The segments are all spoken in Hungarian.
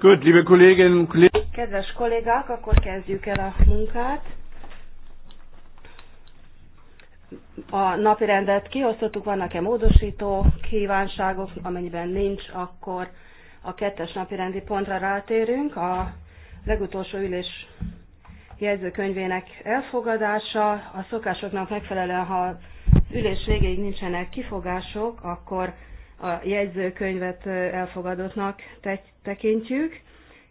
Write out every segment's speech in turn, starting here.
Gut, liebe Kolleginnen und Kollegen. Kedves kollégák, akkor kezdjük el a munkát. A napi rendet kiosztottuk, vannak-e módosító kívánságok, amennyiben nincs, akkor a kettes napi rendi pontra rátérünk. A legutolsó ülés jegyzőkönyvének elfogadása. A szokásoknak megfelelően, ha az ülés végéig nincsenek kifogások, akkor a jegyzőkönyvet elfogadottnak tekintjük.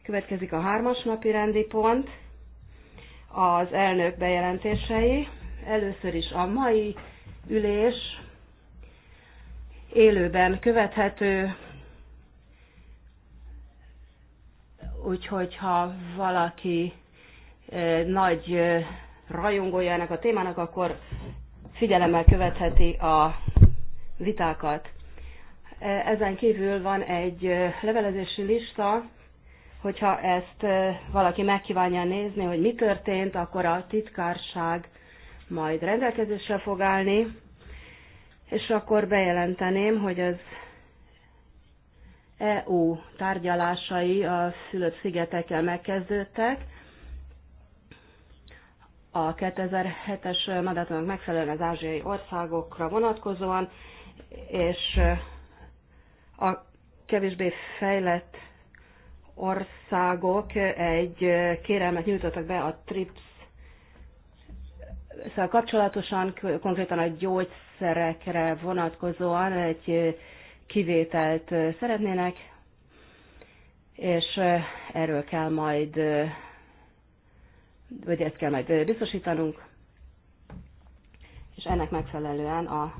Következik a hármas napi rendi pont, az elnök bejelentései. Először is a mai ülés élőben követhető, úgyhogy ha valaki nagy rajongója ennek a témának, akkor figyelemmel követheti a vitákat. E, ezen kívül van egy e, levelezési lista, hogyha ezt e, valaki megkívánja nézni, hogy mi történt, akkor a titkárság majd rendelkezésre fog állni, és akkor bejelenteném, hogy az EU tárgyalásai a szülött szigetekkel megkezdődtek. A 2007-es mandátumnak megfelelően az ázsiai országokra vonatkozóan, és a kevésbé fejlett országok egy kérelmet nyújtottak be a TRIPS szóval kapcsolatosan, konkrétan a gyógyszerekre vonatkozóan egy kivételt szeretnének, és erről kell majd, vagy ezt kell majd biztosítanunk, és ennek megfelelően a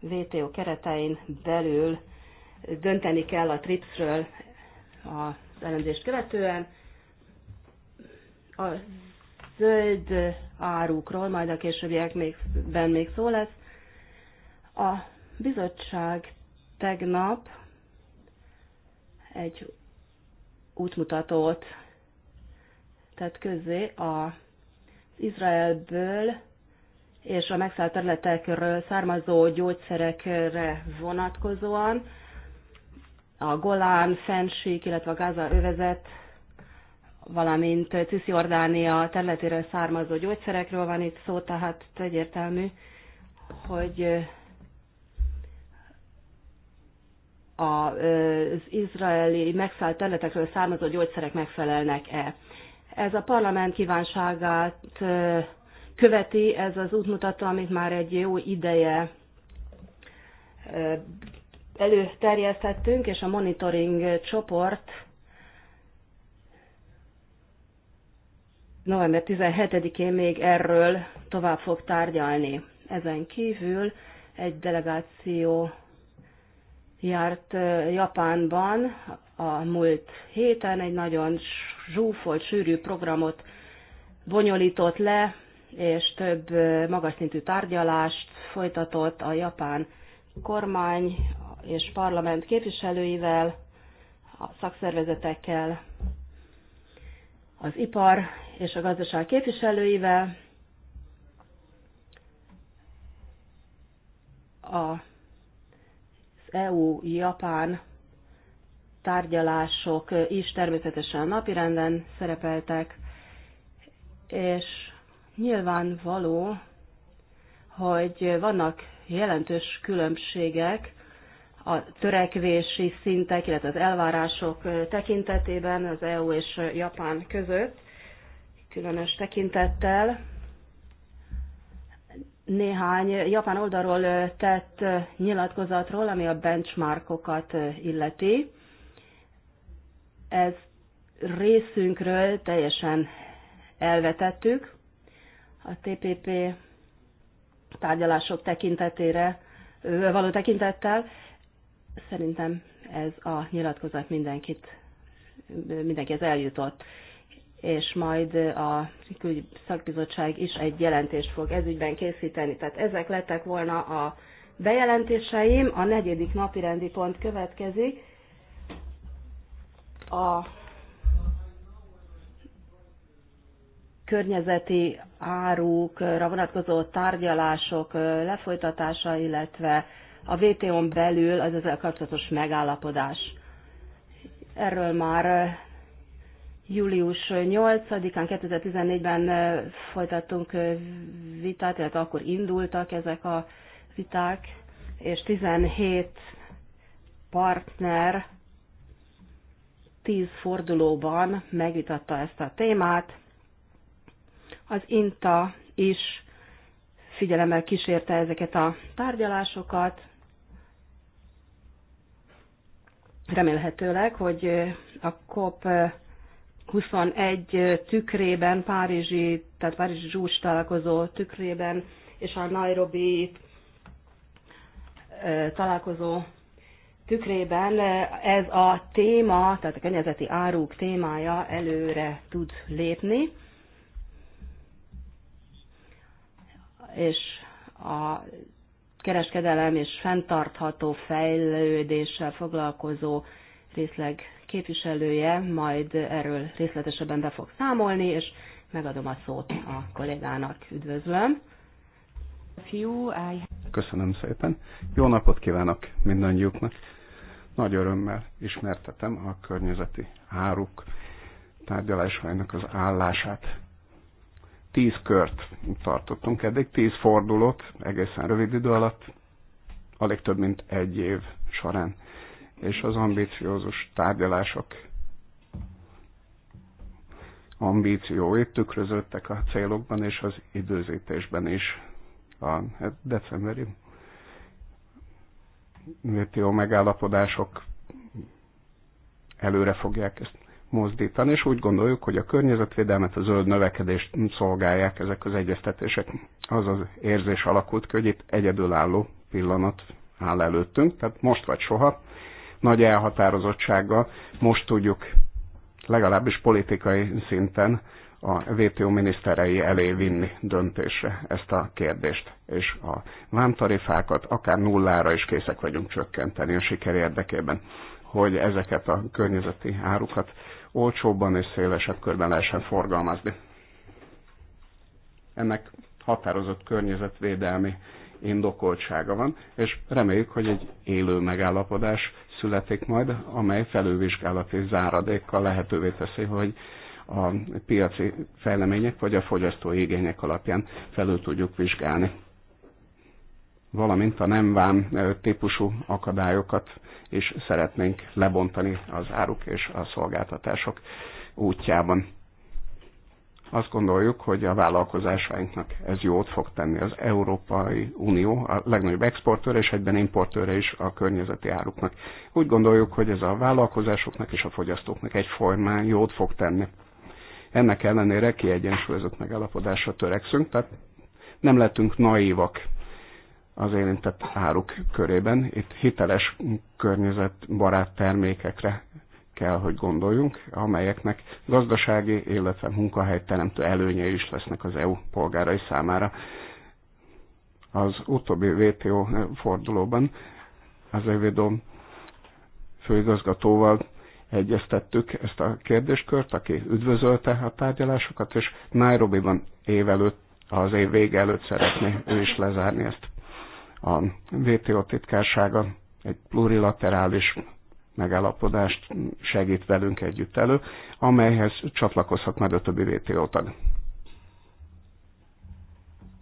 VTO keretein belül dönteni kell a TRIPS-ről az elemzést követően. A zöld árukról majd a későbbiekben még szó lesz. A bizottság tegnap egy útmutatót tett közé az Izraelből és a megszállt területekről származó gyógyszerekre vonatkozóan a Golán, Fensík, illetve a Gáza övezet, valamint Cisziordánia területéről származó gyógyszerekről van itt szó, tehát egyértelmű, hogy az izraeli megszállt területekről származó gyógyszerek megfelelnek-e. Ez a parlament kívánságát követi, ez az útmutató, amit már egy jó ideje előterjesztettünk, és a monitoring csoport november 17-én még erről tovább fog tárgyalni. Ezen kívül egy delegáció járt Japánban a múlt héten, egy nagyon zsúfolt, sűrű programot bonyolított le, és több magas szintű tárgyalást folytatott a japán kormány, és parlament képviselőivel, a szakszervezetekkel, az ipar és a gazdaság képviselőivel, az EU-Japán tárgyalások is természetesen a napirenden szerepeltek, és nyilvánvaló, hogy vannak jelentős különbségek a törekvési szintek, illetve az elvárások tekintetében az EU és Japán között, különös tekintettel. Néhány japán oldalról tett nyilatkozatról, ami a benchmarkokat illeti. Ez részünkről teljesen elvetettük. A TPP tárgyalások tekintetére való tekintettel, Szerintem ez a nyilatkozat mindenkit, mindenkihez eljutott, és majd a külügyi szakbizottság is egy jelentést fog ezügyben készíteni. Tehát ezek lettek volna a bejelentéseim. A negyedik napi rendi pont következik. A környezeti árukra vonatkozó tárgyalások lefolytatása, illetve a vto n belül az ezzel kapcsolatos megállapodás. Erről már július 8-án 2014-ben folytattunk vitát, illetve akkor indultak ezek a viták, és 17 partner 10 fordulóban megvitatta ezt a témát. Az INTA is figyelemmel kísérte ezeket a tárgyalásokat, remélhetőleg, hogy a COP 21 tükrében, Párizsi, tehát Párizsi zsúcs találkozó tükrében, és a Nairobi találkozó tükrében ez a téma, tehát a kenyezeti áruk témája előre tud lépni, és a kereskedelem és fenntartható fejlődéssel foglalkozó részleg képviselője majd erről részletesebben be fog számolni, és megadom a szót a kollégának. Üdvözlöm! Köszönöm szépen! Jó napot kívánok mindannyiuknak! Nagy örömmel ismertetem a környezeti áruk tárgyalásainak az állását tíz kört tartottunk eddig, tíz fordulót egészen rövid idő alatt, alig több mint egy év során. És az ambiciózus tárgyalások ambícióit tükröződtek a célokban és az időzítésben is. A hát, decemberi WTO megállapodások előre fogják ezt mozdítani, és úgy gondoljuk, hogy a környezetvédelmet, a zöld növekedést szolgálják ezek az egyeztetések. Az az érzés alakult ki, hogy itt egyedülálló pillanat áll előttünk, tehát most vagy soha, nagy elhatározottsággal most tudjuk legalábbis politikai szinten a WTO miniszterei elé vinni döntésre ezt a kérdést. És a vámtarifákat akár nullára is készek vagyunk csökkenteni a siker érdekében, hogy ezeket a környezeti árukat olcsóbban és szélesebb körben lehessen forgalmazni. Ennek határozott környezetvédelmi indokoltsága van, és reméljük, hogy egy élő megállapodás születik majd, amely felülvizsgálati záradékkal lehetővé teszi, hogy a piaci fejlemények vagy a fogyasztói igények alapján felül tudjuk vizsgálni valamint a nem vám típusú akadályokat is szeretnénk lebontani az áruk és a szolgáltatások útjában. Azt gondoljuk, hogy a vállalkozásainknak ez jót fog tenni. Az Európai Unió a legnagyobb exportőre és egyben importőre is a környezeti áruknak. Úgy gondoljuk, hogy ez a vállalkozásoknak és a fogyasztóknak egyformán jót fog tenni. Ennek ellenére kiegyensúlyozott megállapodásra törekszünk, tehát nem lettünk naívak az érintett áruk körében. Itt hiteles környezetbarát termékekre kell, hogy gondoljunk, amelyeknek gazdasági, illetve munkahelyteremtő előnyei is lesznek az EU polgárai számára. Az utóbbi WTO fordulóban az EVDO főigazgatóval egyeztettük ezt a kérdéskört, aki üdvözölte a tárgyalásokat, és Nairobiban év előtt, az év vége előtt szeretné ő is lezárni ezt a WTO titkársága egy plurilaterális megállapodást segít velünk együtt elő, amelyhez csatlakozhat majd a többi WTO tag.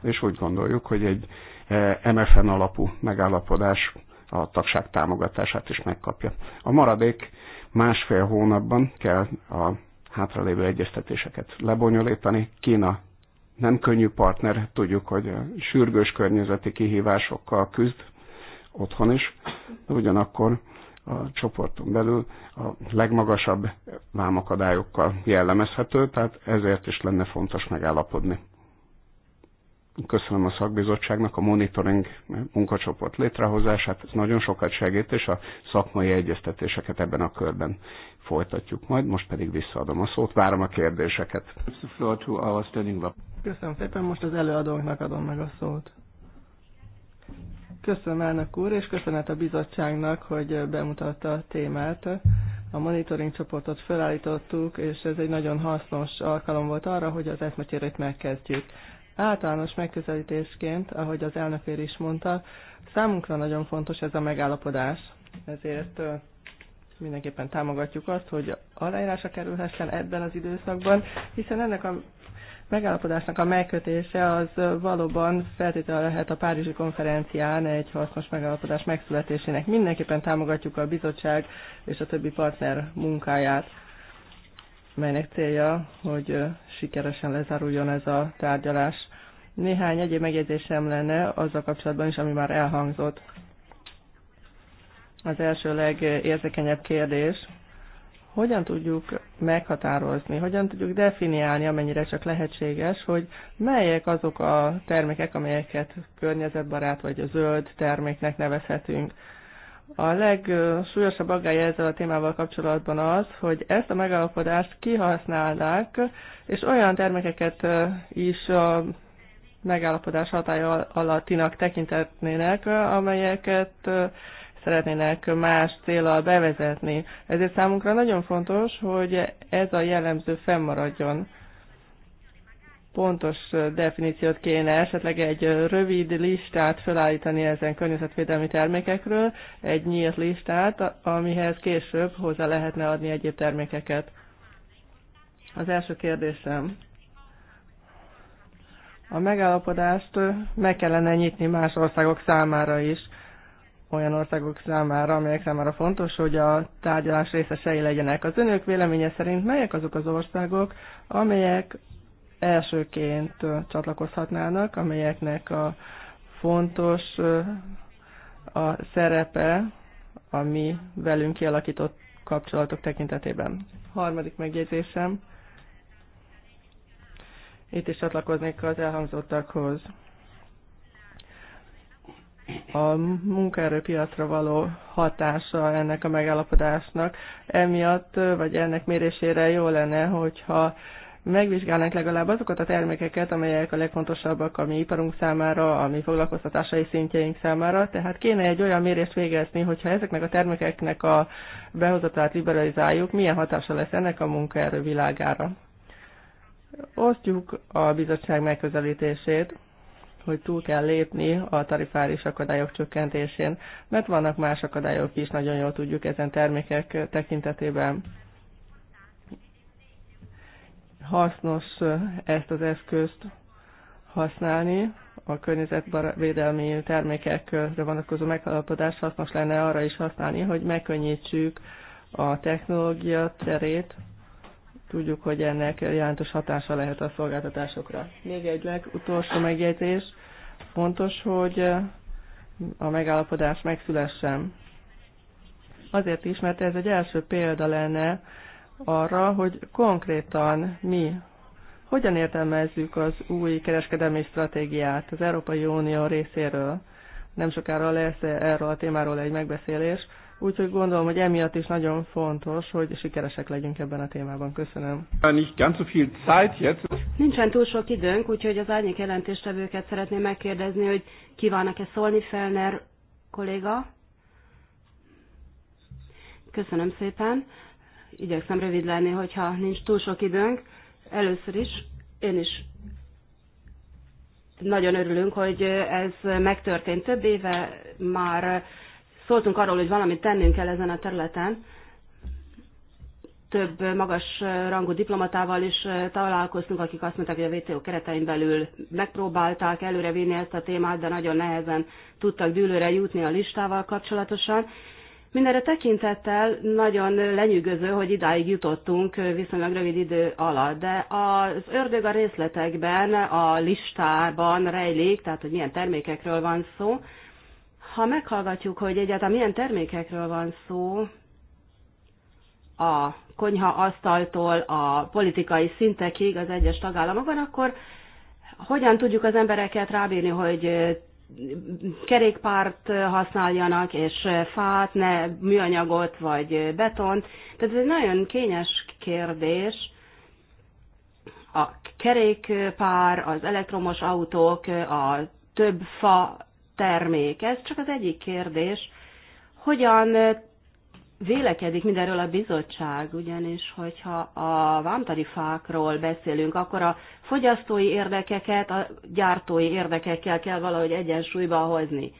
És úgy gondoljuk, hogy egy e, MFN alapú megállapodás a tagság támogatását is megkapja. A maradék másfél hónapban kell a hátralévő egyeztetéseket lebonyolítani Kína nem könnyű partner, tudjuk, hogy sürgős környezeti kihívásokkal küzd otthon is, de ugyanakkor a csoporton belül a legmagasabb vámakadályokkal jellemezhető, tehát ezért is lenne fontos megállapodni. Köszönöm a szakbizottságnak a monitoring munkacsoport létrehozását, ez nagyon sokat segít, és a szakmai egyeztetéseket ebben a körben folytatjuk majd, most pedig visszaadom a szót, várom a kérdéseket. Köszönöm szépen, most az előadóknak adom meg a szót. Köszönöm elnök úr, és köszönet a bizottságnak, hogy bemutatta a témát. A monitoring csoportot felállítottuk, és ez egy nagyon hasznos alkalom volt arra, hogy az eszmecsérét megkezdjük. Általános megközelítésként, ahogy az elnökér is mondta, számunkra nagyon fontos ez a megállapodás. Ezért mindenképpen támogatjuk azt, hogy aláírása kerülhessen ebben az időszakban, hiszen ennek a megállapodásnak a megkötése az valóban feltétele lehet a Párizsi konferencián egy hasznos megállapodás megszületésének. Mindenképpen támogatjuk a bizottság és a többi partner munkáját, melynek célja, hogy sikeresen lezáruljon ez a tárgyalás. Néhány egyéb megjegyzésem lenne azzal kapcsolatban is, ami már elhangzott. Az első legérzékenyebb kérdés hogyan tudjuk meghatározni, hogyan tudjuk definiálni, amennyire csak lehetséges, hogy melyek azok a termékek, amelyeket környezetbarát vagy zöld terméknek nevezhetünk. A legsúlyosabb aggája ezzel a témával kapcsolatban az, hogy ezt a megállapodást kihasználnák, és olyan termékeket is a megállapodás hatája alattinak tekintetnének, amelyeket szeretnének más célral bevezetni. Ezért számunkra nagyon fontos, hogy ez a jellemző fennmaradjon. Pontos definíciót kéne esetleg egy rövid listát felállítani ezen környezetvédelmi termékekről, egy nyílt listát, amihez később hozzá lehetne adni egyéb termékeket. Az első kérdésem. A megállapodást meg kellene nyitni más országok számára is olyan országok számára, amelyek számára fontos, hogy a tárgyalás részesei legyenek. Az önök véleménye szerint melyek azok az országok, amelyek elsőként csatlakozhatnának, amelyeknek a fontos a szerepe ami velünk kialakított kapcsolatok tekintetében. Harmadik megjegyzésem. Itt is csatlakoznék az elhangzottakhoz a munkaerőpiacra való hatása ennek a megállapodásnak. Emiatt, vagy ennek mérésére jó lenne, hogyha megvizsgálnánk legalább azokat a termékeket, amelyek a legfontosabbak a mi iparunk számára, a mi foglalkoztatásai szintjeink számára. Tehát kéne egy olyan mérést végezni, hogyha ezeknek a termékeknek a behozatát liberalizáljuk, milyen hatása lesz ennek a munkaerő világára. Osztjuk a bizottság megközelítését, hogy túl kell lépni a tarifáris akadályok csökkentésén, mert vannak más akadályok is, nagyon jól tudjuk ezen termékek tekintetében. Hasznos ezt az eszközt használni, a környezetvédelmi termékekre vonatkozó megállapodás hasznos lenne arra is használni, hogy megkönnyítsük a technológia cserét, Tudjuk, hogy ennek jelentős hatása lehet a szolgáltatásokra. Még egy legutolsó megjegyzés. Fontos, hogy eh, a megállapodás megszülessen. Azért is, mert ez egy első példa lenne arra, hogy konkrétan mi hogyan értelmezzük az új kereskedelmi stratégiát az Európai Unió részéről. Nem sokára lesz erről a témáról egy megbeszélés. Úgyhogy gondolom, hogy emiatt is nagyon fontos, hogy sikeresek legyünk ebben a témában. Köszönöm. Nincsen túl sok időnk, úgyhogy az árnyék jelentéstevőket szeretném megkérdezni, hogy kívánnak-e szólni Felner kolléga? Köszönöm szépen. Igyekszem rövid lenni, hogyha nincs túl sok időnk. Először is én is nagyon örülünk, hogy ez megtörtént több éve, már szóltunk arról, hogy valamit tennünk kell ezen a területen. Több magas rangú diplomatával is eh, találkoztunk, akik azt mondták, hogy a WTO keretein belül megpróbálták előrevinni ezt a témát, de nagyon nehezen tudtak dűlőre jutni a listával kapcsolatosan. Mindenre tekintettel nagyon lenyűgöző, hogy idáig jutottunk eh, viszonylag rövid idő alatt, de az ördög a részletekben, a listában rejlik, tehát hogy milyen termékekről van szó. Ha meghallgatjuk, hogy egyáltalán milyen termékekről van szó, a konyha asztaltól a politikai szintekig az egyes tagállamokban, akkor hogyan tudjuk az embereket rábírni, hogy kerékpárt használjanak, és fát, ne műanyagot vagy betont. Tehát ez egy nagyon kényes kérdés. A kerékpár, az elektromos autók, a több fa termék. Ez csak az egyik kérdés. Hogyan vélekedik mindenről a bizottság, ugyanis hogyha a vámtarifákról beszélünk, akkor a fogyasztói érdekeket a gyártói érdekekkel kell valahogy egyensúlyba hozni.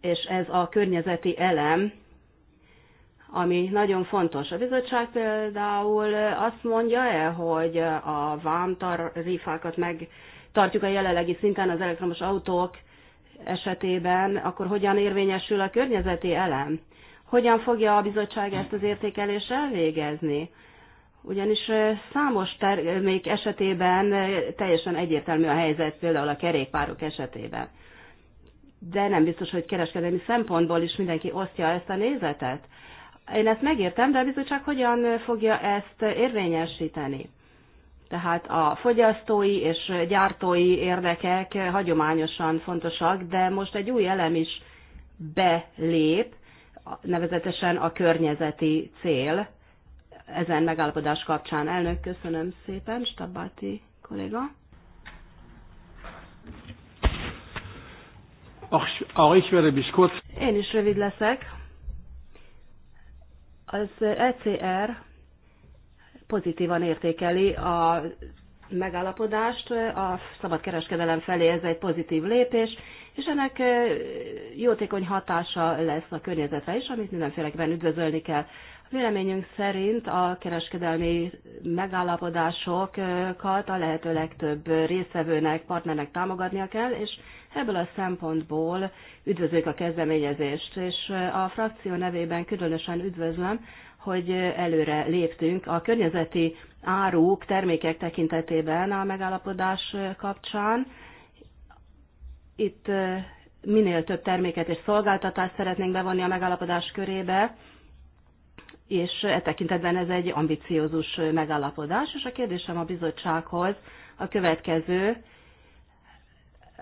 És ez a környezeti elem, ami nagyon fontos. A bizottság például azt mondja-e, hogy a vámtarifákat meg tartjuk a jelenlegi szinten az elektromos autók esetében, akkor hogyan érvényesül a környezeti elem? Hogyan fogja a bizottság ezt az értékelést elvégezni? Ugyanis számos termék esetében teljesen egyértelmű a helyzet, például a kerékpárok esetében. De nem biztos, hogy kereskedelmi szempontból is mindenki osztja ezt a nézetet. Én ezt megértem, de a bizottság hogyan fogja ezt érvényesíteni? Tehát a fogyasztói és gyártói érdekek hagyományosan fontosak, de most egy új elem is belép, nevezetesen a környezeti cél ezen megállapodás kapcsán. Elnök, köszönöm szépen, Stabáti kolléga. Én is rövid leszek. Az ECR pozitívan értékeli a megállapodást a kereskedelem felé, ez egy pozitív lépés, és ennek jótékony hatása lesz a környezetre is, amit mindenféleképpen üdvözölni kell. A véleményünk szerint a kereskedelmi megállapodásokat a lehető legtöbb részvevőnek, partnernek támogatnia kell, és ebből a szempontból üdvözlők a kezdeményezést, és a frakció nevében különösen üdvözlöm, hogy előre léptünk a környezeti áruk, termékek tekintetében a megállapodás kapcsán. Itt minél több terméket és szolgáltatást szeretnénk bevonni a megállapodás körébe, és e tekintetben ez egy ambiciózus megállapodás, és a kérdésem a bizottsághoz a következő,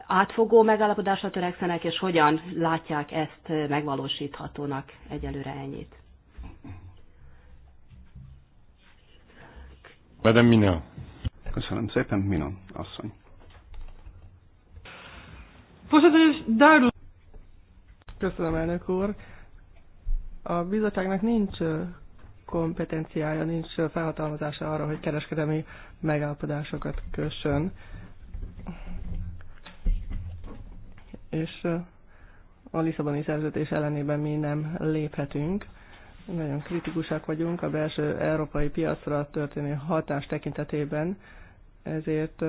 átfogó megállapodásra törekszenek, és hogyan látják ezt megvalósíthatónak egyelőre ennyit. Madame Mina. Köszönöm szépen, Mina asszony. Köszönöm, elnök úr. A bizottságnak nincs kompetenciája, nincs felhatalmazása arra, hogy kereskedelmi megállapodásokat kössön. És a Lisszaboni szerződés ellenében mi nem léphetünk. Nagyon kritikusak vagyunk a belső európai piacra történő hatás tekintetében, ezért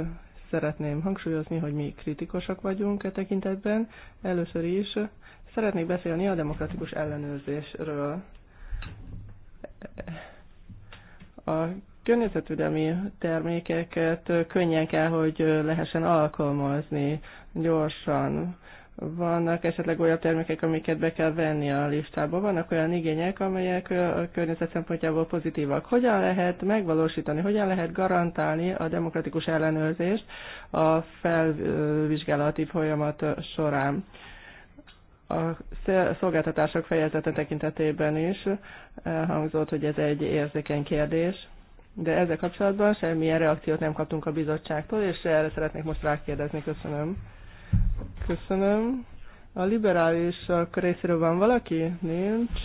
szeretném hangsúlyozni, hogy mi kritikusak vagyunk e tekintetben. Először is szeretnék beszélni a demokratikus ellenőrzésről. A környezetvédelmi termékeket könnyen kell, hogy lehessen alkalmazni gyorsan vannak esetleg olyan termékek, amiket be kell venni a listába, vannak olyan igények, amelyek a környezet szempontjából pozitívak. Hogyan lehet megvalósítani, hogyan lehet garantálni a demokratikus ellenőrzést a felvizsgálati folyamat során? a szolgáltatások fejezete tekintetében is hangzott hogy ez egy érzékeny kérdés, de ezzel kapcsolatban semmilyen reakciót nem kaptunk a bizottságtól, és erre szeretnék most rákérdezni. Köszönöm. Köszönöm. A liberálisok részéről van valaki? Nincs.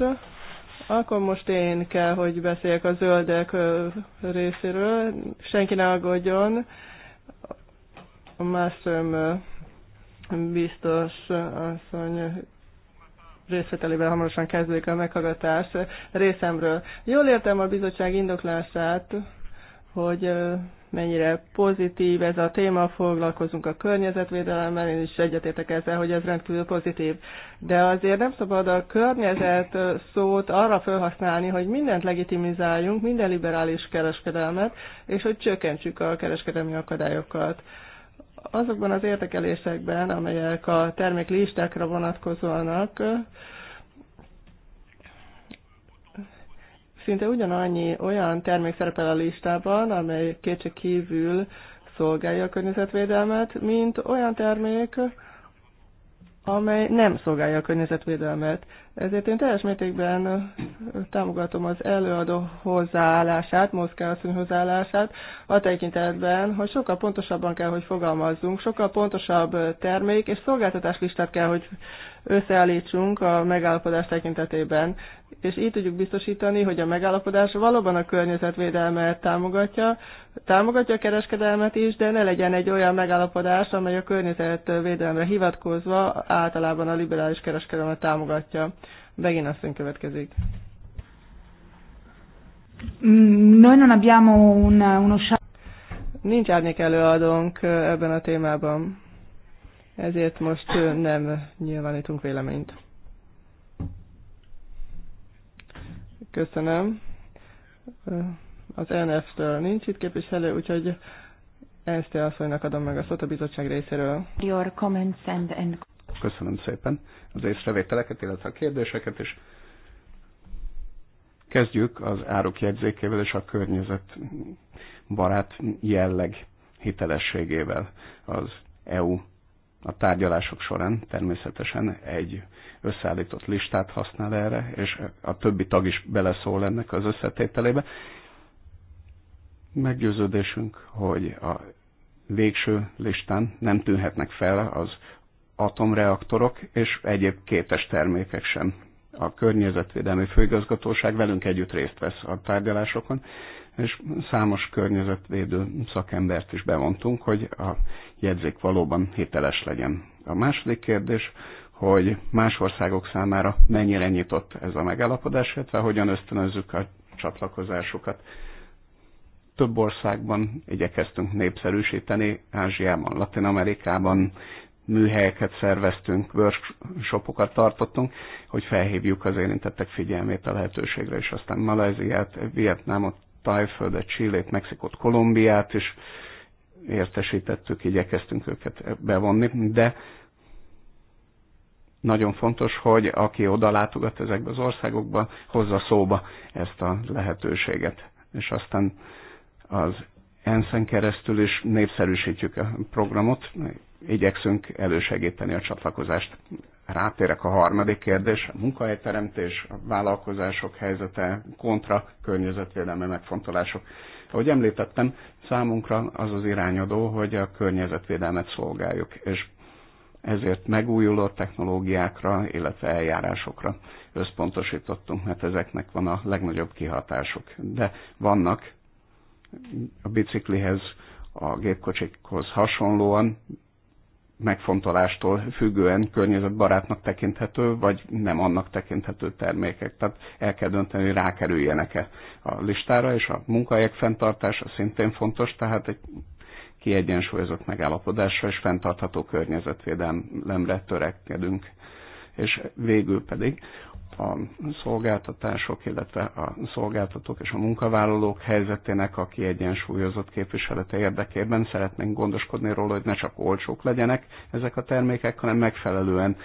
Akkor most én kell, hogy beszéljek a zöldek részéről. Senki ne aggódjon. A Mászöm biztos asszony részvételével hamarosan kezdődik a meghallgatás részemről. Jól értem a bizottság indoklását, hogy mennyire pozitív ez a téma, foglalkozunk a környezetvédelemmel, én is egyetértek ezzel, hogy ez rendkívül pozitív. De azért nem szabad a környezet szót arra felhasználni, hogy mindent legitimizáljunk, minden liberális kereskedelmet, és hogy csökkentsük a kereskedelmi akadályokat azokban az értekelésekben, amelyek a terméklistákra vonatkozóanak, Szinte ugyanannyi olyan termék szerepel a listában, amely kétség kívül szolgálja a környezetvédelmet, mint olyan termék, amely nem szolgálja a környezetvédelmet. Ezért én teljes mértékben támogatom az előadó hozzáállását, mozgálasszony hozzáállását, a tekintetben, hogy sokkal pontosabban kell, hogy fogalmazzunk, sokkal pontosabb termék és szolgáltatás listát kell, hogy összeállítsunk a megállapodás tekintetében. És így tudjuk biztosítani, hogy a megállapodás valóban a környezetvédelmet támogatja, támogatja a kereskedelmet is, de ne legyen egy olyan megállapodás, amely a környezetvédelemre hivatkozva általában a liberális kereskedelmet támogatja. Megint azt következik. Noi non abbiamo un, uno Nincs árnyék előadónk ebben a témában ezért most nem nyilvánítunk véleményt. Köszönöm. Az NF-től nincs itt képviselő, úgyhogy ezt asszonynak adom meg a szót a bizottság részéről. Your comments and, and... Köszönöm szépen az észrevételeket, illetve a kérdéseket is. Kezdjük az áruk jegyzékével és a barát jelleg hitelességével az EU a tárgyalások során természetesen egy összeállított listát használ erre, és a többi tag is beleszól ennek az összetételébe. Meggyőződésünk, hogy a végső listán nem tűnhetnek fel az atomreaktorok és egyéb kétes termékek sem. A Környezetvédelmi Főigazgatóság velünk együtt részt vesz a tárgyalásokon, és számos környezetvédő szakembert is bevontunk, hogy a jegyzék valóban hiteles legyen. A második kérdés, hogy más országok számára mennyire nyitott ez a megállapodás, illetve hogyan ösztönözzük a csatlakozásukat. Több országban igyekeztünk népszerűsíteni, Ázsiában, Latin Amerikában műhelyeket szerveztünk, workshopokat tartottunk, hogy felhívjuk az érintettek figyelmét a lehetőségre, és aztán Malajziát, Vietnámot, Tájföldet, Csillét, Mexikót, Kolumbiát is értesítettük, igyekeztünk őket bevonni, de nagyon fontos, hogy aki oda látogat ezekbe az országokba, hozza szóba ezt a lehetőséget. És aztán az ENSZ-en keresztül is népszerűsítjük a programot, igyekszünk elősegíteni a csatlakozást rátérek a harmadik kérdés, a munkahelyteremtés, a vállalkozások helyzete kontra környezetvédelmi megfontolások. Ahogy említettem, számunkra az az irányadó, hogy a környezetvédelmet szolgáljuk, és ezért megújuló technológiákra, illetve eljárásokra összpontosítottunk, mert ezeknek van a legnagyobb kihatások. De vannak a biciklihez, a gépkocsikhoz hasonlóan megfontolástól függően környezetbarátnak tekinthető, vagy nem annak tekinthető termékek. Tehát el kell dönteni, hogy rákerüljenek-e a listára, és a munkahelyek fenntartása szintén fontos, tehát egy kiegyensúlyozott megállapodásra és fenntartható környezetvédelemre törekedünk és végül pedig a szolgáltatások, illetve a szolgáltatók és a munkavállalók helyzetének a kiegyensúlyozott képviselete érdekében szeretnénk gondoskodni róla, hogy ne csak olcsók legyenek ezek a termékek, hanem megfelelően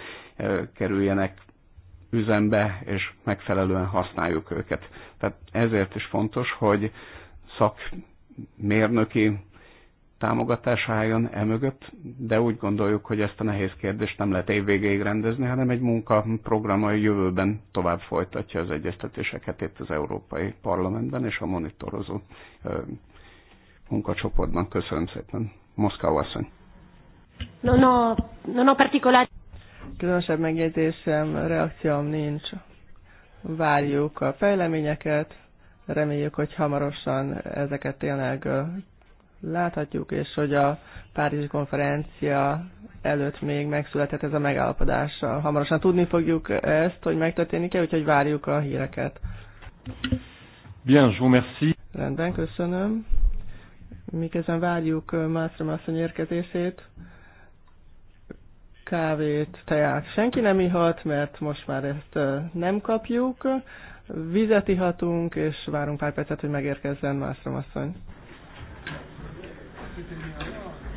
kerüljenek üzembe, és megfelelően használjuk őket. Tehát ezért is fontos, hogy szakmérnöki támogatás álljon emögött, de úgy gondoljuk, hogy ezt a nehéz kérdést nem lehet évvégéig rendezni, hanem egy munkaprogram a jövőben tovább folytatja az egyeztetéseket itt az Európai Parlamentben és a monitorozó munkacsoportban. Köszönöm szépen. Moszkau asszony. No, no, no, no particular. Különösebb megjegyzésem, reakcióm nincs. Várjuk a fejleményeket, reméljük, hogy hamarosan ezeket tényleg láthatjuk, és hogy a Párizsi konferencia előtt még megszületett ez a megállapodás. Hamarosan tudni fogjuk ezt, hogy megtörténik-e, úgyhogy várjuk a híreket. Bien, je vous merci. Rendben, köszönöm. Miközben várjuk Mászra Mászony érkezését, kávét, teát senki nem ihat, mert most már ezt nem kapjuk. Vizet ihatunk, és várunk pár percet, hogy megérkezzen Mászra Mászony. Köszönöm, hogy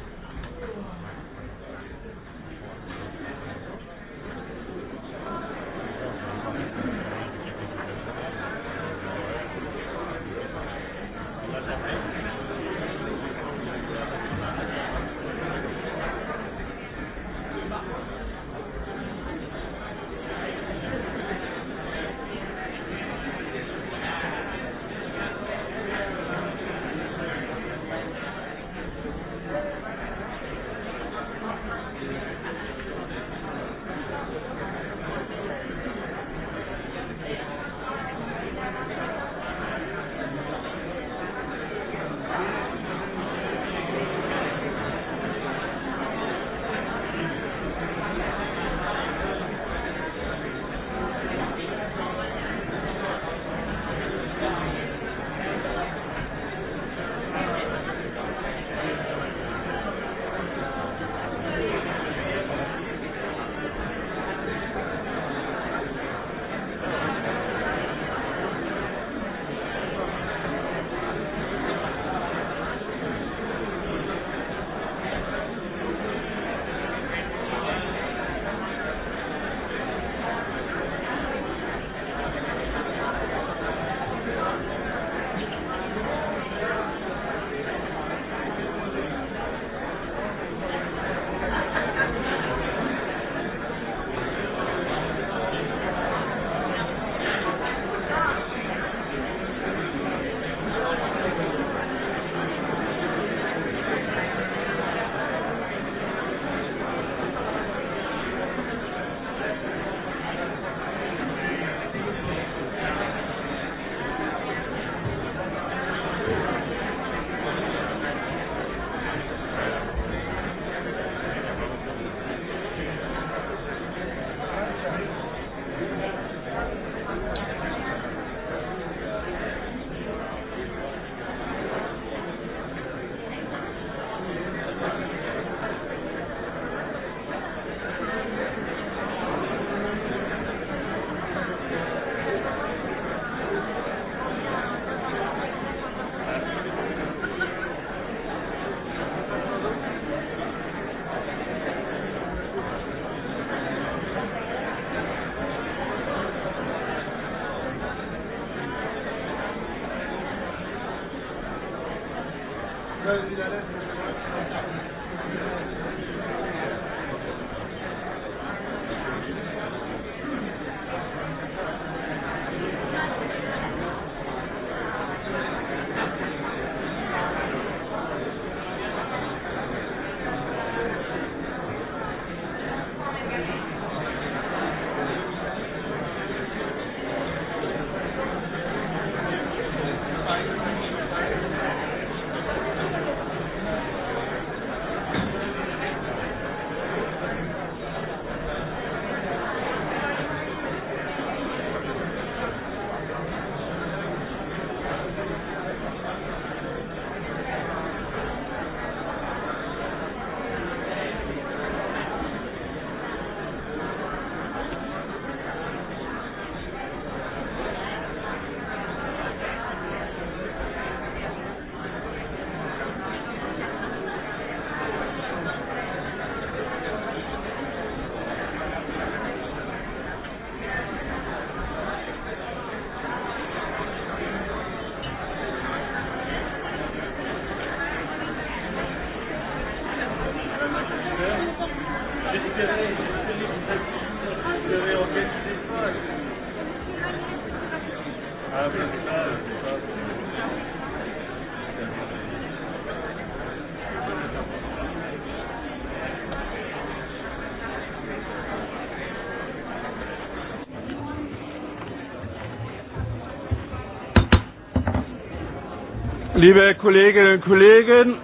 Liebe Kolleginnen und Kollegen,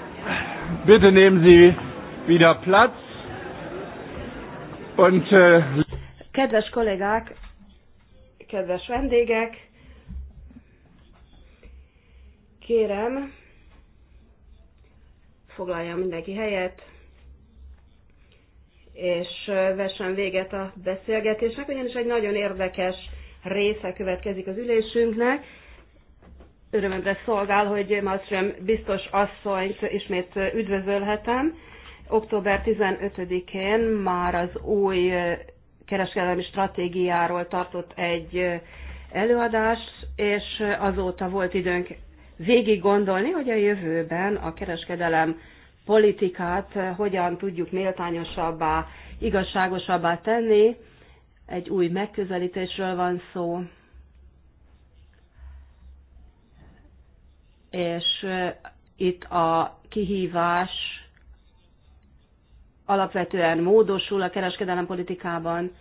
bitte nehmen Sie wieder Platz. Und, äh, kedves kollégák, kedves vendégek, kérem, foglalja mindenki helyet, és vessen véget a beszélgetésnek, ugyanis egy nagyon érdekes része következik az ülésünknek örömömre szolgál, hogy Malmström biztos asszonyt ismét üdvözölhetem. Október 15-én már az új kereskedelmi stratégiáról tartott egy előadás, és azóta volt időnk végig gondolni, hogy a jövőben a kereskedelem politikát hogyan tudjuk méltányosabbá, igazságosabbá tenni. Egy új megközelítésről van szó, és itt a kihívás alapvetően módosul a kereskedelem politikában,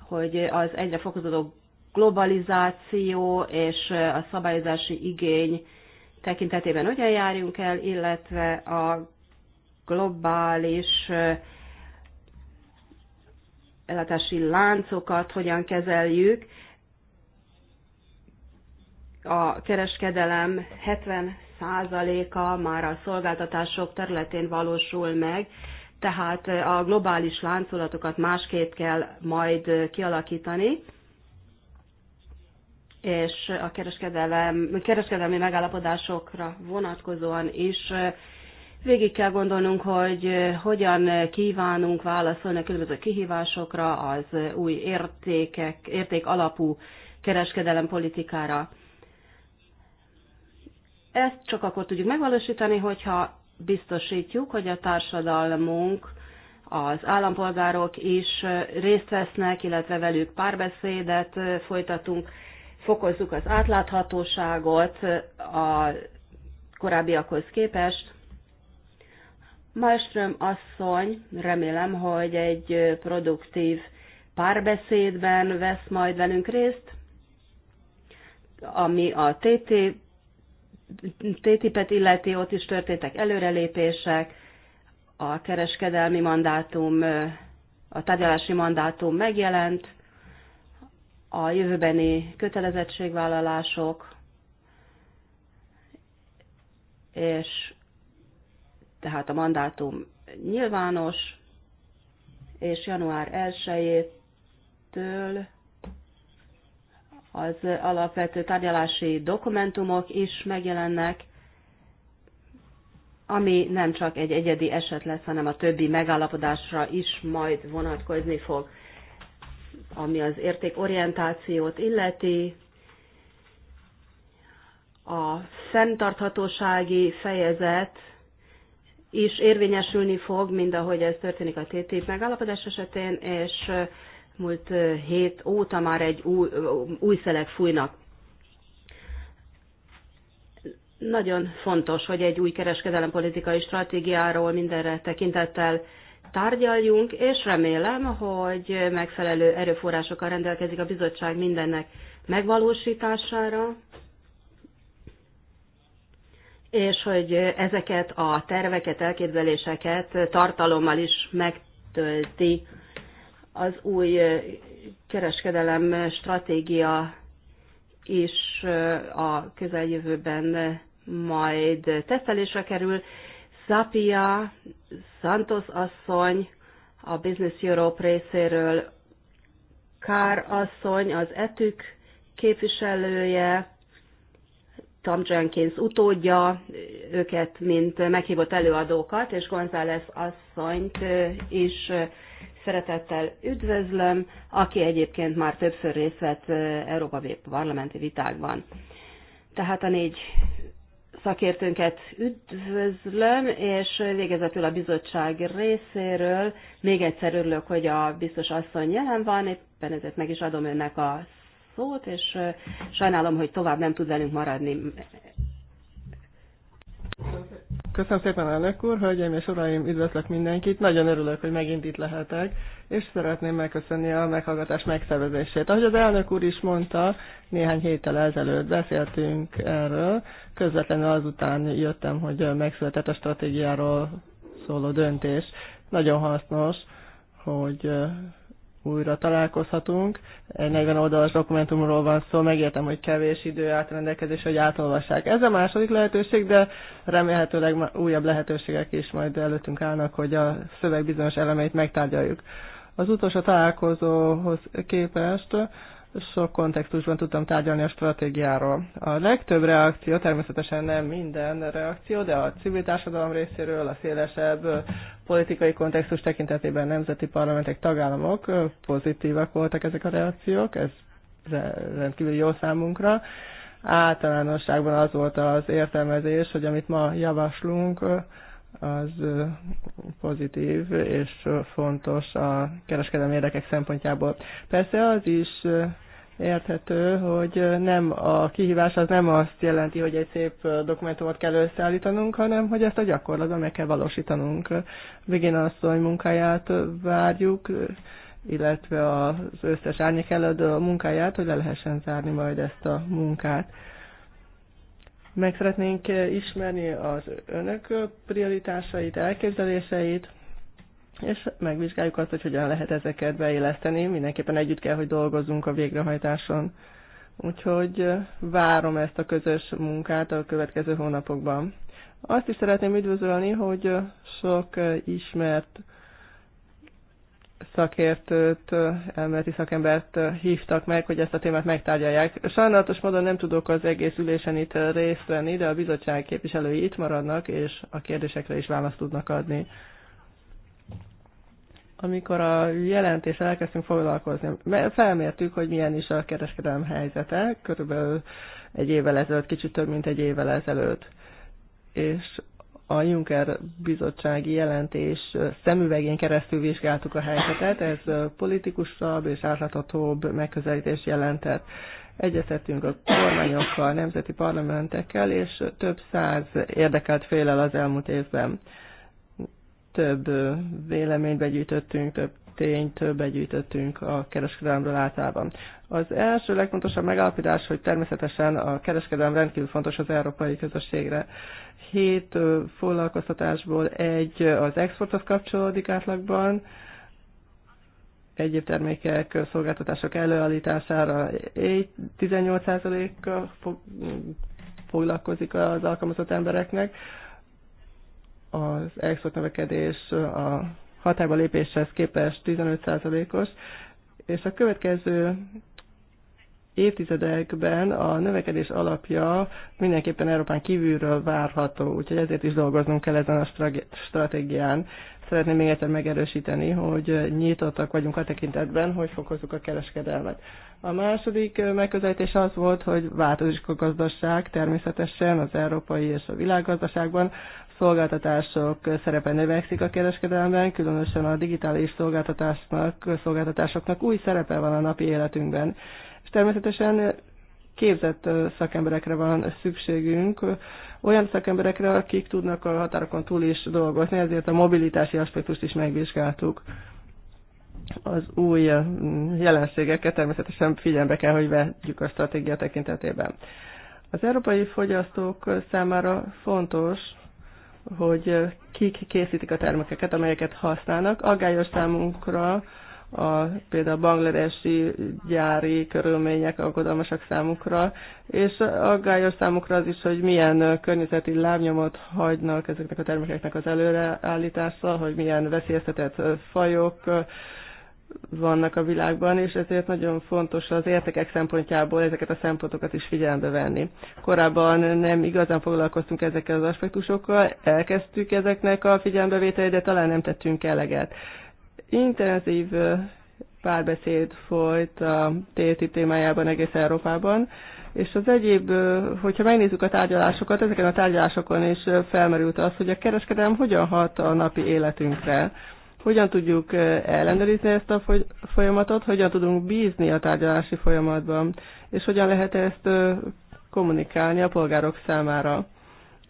hogy az egyre fokozódó globalizáció és a szabályozási igény tekintetében hogyan járjunk el, illetve a globális ellátási láncokat hogyan kezeljük a kereskedelem 70%-a már a szolgáltatások területén valósul meg, tehát a globális láncolatokat másképp kell majd kialakítani, és a kereskedelem, kereskedelmi megállapodásokra vonatkozóan is végig kell gondolnunk, hogy hogyan kívánunk válaszolni a különböző kihívásokra, az új értékek, érték alapú kereskedelem politikára. Ezt csak akkor tudjuk megvalósítani, hogyha biztosítjuk, hogy a társadalmunk, az állampolgárok is részt vesznek, illetve velük párbeszédet folytatunk, fokozzuk az átláthatóságot a korábbiakhoz képest. Malmström asszony, remélem, hogy egy produktív párbeszédben vesz majd velünk részt, ami a TT TTIP-et illeti, ott is történtek előrelépések, a kereskedelmi mandátum, a tárgyalási mandátum megjelent, a jövőbeni kötelezettségvállalások, és tehát a mandátum nyilvános, és január 1-től az alapvető tárgyalási dokumentumok is megjelennek, ami nem csak egy egyedi eset lesz, hanem a többi megállapodásra is majd vonatkozni fog, ami az értékorientációt illeti. A fenntarthatósági fejezet is érvényesülni fog, mind ahogy ez történik a TTIP megállapodás esetén, és múlt hét óta már egy új, új szelek fújnak. Nagyon fontos, hogy egy új kereskedelempolitikai stratégiáról mindenre tekintettel tárgyaljunk, és remélem, hogy megfelelő erőforrásokkal rendelkezik a bizottság mindennek megvalósítására, és hogy ezeket a terveket, elképzeléseket tartalommal is megtölti az új kereskedelem stratégia is a közeljövőben majd tesztelésre kerül. Zapia, Santos asszony a Business Europe részéről, Kár asszony az etük képviselője, Tom Jenkins utódja, őket mint meghívott előadókat, és González asszonyt is szeretettel üdvözlöm, aki egyébként már többször részt vett Európa parlamenti vitákban. Tehát a négy szakértőnket üdvözlöm, és végezetül a bizottság részéről még egyszer örülök, hogy a biztos asszony jelen van, éppen ezért meg is adom önnek a szót, és sajnálom, hogy tovább nem tud velünk maradni Köszönöm szépen, elnök úr, hölgyeim és uraim, üdvözlök mindenkit. Nagyon örülök, hogy megint itt lehetek, és szeretném megköszönni a meghallgatás megszervezését. Ahogy az elnök úr is mondta, néhány héttel ezelőtt beszéltünk erről, közvetlenül azután jöttem, hogy megszületett a stratégiáról szóló döntés. Nagyon hasznos, hogy újra találkozhatunk. Egy 40 oldalas dokumentumról van szó, megértem, hogy kevés idő át rendelkezés, hogy átolvassák. Ez a második lehetőség, de remélhetőleg újabb lehetőségek is majd előttünk állnak, hogy a szöveg bizonyos elemeit megtárgyaljuk. Az utolsó találkozóhoz képest sok kontextusban tudtam tárgyalni a stratégiáról. A legtöbb reakció, természetesen nem minden reakció, de a civil társadalom részéről, a szélesebb politikai kontextus tekintetében nemzeti parlamentek, tagállamok pozitívak voltak ezek a reakciók, ez rendkívül jó számunkra. Általánosságban az volt az értelmezés, hogy amit ma javaslunk, az pozitív és fontos a kereskedelmi érdekek szempontjából. Persze az is érthető, hogy nem a kihívás az nem azt jelenti, hogy egy szép dokumentumot kell összeállítanunk, hanem hogy ezt a gyakorlatban meg kell valósítanunk. Végén asszony munkáját várjuk, illetve az összes árnyék előadó munkáját, hogy le lehessen zárni majd ezt a munkát. Meg szeretnénk ismerni az önök prioritásait, elképzeléseit, és megvizsgáljuk azt, hogy hogyan lehet ezeket beilleszteni. Mindenképpen együtt kell, hogy dolgozzunk a végrehajtáson. Úgyhogy várom ezt a közös munkát a következő hónapokban. Azt is szeretném üdvözölni, hogy sok ismert szakértőt, elméleti szakembert hívtak meg, hogy ezt a témát megtárgyalják. Sajnálatos módon nem tudok az egész ülésen itt részt venni, de a bizottság képviselői itt maradnak, és a kérdésekre is választ tudnak adni amikor a jelentéssel elkezdtünk foglalkozni, felmértük, hogy milyen is a kereskedelem helyzete, körülbelül egy évvel ezelőtt, kicsit több, mint egy évvel ezelőtt. És a Juncker bizottsági jelentés szemüvegén keresztül vizsgáltuk a helyzetet, ez politikusabb és átláthatóbb megközelítés jelentett. Egyetettünk a kormányokkal, nemzeti parlamentekkel, és több száz érdekelt félel az elmúlt évben több véleményt begyűjtöttünk, több tényt több begyűjtöttünk a kereskedelemről általában. Az első legfontosabb megállapítás, hogy természetesen a kereskedelem rendkívül fontos az európai közösségre. Hét foglalkoztatásból egy az exporthoz kapcsolódik átlagban, egyéb termékek, szolgáltatások előállítására 18%-kal foglalkozik az alkalmazott embereknek, az export növekedés a hatályba lépéshez képest 15%-os, és a következő évtizedekben a növekedés alapja mindenképpen Európán kívülről várható, úgyhogy ezért is dolgoznunk kell ezen a stratégián. Szeretném még egyszer megerősíteni, hogy nyitottak vagyunk a tekintetben, hogy fokozzuk a kereskedelmet. A második megközelítés az volt, hogy változik a gazdaság természetesen az európai és a világgazdaságban szolgáltatások szerepe növekszik a kereskedelemben, különösen a digitális szolgáltatásnak, szolgáltatásoknak új szerepe van a napi életünkben. És természetesen képzett szakemberekre van szükségünk, olyan szakemberekre, akik tudnak a határokon túl is dolgozni, ezért a mobilitási aspektust is megvizsgáltuk. Az új jelenségeket természetesen figyelme kell, hogy vegyük a stratégia tekintetében. Az európai fogyasztók számára fontos, hogy kik készítik a termékeket, amelyeket használnak. Aggályos számunkra a, például a bangladesi gyári körülmények aggodalmasak számukra, és aggályos számukra az is, hogy milyen környezeti lábnyomot hagynak ezeknek a termékeknek az előreállítása, hogy milyen veszélyeztetett fajok vannak a világban, és ezért nagyon fontos az értékek szempontjából ezeket a szempontokat is figyelembe venni. Korábban nem igazán foglalkoztunk ezekkel az aspektusokkal, elkezdtük ezeknek a figyelembevételét, de talán nem tettünk eleget. Intenzív párbeszéd folyt a TTI témájában egész Európában, és az egyéb, hogyha megnézzük a tárgyalásokat, ezeken a tárgyalásokon is felmerült az, hogy a kereskedelem hogyan hat a napi életünkre hogyan tudjuk ellenőrizni ezt a folyamatot, hogyan tudunk bízni a tárgyalási folyamatban, és hogyan lehet ezt kommunikálni a polgárok számára.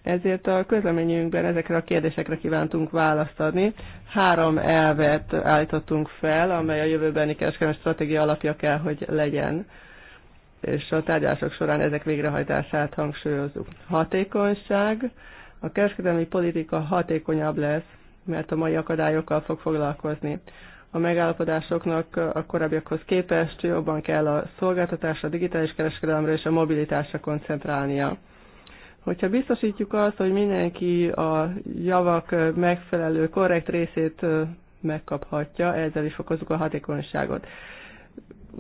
Ezért a közleményünkben ezekre a kérdésekre kívántunk választ adni. Három elvet állítottunk fel, amely a jövőbeni kereskedelmi stratégia alapja kell, hogy legyen és a tárgyalások során ezek végrehajtását hangsúlyozzuk. Hatékonyság, a kereskedelmi politika hatékonyabb lesz, mert a mai akadályokkal fog foglalkozni. A megállapodásoknak a korábbiakhoz képest jobban kell a szolgáltatásra, a digitális kereskedelemre és a mobilitásra koncentrálnia. Hogyha biztosítjuk azt, hogy mindenki a javak megfelelő, korrekt részét megkaphatja, ezzel is fokozzuk a hatékonyságot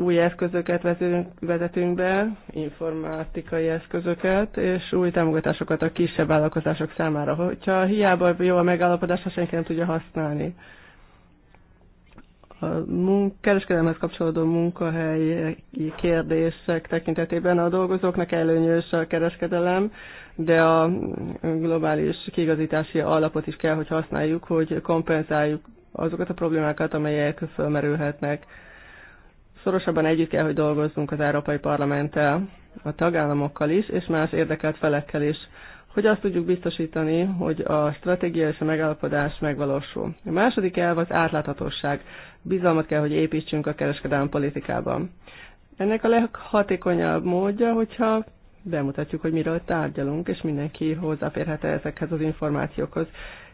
új eszközöket vezetünk, vezetünk be, informatikai eszközöket, és új támogatásokat a kisebb vállalkozások számára, hogyha hiába jó a megállapodás, ha senki nem tudja használni. A munk- kereskedelemhez kapcsolódó munkahelyi kérdések tekintetében a dolgozóknak előnyös a kereskedelem, de a globális kigazítási alapot is kell, hogy használjuk, hogy kompenzáljuk azokat a problémákat, amelyek fölmerülhetnek Szorosabban együtt kell, hogy dolgozzunk az Európai Parlamenttel, a tagállamokkal is, és más érdekelt felekkel is, hogy azt tudjuk biztosítani, hogy a stratégia és a megállapodás megvalósul. A második elv az átláthatóság. Bizalmat kell, hogy építsünk a kereskedelmi politikában. Ennek a leghatékonyabb módja, hogyha bemutatjuk, hogy miről tárgyalunk, és mindenki hozzáférhet -e ezekhez az információkhoz.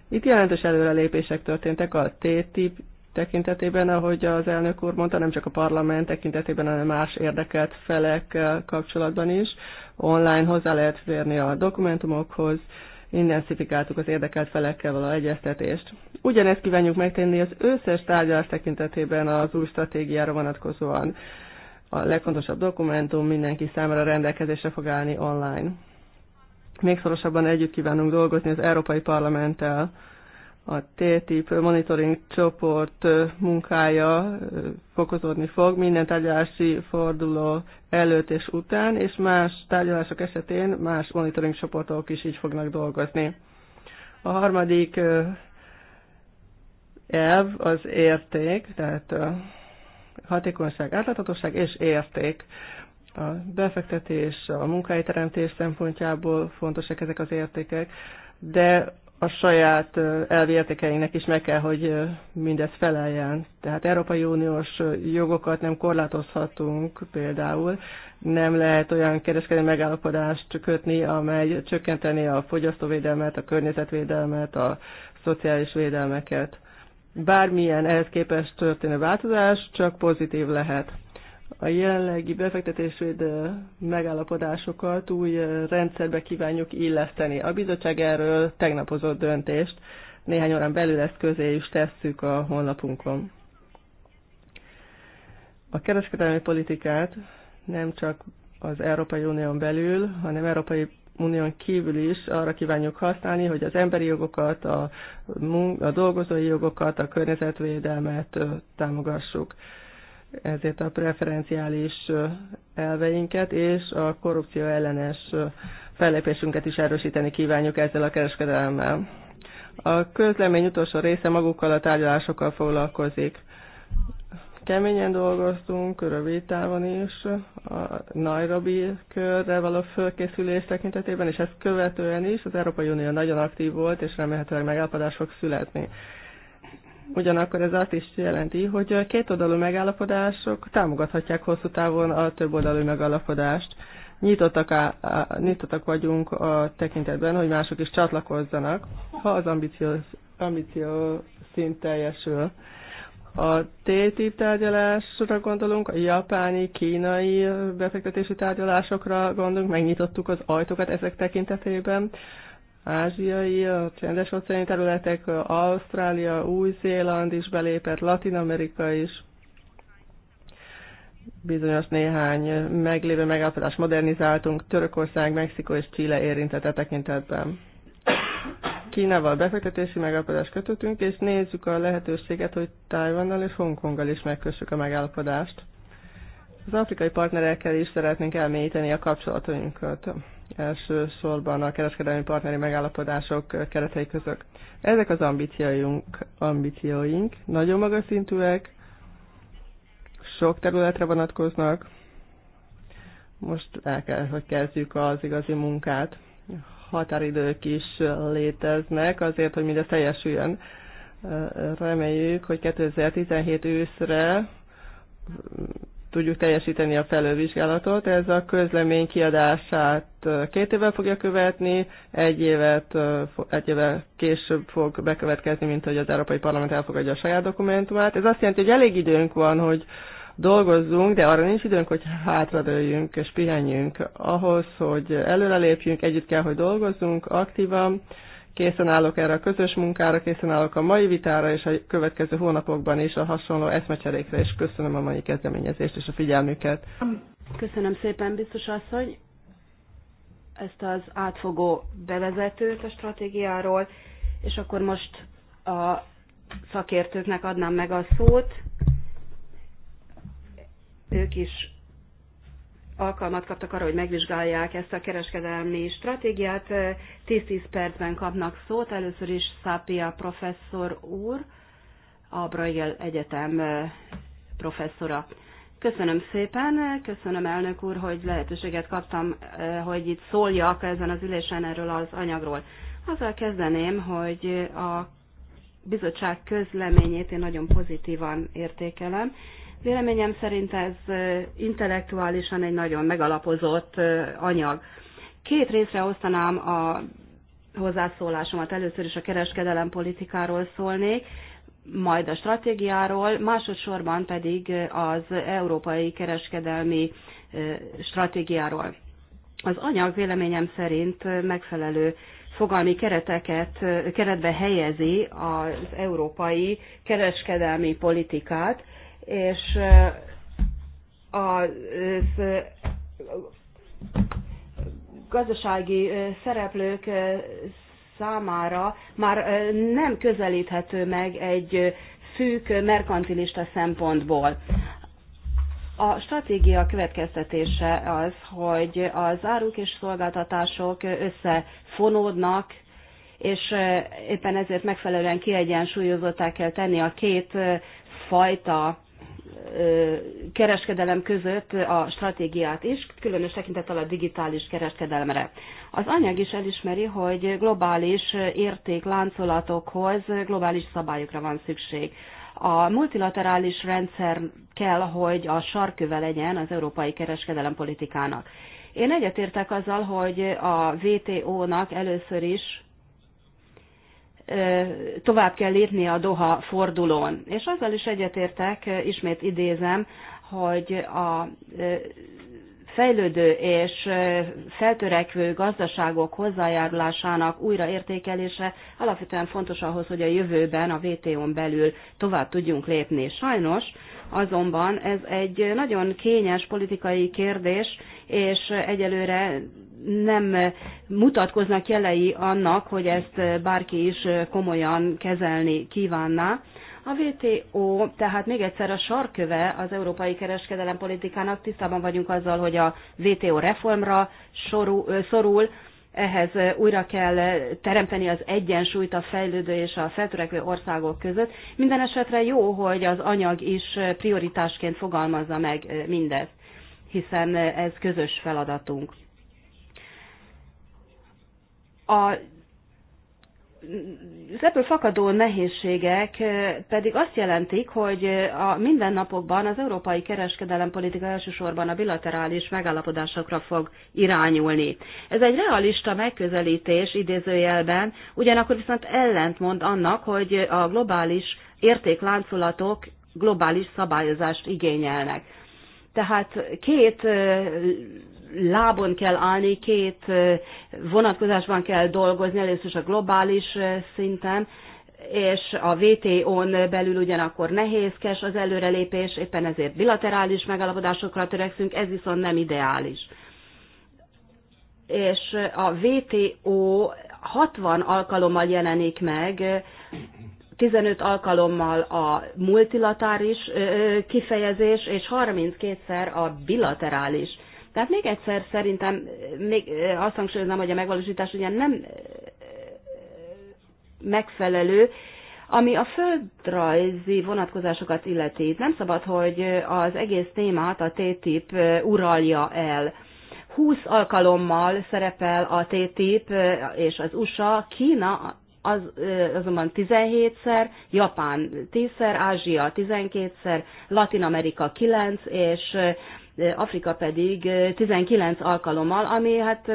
Itt jelentős előrelépések történtek a TTIP tekintetében, ahogy az elnök úr mondta, nem csak a parlament tekintetében, hanem más érdekelt felek eh, kapcsolatban is. Online hozzá lehet férni a dokumentumokhoz, intenzifikáltuk az érdekelt felekkel való egyeztetést. Ugyanezt kívánjuk megtenni az összes tárgyalás tekintetében az új stratégiára vonatkozóan. A legfontosabb dokumentum mindenki számára rendelkezésre fog állni online. Még szorosabban együtt kívánunk dolgozni az Európai Parlamenttel, a TTIP monitoring csoport munkája fokozódni fog minden tárgyalási forduló előtt és után, és más tárgyalások esetén más monitoring csoportok is így fognak dolgozni. A harmadik elv az érték, tehát hatékonyság, átláthatóság és érték. A befektetés, a munkahelyteremtés szempontjából fontosak ezek az értékek, de a saját elvértékeinek is meg kell, hogy mindez feleljen. Tehát Európai Uniós jogokat nem korlátozhatunk például, nem lehet olyan kereskedelmi megállapodást kötni, amely csökkenteni a fogyasztóvédelmet, a környezetvédelmet, a szociális védelmeket. Bármilyen ehhez képest történő változás csak pozitív lehet a jelenlegi befektetésvédő megállapodásokat új rendszerbe kívánjuk illeszteni. A bizottság erről tegnap hozott döntést, néhány órán belül ezt közé is tesszük a honlapunkon. A kereskedelmi politikát nem csak az Európai Unión belül, hanem Európai Unión kívül is arra kívánjuk használni, hogy az emberi jogokat, a, a dolgozói jogokat, a környezetvédelmet támogassuk ezért a preferenciális elveinket és a korrupció ellenes fellépésünket is erősíteni kívánjuk ezzel a kereskedelemmel. A közlemény utolsó része magukkal a tárgyalásokkal foglalkozik. Keményen dolgoztunk, rövid távon is, a Nairobi körre való fölkészülés tekintetében, és ezt követően is az Európai Unió nagyon aktív volt, és remélhetőleg megállapodás fog születni. Ugyanakkor ez azt is jelenti, hogy kétoldalú megállapodások támogathatják hosszú távon a többoldalú megállapodást. Nyitottak, á, á, nyitottak vagyunk a tekintetben, hogy mások is csatlakozzanak, ha az ambíció, ambíció szint teljesül. A TTIP tárgyalásra gondolunk, a japáni, kínai befektetési tárgyalásokra gondolunk, megnyitottuk az ajtókat ezek tekintetében ázsiai, a csendes óceáni területek, Ausztrália, Új-Zéland is belépett, Latin Amerika is, bizonyos néhány meglévő megállapodást modernizáltunk, Törökország, Mexikó és Chile érintette tekintetben. Kínával befektetési megállapodást kötöttünk, és nézzük a lehetőséget, hogy Tajvannal és Hongkonggal is megkössük a megállapodást. Az afrikai partnerekkel is szeretnénk elmélyíteni a kapcsolatunkat elsősorban a kereskedelmi partneri megállapodások keretei között. Ezek az ambícióink, ambícióink nagyon magas szintűek, sok területre vonatkoznak. Most el kell, hogy kezdjük az igazi munkát. Határidők is léteznek azért, hogy mindez teljesüljön. Reméljük, hogy 2017 őszre tudjuk teljesíteni a felővizsgálatot. Ez a közlemény kiadását két évvel fogja követni, egy, évet, egy évvel később fog bekövetkezni, mint hogy az Európai Parlament elfogadja a saját dokumentumát. Ez azt jelenti, hogy elég időnk van, hogy dolgozzunk, de arra nincs időnk, hogy hátradőljünk és pihenjünk. Ahhoz, hogy előrelépjünk, együtt kell, hogy dolgozzunk aktívan, Készen állok erre a közös munkára, készen állok a mai vitára és a következő hónapokban is a hasonló eszmecserékre, és köszönöm a mai kezdeményezést és a figyelmüket. Köszönöm szépen, biztos asszony, ezt az átfogó bevezetőt a stratégiáról, és akkor most a szakértőknek adnám meg a szót. Ők is alkalmat kaptak arra, hogy megvizsgálják ezt a kereskedelmi stratégiát. 10-10 percben kapnak szót. Először is Szápia professzor úr, a Braille Egyetem professzora. Köszönöm szépen, köszönöm elnök úr, hogy lehetőséget kaptam, hogy itt szóljak ezen az ülésen erről az anyagról. Azzal kezdeném, hogy a bizottság közleményét én nagyon pozitívan értékelem, Véleményem szerint ez intellektuálisan egy nagyon megalapozott anyag. Két részre osztanám a hozzászólásomat. Először is a kereskedelem politikáról szólnék, majd a stratégiáról, másodszorban pedig az európai kereskedelmi stratégiáról. Az anyag véleményem szerint megfelelő fogalmi kereteket, keretbe helyezi az európai kereskedelmi politikát, és az gazdasági szereplők számára már nem közelíthető meg egy szűk merkantilista szempontból. A stratégia következtetése az, hogy az áruk és szolgáltatások összefonódnak, és éppen ezért megfelelően kiegyensúlyozottá kell tenni a két fajta kereskedelem között a stratégiát is, különös tekintettel a digitális kereskedelemre. Az anyag is elismeri, hogy globális értékláncolatokhoz globális szabályokra van szükség. A multilaterális rendszer kell, hogy a sarköve legyen az európai kereskedelem politikának. Én egyetértek azzal, hogy a WTO-nak először is tovább kell lépni a Doha fordulón. És azzal is egyetértek, ismét idézem, hogy a fejlődő és feltörekvő gazdaságok hozzájárulásának újraértékelése alapvetően fontos ahhoz, hogy a jövőben a WTO-n belül tovább tudjunk lépni. Sajnos azonban ez egy nagyon kényes politikai kérdés, és egyelőre nem mutatkoznak jelei annak, hogy ezt bárki is komolyan kezelni kívánná. A WTO, tehát még egyszer a sarköve az európai kereskedelem politikának, tisztában vagyunk azzal, hogy a WTO reformra sorul, szorul, ehhez újra kell teremteni az egyensúlyt a fejlődő és a feltörekvő országok között. Minden esetre jó, hogy az anyag is prioritásként fogalmazza meg mindezt, hiszen ez közös feladatunk. A az ebből fakadó nehézségek eh, pedig azt jelentik, hogy eh, a mindennapokban az európai kereskedelempolitika elsősorban a bilaterális megállapodásokra fog irányulni. Ez egy realista megközelítés idézőjelben, ugyanakkor viszont ellentmond annak, hogy a globális értékláncolatok globális szabályozást igényelnek. Tehát két eh, lábon kell állni, két vonatkozásban kell dolgozni, először is a globális szinten, és a VTO-n belül ugyanakkor nehézkes az előrelépés, éppen ezért bilaterális megalapodásokra törekszünk, ez viszont nem ideális. És a VTO 60 alkalommal jelenik meg, 15 alkalommal a multilatáris kifejezés, és 32-szer a bilaterális tehát még egyszer szerintem még azt hangsúlyoznám, hogy a megvalósítás ugye nem megfelelő, ami a földrajzi vonatkozásokat illeti, nem szabad, hogy az egész témát a T-tip uralja el. 20 alkalommal szerepel a T-tip és az USA, Kína az, azonban 17-szer, Japán 10-szer, Ázsia 12-szer, Latin Amerika 9, és Afrika pedig 19 alkalommal, ami hát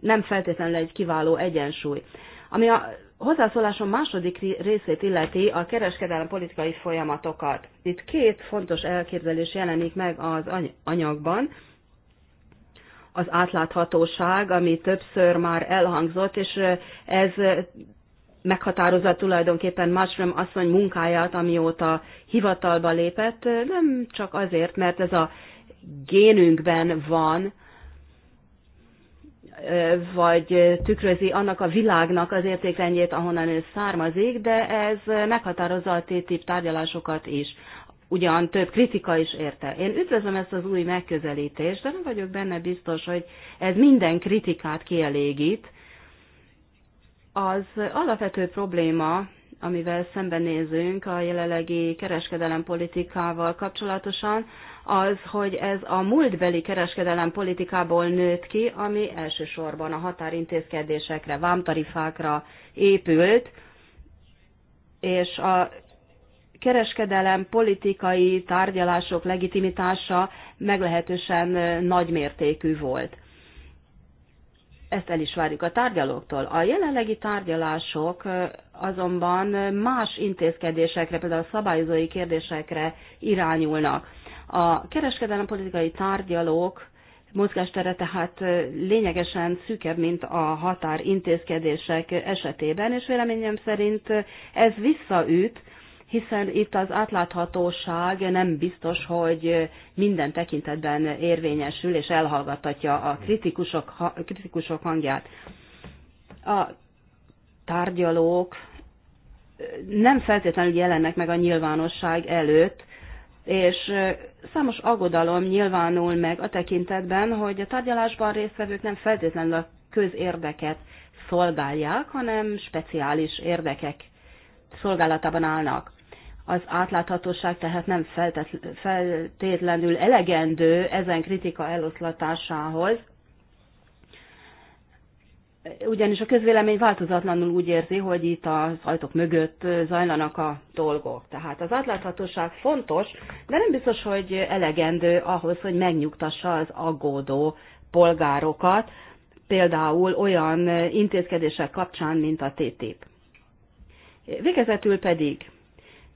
nem feltétlenül egy kiváló egyensúly. Ami a hozzászólásom második részét illeti a kereskedelem politikai folyamatokat. Itt két fontos elképzelés jelenik meg az anyagban. Az átláthatóság, ami többször már elhangzott, és ez meghatározza tulajdonképpen Marshram asszony munkáját, amióta hivatalba lépett, nem csak azért, mert ez a génünkben van, vagy tükrözi annak a világnak az értékrendjét, ahonnan ő származik, de ez meghatározza a TTIP tárgyalásokat is. Ugyan több kritika is érte. Én üdvözlöm ezt az új megközelítést, de nem vagyok benne biztos, hogy ez minden kritikát kielégít. Az alapvető probléma, amivel szembenézünk a jelenlegi politikával kapcsolatosan, az, hogy ez a múltbeli kereskedelem politikából nőtt ki, ami elsősorban a határintézkedésekre, vámtarifákra épült, és a kereskedelem politikai tárgyalások legitimitása meglehetősen nagymértékű volt. Ezt el is várjuk a tárgyalóktól. A jelenlegi tárgyalások azonban más intézkedésekre, például a szabályozói kérdésekre irányulnak. A kereskedelem politikai tárgyalók mozgástere tehát lényegesen szűkebb, mint a határ intézkedések esetében, és véleményem szerint ez visszaüt, hiszen itt az átláthatóság nem biztos, hogy minden tekintetben érvényesül és elhallgattatja a kritikusok, kritikusok hangját. A tárgyalók nem feltétlenül jelennek meg a nyilvánosság előtt, és számos aggodalom nyilvánul meg a tekintetben, hogy a tárgyalásban résztvevők nem feltétlenül a közérdeket szolgálják, hanem speciális érdekek szolgálatában állnak. Az átláthatóság tehát nem feltétlenül elegendő ezen kritika eloszlatásához, ugyanis a közvélemény változatlanul úgy érzi, hogy itt az ajtók mögött zajlanak a dolgok. Tehát az átláthatóság fontos, de nem biztos, hogy elegendő ahhoz, hogy megnyugtassa az aggódó polgárokat, például olyan intézkedések kapcsán, mint a TTIP. Végezetül pedig,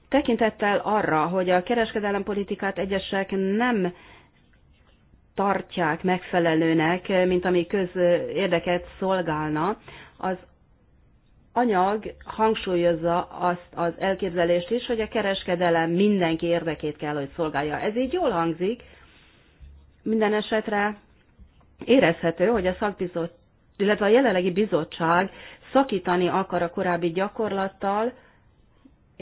tekintettel arra, hogy a kereskedelempolitikát egyesek nem tartják megfelelőnek, mint ami közérdeket szolgálna, az anyag hangsúlyozza azt az elképzelést is, hogy a kereskedelem mindenki érdekét kell, hogy szolgálja. Ez így jól hangzik, minden esetre érezhető, hogy a szakbizottság, illetve a jelenlegi bizottság szakítani akar a korábbi gyakorlattal,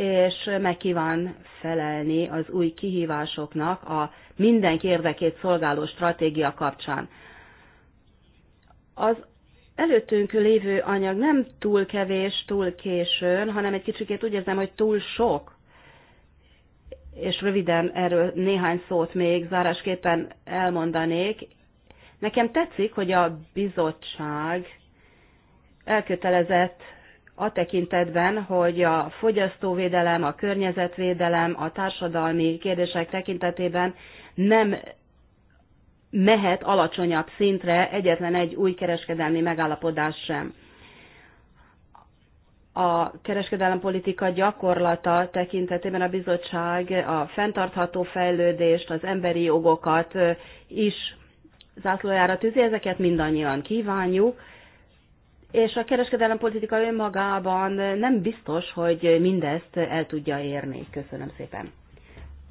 és meg kíván felelni az új kihívásoknak a mindenki érdekét szolgáló stratégia kapcsán. Az előttünk lévő anyag nem túl kevés, túl későn, hanem egy kicsikét úgy érzem, hogy túl sok. És röviden erről néhány szót még zárásképpen elmondanék. Nekem tetszik, hogy a bizottság elkötelezett a tekintetben, hogy a fogyasztóvédelem, a környezetvédelem, a társadalmi kérdések tekintetében nem mehet alacsonyabb szintre egyetlen egy új kereskedelmi megállapodás sem. A kereskedelempolitika gyakorlata tekintetében a bizottság a fenntartható fejlődést, az emberi jogokat is zászlójára tűzi, ezeket mindannyian kívánjuk, és a kereskedelem politika önmagában nem biztos, hogy mindezt el tudja érni. Köszönöm szépen.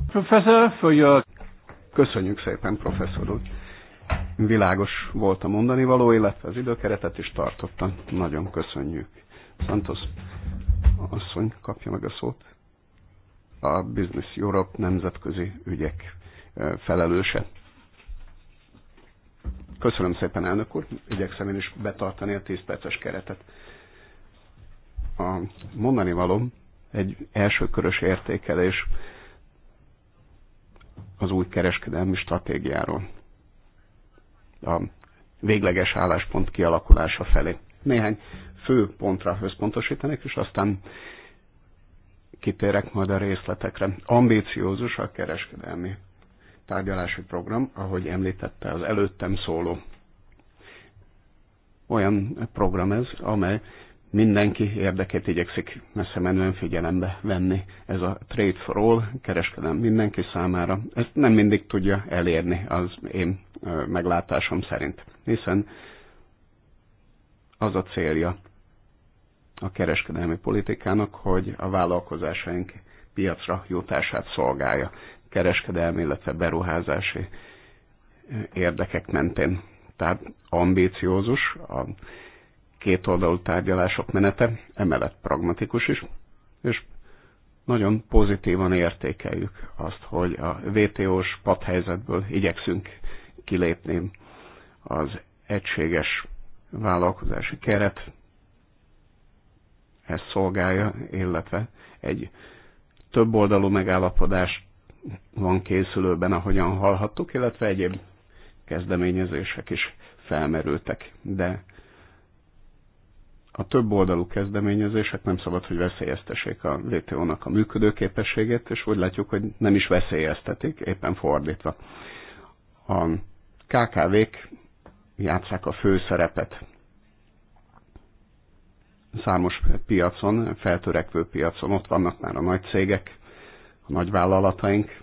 Professor, for your... Köszönjük szépen, professzor úr. Világos volt a mondani való, illetve az időkeretet is tartotta, Nagyon köszönjük. Santos asszony kapja meg a szót. A Business Europe nemzetközi ügyek eh, felelőse. Köszönöm szépen, elnök úr. Igyekszem én is betartani a 10 perces keretet. A mondani valom egy elsőkörös értékelés az új kereskedelmi stratégiáról. A végleges álláspont kialakulása felé. Néhány fő pontra összpontosítanék, és aztán kitérek majd a részletekre. Ambíciózus a kereskedelmi tárgyalási program, ahogy említette az előttem szóló, olyan program ez, amely mindenki érdekét igyekszik messze menően figyelembe venni. Ez a trade for all, kereskedem mindenki számára. Ezt nem mindig tudja elérni az én meglátásom szerint, hiszen az a célja a kereskedelmi politikának, hogy a vállalkozásaink piacra jutását szolgálja kereskedelmi, illetve beruházási érdekek mentén. Tehát ambíciózus a kétoldalú tárgyalások menete, emellett pragmatikus is, és nagyon pozitívan értékeljük azt, hogy a VTO-s padhelyzetből igyekszünk kilépni az egységes vállalkozási keret ezt szolgálja, illetve egy több oldalú megállapodást van készülőben, ahogyan hallhattuk, illetve egyéb kezdeményezések is felmerültek. De a több oldalú kezdeményezések nem szabad, hogy veszélyeztessék a vto nak a működőképességét, és úgy látjuk, hogy nem is veszélyeztetik, éppen fordítva. A KKV-k játszák a főszerepet. Számos piacon, feltörekvő piacon ott vannak már a nagy cégek, a nagyvállalataink,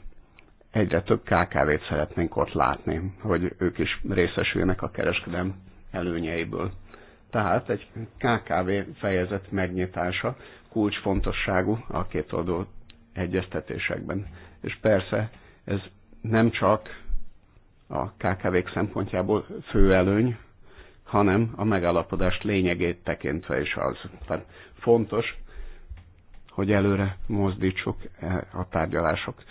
egyre több KKV-t szeretnénk ott látni, hogy ők is részesüljenek a kereskedelem előnyeiből. Tehát egy KKV fejezet megnyitása kulcsfontosságú a két oldó egyeztetésekben. És persze ez nem csak a kkv szempontjából fő előny, hanem a megállapodást lényegét tekintve is az. Tehát fontos hogy előre mozdítsuk e, a tárgyalások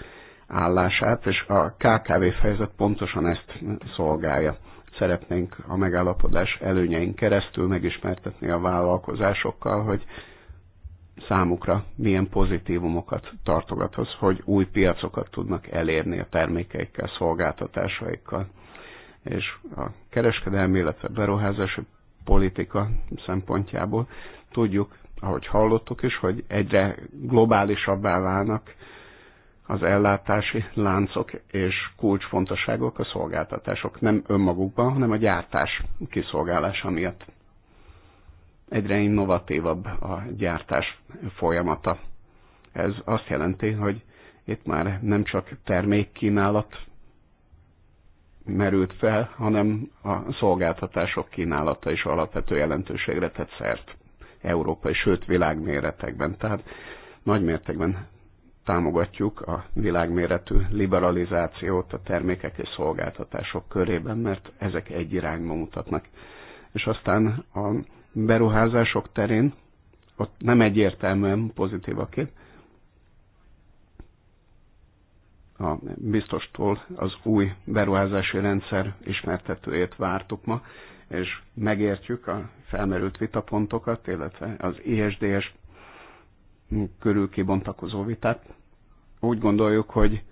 állását, és a KKV fejezet pontosan ezt szolgálja. Szeretnénk a megállapodás előnyein keresztül megismertetni a vállalkozásokkal, hogy számukra milyen pozitívumokat tartogat az, hogy új piacokat tudnak elérni a termékeikkel, szolgáltatásaikkal. És a kereskedelmi, illetve beruházási politika szempontjából tudjuk ahogy hallottuk is, hogy egyre globálisabbá válnak az ellátási láncok és kulcsfontosságok a szolgáltatások, nem önmagukban, hanem a gyártás kiszolgálása miatt. Egyre innovatívabb a gyártás folyamata. Ez azt jelenti, hogy itt már nem csak termékkínálat merült fel, hanem a szolgáltatások kínálata is alapvető jelentőségre tett szert európai, sőt világméretekben. Tehát nagy mértékben támogatjuk a világméretű liberalizációt a termékek és szolgáltatások körében, mert ezek egy irányba mutatnak. És aztán a beruházások terén ott nem egyértelműen pozitív a kép. A biztostól az új beruházási rendszer ismertetőjét vártuk ma, és megértjük a felmerült vitapontokat, illetve az ISDS e körül kibontakozó vitát. Úgy gondoljuk, hogy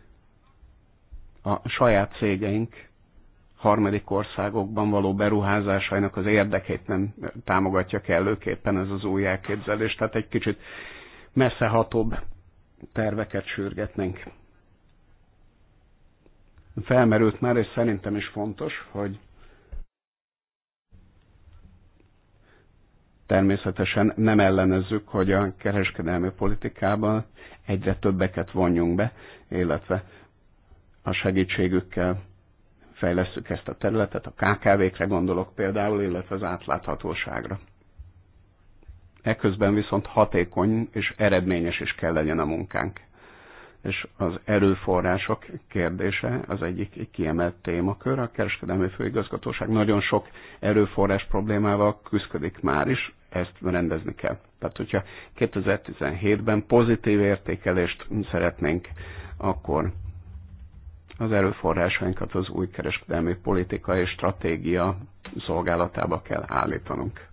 a saját cégeink harmadik országokban való beruházásainak az érdekét nem támogatja kellőképpen ez az új elképzelés. Tehát egy kicsit messzehatóbb terveket sürgetnénk. Felmerült már, és szerintem is fontos, hogy természetesen nem ellenezzük, hogy a kereskedelmi politikában egyre többeket vonjunk be, illetve a segítségükkel fejlesztük ezt a területet, a KKV-kre gondolok például, illetve az átláthatóságra. Ekközben viszont hatékony és eredményes is kell legyen a munkánk. És az erőforrások kérdése az egyik kiemelt témakör. A kereskedelmi főigazgatóság nagyon sok erőforrás problémával küzdik már is, ezt rendezni kell. Tehát, hogyha 2017-ben pozitív értékelést szeretnénk, akkor az erőforrásainkat az új kereskedelmi politika és stratégia szolgálatába kell állítanunk.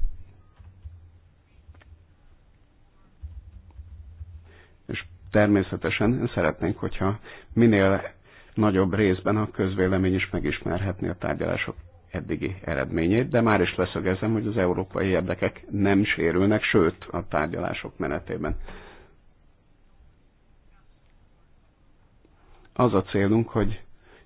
És természetesen szeretnénk, hogyha minél nagyobb részben a közvélemény is megismerhetné a tárgyalások eddigi eredményét, de már is leszögezem, hogy az európai érdekek nem sérülnek, sőt a tárgyalások menetében. Az a célunk, hogy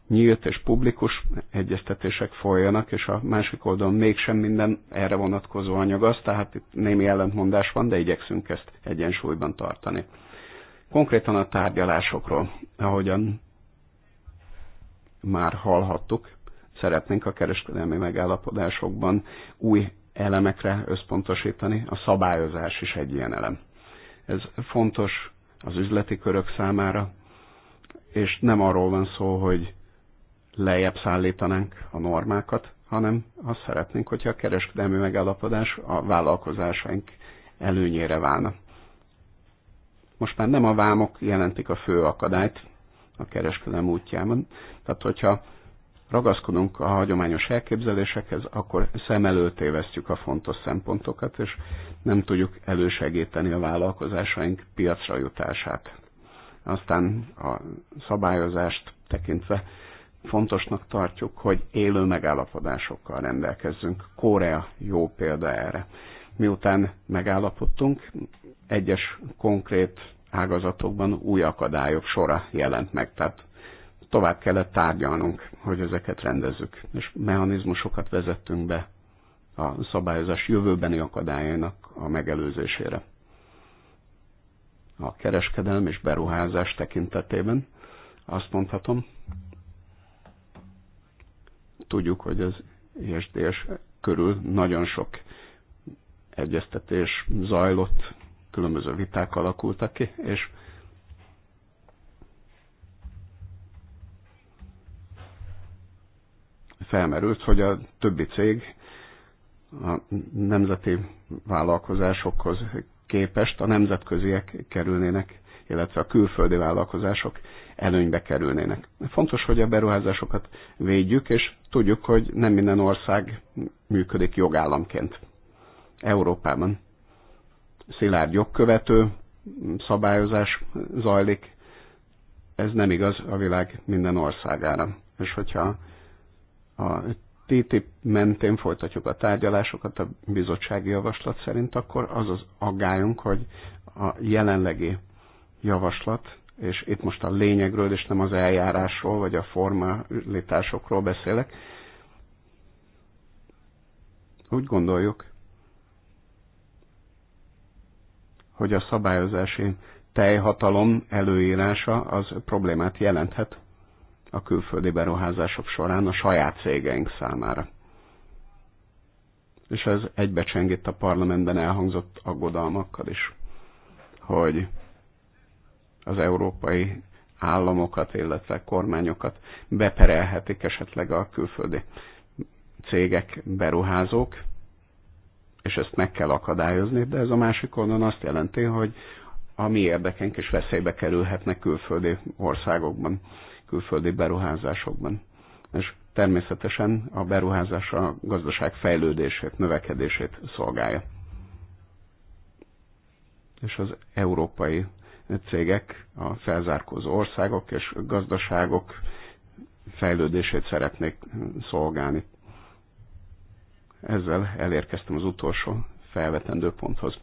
nyílt és publikus egyeztetések folyjanak, és a másik oldalon mégsem minden erre vonatkozó anyag az, tehát itt némi ellentmondás van, de igyekszünk ezt egyensúlyban tartani. Konkrétan a tárgyalásokról, ahogyan már hallhattuk, szeretnénk a kereskedelmi megállapodásokban új elemekre összpontosítani, a szabályozás is egy ilyen elem. Ez fontos az üzleti körök számára, és nem arról van szó, hogy lejjebb szállítanánk a normákat, hanem azt szeretnénk, hogyha a kereskedelmi megállapodás a vállalkozásaink előnyére válna. Most már nem a vámok jelentik a fő akadályt a kereskedelem útjában, tehát hogyha ragaszkodunk a hagyományos elképzelésekhez, akkor szem előtt évesztjük a fontos szempontokat, és nem tudjuk elősegíteni a vállalkozásaink piacra jutását. Aztán a szabályozást tekintve fontosnak tartjuk, hogy élő megállapodásokkal rendelkezzünk. Korea jó példa erre. Miután megállapodtunk, egyes konkrét ágazatokban új akadályok sora jelent meg, tehát tovább kellett tárgyalnunk, hogy ezeket rendezzük. És mechanizmusokat vezettünk be a szabályozás jövőbeni akadályainak a megelőzésére. A kereskedelm és beruházás tekintetében azt mondhatom, tudjuk, hogy az ISDS körül nagyon sok egyeztetés zajlott, különböző viták alakultak ki, és felmerült, hogy a többi cég a nemzeti vállalkozásokhoz képest a nemzetköziek kerülnének, illetve a külföldi vállalkozások előnybe kerülnének. Fontos, hogy a beruházásokat védjük, és tudjuk, hogy nem minden ország működik jogállamként. Európában szilárd jogkövető szabályozás zajlik, ez nem igaz a világ minden országára. És hogyha a TTIP mentén folytatjuk a tárgyalásokat a bizottsági javaslat szerint, akkor az az aggályunk, hogy a jelenlegi javaslat, és itt most a lényegről, és nem az eljárásról, vagy a formalitásokról beszélek, úgy gondoljuk, hogy a szabályozási teljhatalom előírása az problémát jelenthet a külföldi beruházások során a saját cégeink számára. És ez egybecseng itt a parlamentben elhangzott aggodalmakkal is, hogy az európai államokat, illetve kormányokat beperelhetik esetleg a külföldi cégek, beruházók, és ezt meg kell akadályozni, de ez a másik oldalon azt jelenti, hogy a mi érdekenk is veszélybe kerülhetnek külföldi országokban külföldi beruházásokban. És természetesen a beruházás a gazdaság fejlődését, növekedését szolgálja. És az európai cégek, a felzárkózó országok és gazdaságok fejlődését szeretnék szolgálni. Ezzel elérkeztem az utolsó felvetendő ponthoz.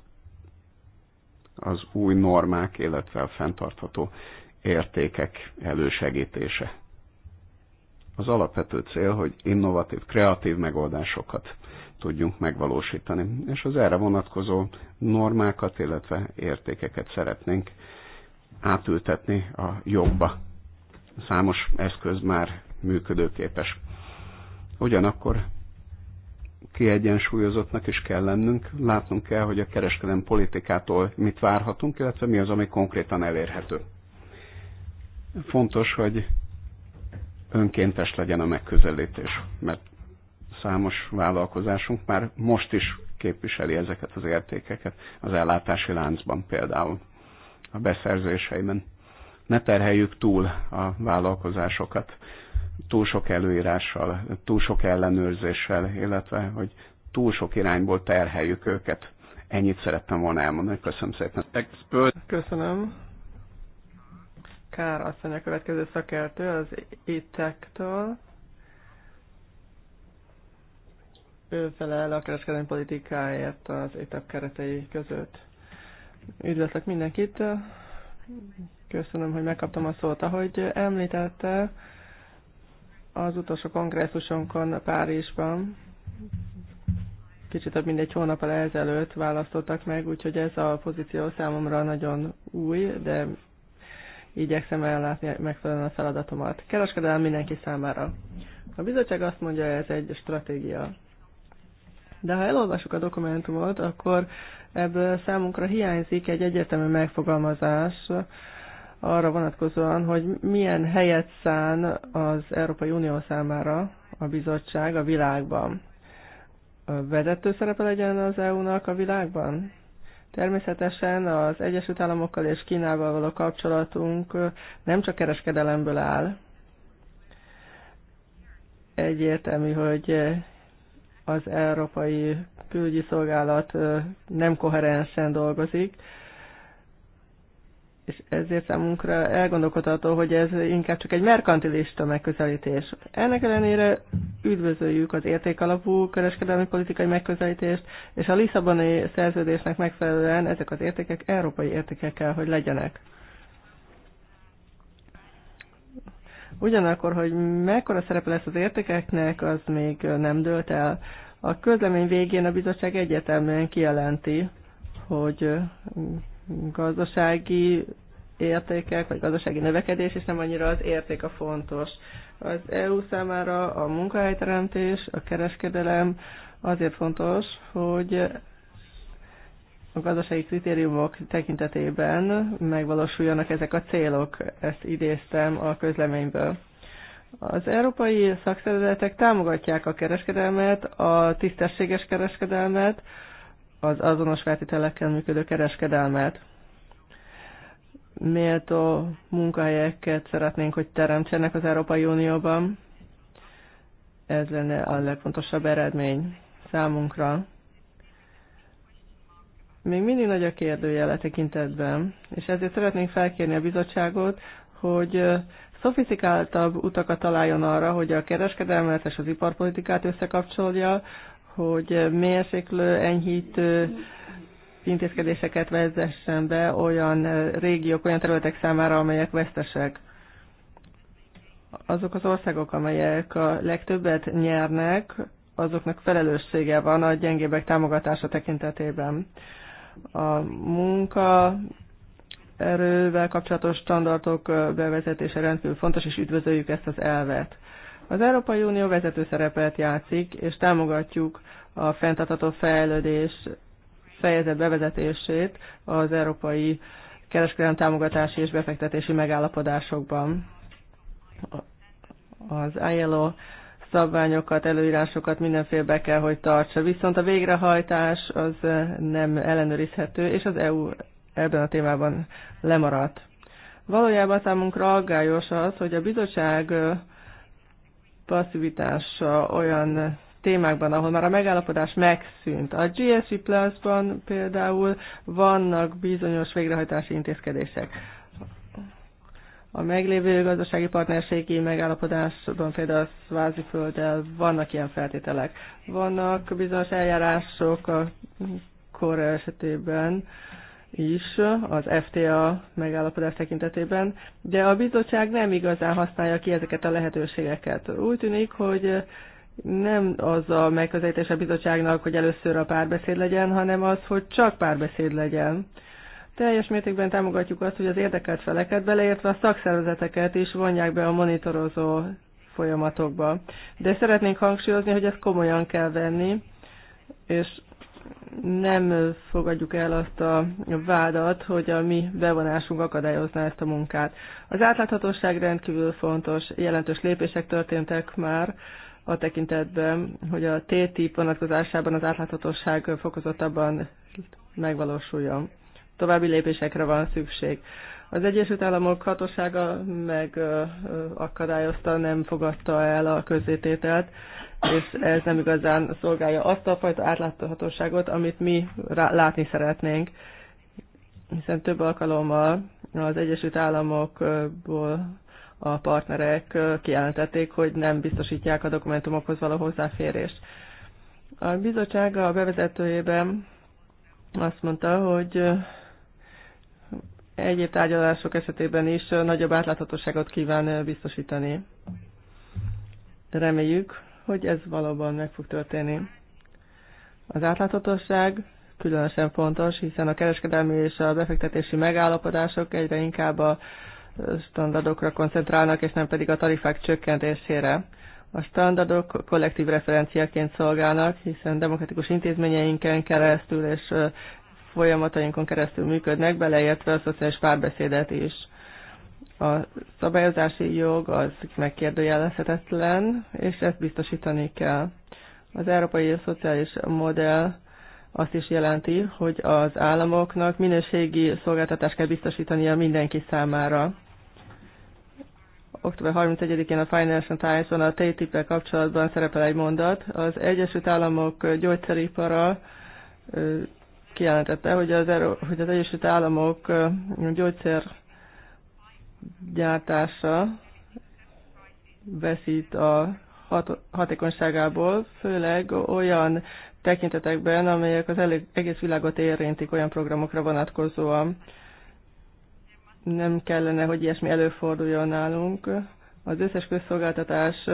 Az új normák, illetve a fenntartható értékek elősegítése. Az alapvető cél, hogy innovatív, kreatív megoldásokat tudjunk megvalósítani, és az erre vonatkozó normákat, illetve értékeket szeretnénk átültetni a jogba. Számos eszköz már működőképes. Ugyanakkor kiegyensúlyozottnak is kell lennünk, látnunk kell, hogy a kereskedelem politikától mit várhatunk, illetve mi az, ami konkrétan elérhető. Fontos, hogy önkéntes legyen a megközelítés, mert számos vállalkozásunk már most is képviseli ezeket az értékeket az ellátási láncban például, a beszerzéseiben. Ne terheljük túl a vállalkozásokat túl sok előírással, túl sok ellenőrzéssel, illetve hogy túl sok irányból terheljük őket. Ennyit szerettem volna elmondani. Köszönöm szépen. Expert. Köszönöm. Kár asszony a következő szakértő az ITEC-től. Ő felel a kereskedelmi politikáért az ITEC keretei között. Üdvözlök mindenkit! Köszönöm, hogy megkaptam a szót. Ahogy említette, az utolsó kongresszusonkon Párizsban kicsit több mint egy hónap ezelőtt választottak meg, úgyhogy ez a pozíció számomra nagyon új, de igyekszem ellátni megfelelően a feladatomat. Kereskedelem mindenki számára. A bizottság azt mondja, ez egy stratégia. De ha elolvasjuk a dokumentumot, akkor ebből számunkra hiányzik egy egyértelmű megfogalmazás arra vonatkozóan, hogy milyen helyet szán az Európai Unió számára a bizottság a világban. A vezető szerepe legyen az EU-nak a világban? Természetesen az Egyesült Államokkal és Kínával való kapcsolatunk nem csak kereskedelemből áll. Egyértelmű, hogy az Európai Külügyi Szolgálat nem koherensen dolgozik, és ezért számunkra elgondolkodható, hogy ez inkább csak egy merkantilista megközelítés. Ennek ellenére üdvözöljük az értékalapú kereskedelmi politikai megközelítést, és a Lisszaboni szerződésnek megfelelően ezek az értékek európai értékekkel, hogy legyenek. Ugyanakkor, hogy mekkora szerepe lesz az értékeknek, az még nem dőlt el. A közlemény végén a bizottság egyértelműen kijelenti, hogy gazdasági értékek, vagy gazdasági növekedés, és nem annyira az érték a fontos. Az EU számára a munkahelyteremtés, a kereskedelem azért fontos, hogy a gazdasági kritériumok tekintetében megvalósuljanak ezek a célok. Ezt idéztem a közleményből. Az európai szakszervezetek támogatják a kereskedelmet, a tisztességes kereskedelmet, az azonos feltételekkel működő kereskedelmet. Méltó munkahelyeket szeretnénk, hogy teremtsenek az Európai Unióban. Ez lenne a legfontosabb eredmény számunkra. Még mindig nagy a kérdőjele tekintetben, és ezért szeretnénk felkérni a bizottságot, hogy szofisztikáltabb utakat találjon arra, hogy a kereskedelmet és az iparpolitikát összekapcsolja, hogy mérséklő, enyhítő intézkedéseket vezessen be olyan régiók, olyan területek számára, amelyek vesztesek. Azok az országok, amelyek a legtöbbet nyernek, azoknak felelőssége van a gyengébbek támogatása tekintetében. A munka erővel kapcsolatos standardok bevezetése rendkívül fontos, és üdvözöljük ezt az elvet. Az Európai Unió vezető szerepet játszik, és támogatjuk a fenntartható fejlődés fejezet bevezetését az európai kereskedelmi támogatási és befektetési megállapodásokban. Az ILO szabványokat, előírásokat mindenféle be kell, hogy tartsa. Viszont a végrehajtás az nem ellenőrizhető, és az EU ebben a témában lemaradt. Valójában számunkra aggályos az, hogy a bizottság passzivitása olyan témákban, ahol már a megállapodás megszűnt. A GSC e Plus-ban például vannak bizonyos végrehajtási intézkedések. A meglévő gazdasági partnerségi megállapodásban például a Svázi földdel vannak ilyen feltételek. Vannak bizonyos eljárások a kor esetében, is az FTA megállapodás tekintetében, de a bizottság nem igazán használja ki ezeket a lehetőségeket. Úgy tűnik, hogy nem az a megközelítés a bizottságnak, hogy először a párbeszéd legyen, hanem az, hogy csak párbeszéd legyen. Teljes mértékben támogatjuk azt, hogy az érdekelt feleket, beleértve a szakszervezeteket is vonják be a monitorozó folyamatokba. De szeretnénk hangsúlyozni, hogy ezt komolyan kell venni, és nem fogadjuk el azt a vádat, hogy a mi bevonásunk akadályozná ezt a munkát. Az átláthatóság rendkívül fontos, jelentős lépések történtek már a tekintetben, hogy a TTIP vonatkozásában az átláthatóság fokozottabban megvalósuljon. További lépésekre van szükség. Az Egyesült Államok hatósága meg akadályozta, nem fogadta el a közzétételt és ez nem igazán szolgálja azt a fajta átláthatóságot, amit mi látni szeretnénk. Hiszen több alkalommal az Egyesült Államokból a partnerek kijelentették, hogy nem biztosítják a dokumentumokhoz való hozzáférést. A bizottság a bevezetőjében azt mondta, hogy egyéb tárgyalások esetében is nagyobb átláthatóságot kíván biztosítani. Reméljük, hogy ez valóban meg fog történni. Az átláthatóság különösen fontos, hiszen a kereskedelmi és a befektetési megállapodások egyre inkább a standardokra koncentrálnak, és nem pedig a tarifák csökkentésére. A standardok kollektív referenciaként szolgálnak, hiszen demokratikus intézményeinken keresztül és folyamatainkon keresztül működnek, beleértve a szociális párbeszédet is. A szabályozási jog az megkérdőjelezhetetlen, és ezt biztosítani kell. Az európai szociális modell azt is jelenti, hogy az államoknak minőségi szolgáltatást kell biztosítania mindenki számára. Október 31-én a Financial Times-on a TTIP-el kapcsolatban szerepel egy mondat. Az Egyesült Államok gyógyszeripara kijelentette, hogy az, hogy az Egyesült Államok gyógyszer gyártása veszít a hat hatékonyságából, főleg olyan tekintetekben, amelyek az elég, egész világot érintik olyan programokra vonatkozóan. Nem kellene, hogy ilyesmi előforduljon nálunk. Az összes közszolgáltatás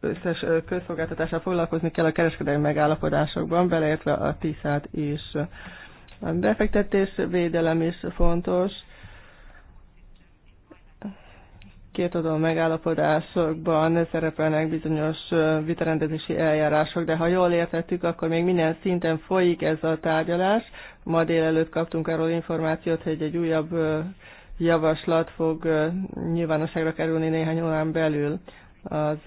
összes közszolgáltatásra foglalkozni kell a kereskedelmi megállapodásokban, beleértve a TISZ-át is. A befektetés védelem is fontos, két adó megállapodásokban szerepelnek bizonyos vitarendezési eljárások, de ha jól értettük, akkor még minden szinten folyik ez a tárgyalás. Ma délelőtt kaptunk arról információt, hogy egy újabb javaslat fog nyilvánosságra kerülni néhány órán belül. Az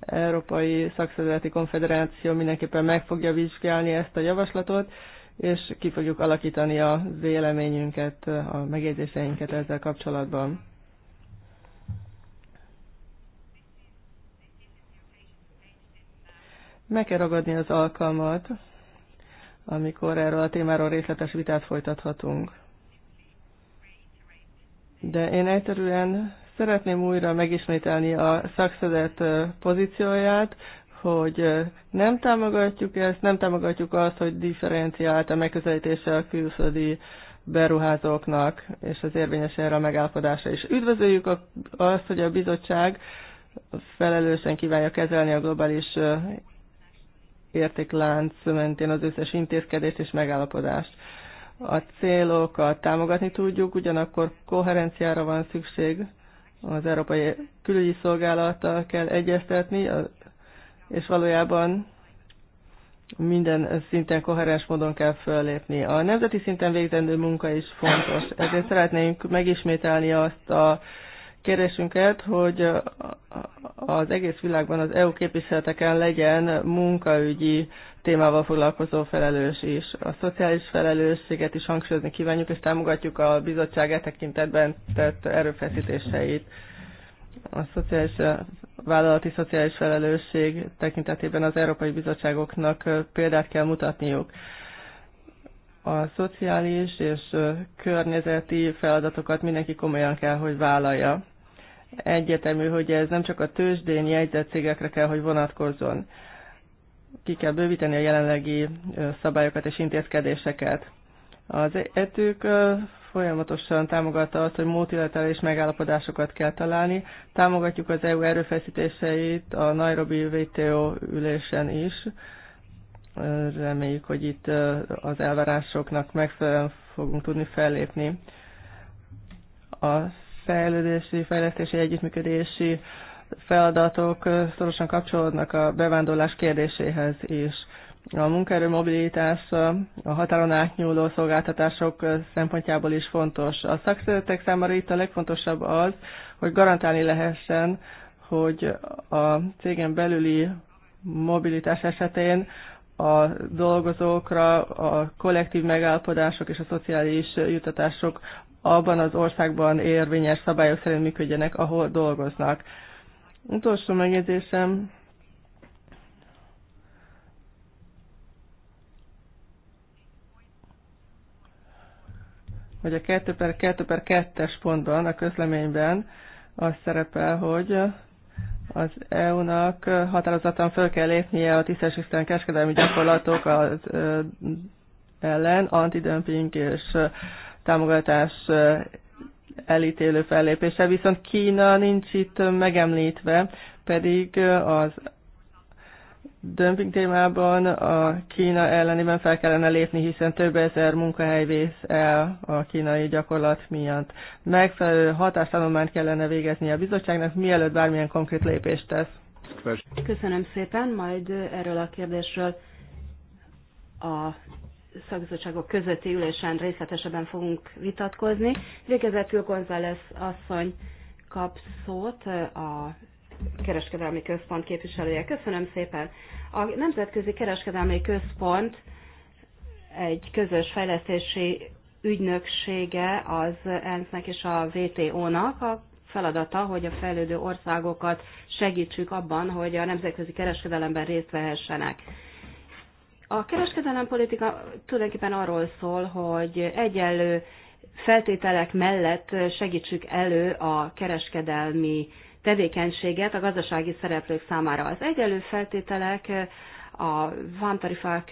Európai Szakszervezeti Konfederáció mindenképpen meg fogja vizsgálni ezt a javaslatot, és ki fogjuk alakítani a véleményünket, a megjegyzéseinket ezzel kapcsolatban. Meg kell ragadni az alkalmat, amikor erről a témáról részletes vitát folytathatunk. De én egyszerűen szeretném újra megismételni a szakszedet pozícióját, hogy nem támogatjuk ezt, nem támogatjuk azt, hogy differenciált a megközelítése a külföldi beruházóknak, és az érvényes erre a megállapodása is. Üdvözöljük azt, hogy a bizottság felelősen kívánja kezelni a globális értéklánc mentén az összes intézkedést és megállapodást. A célokat támogatni tudjuk, ugyanakkor koherenciára van szükség, az Európai Külügyi Szolgálattal kell egyeztetni, és valójában minden szinten koherens módon kell föllépni. A nemzeti szinten végzendő munka is fontos, ezért szeretnénk megismételni azt a kérésünket, hogy az egész világban az EU képviseleteken legyen munkaügyi témával foglalkozó felelős is. A szociális felelősséget is hangsúlyozni kívánjuk, és támogatjuk a bizottság e tekintetben tett erőfeszítéseit. A szociális, vállalati szociális felelősség tekintetében az Európai Bizottságoknak példát kell mutatniuk a szociális és környezeti feladatokat mindenki komolyan kell, hogy vállalja. Egyetemű, hogy ez nem csak a tőzsdén jegyzett cégekre kell, hogy vonatkozzon. Ki kell bővíteni a jelenlegi szabályokat és intézkedéseket. Az etők folyamatosan támogatta azt, hogy multilaterális megállapodásokat kell találni. Támogatjuk az EU erőfeszítéseit a Nairobi WTO ülésen is. Reméljük, hogy itt az elvárásoknak megfelelően fogunk tudni fellépni. A fejlődési, fejlesztési, együttműködési feladatok szorosan kapcsolódnak a bevándorlás kérdéséhez is. A munkaerő mobilitás a határon átnyúló szolgáltatások szempontjából is fontos. A szakszervezetek számára itt a legfontosabb az, hogy garantálni lehessen, hogy a cégen belüli mobilitás esetén a dolgozókra a kollektív megállapodások és a szociális jutatások abban az országban érvényes szabályok szerint működjenek, ahol dolgoznak. Utolsó megjegyzésem, hogy a 2 per 2 per 2-es pontban, a közleményben az szerepel, hogy az EU-nak határozatlan föl kell lépnie a tisztességtelen kereskedelmi gyakorlatok az ellen, antidömping és támogatás elítélő fellépése, viszont Kína nincs itt megemlítve, pedig az dömping témában a Kína ellenében fel kellene lépni, hiszen több ezer munkahely vész el a kínai gyakorlat miatt. Megfelelő hatástanulmányt kellene végezni a bizottságnak, mielőtt bármilyen konkrét lépést tesz. Köszönöm szépen, majd erről a kérdésről a szakbizottságok közötti ülésen részletesebben fogunk vitatkozni. Végezetül González asszony kap szót a kereskedelmi központ képviselője. Köszönöm szépen. A Nemzetközi Kereskedelmi Központ egy közös fejlesztési ügynöksége az ENSZ-nek és a WTO-nak. A feladata, hogy a fejlődő országokat segítsük abban, hogy a nemzetközi kereskedelemben részt vehessenek. A politika tulajdonképpen arról szól, hogy egyenlő feltételek mellett segítsük elő a kereskedelmi tevékenységet a gazdasági szereplők számára. Az egyenlő feltételek a vámtarifák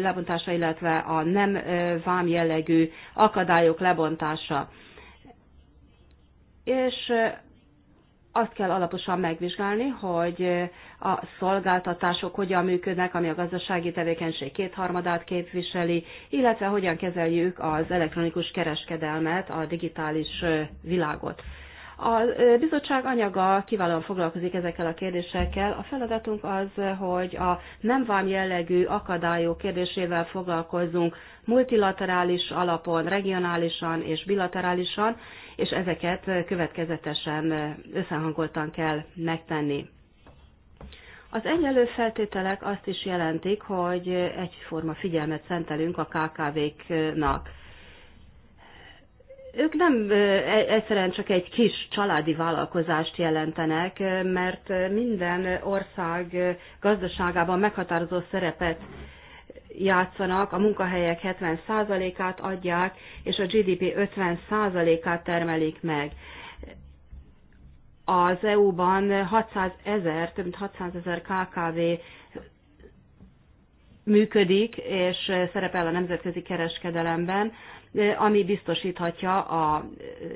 lebontása, illetve a nem vám jellegű akadályok lebontása. És azt kell alaposan megvizsgálni, hogy a szolgáltatások hogyan működnek, ami a gazdasági tevékenység kétharmadát képviseli, illetve hogyan kezeljük az elektronikus kereskedelmet, a digitális világot. A bizottság anyaga kiválóan foglalkozik ezekkel a kérdésekkel. A feladatunk az, hogy a nem vám jellegű akadályok kérdésével foglalkozzunk multilaterális alapon, regionálisan és bilaterálisan, és ezeket következetesen összehangoltan kell megtenni. Az egyenlő feltételek azt is jelentik, hogy egyforma figyelmet szentelünk a KKV-knak. Ők nem e, egyszerűen csak egy kis családi vállalkozást jelentenek, mert minden ország gazdaságában meghatározó szerepet játszanak, a munkahelyek 70%-át adják, és a GDP 50%-át termelik meg. Az EU-ban 600 ezer, több mint 600 ezer KKV működik, és szerepel a nemzetközi kereskedelemben, ami biztosíthatja a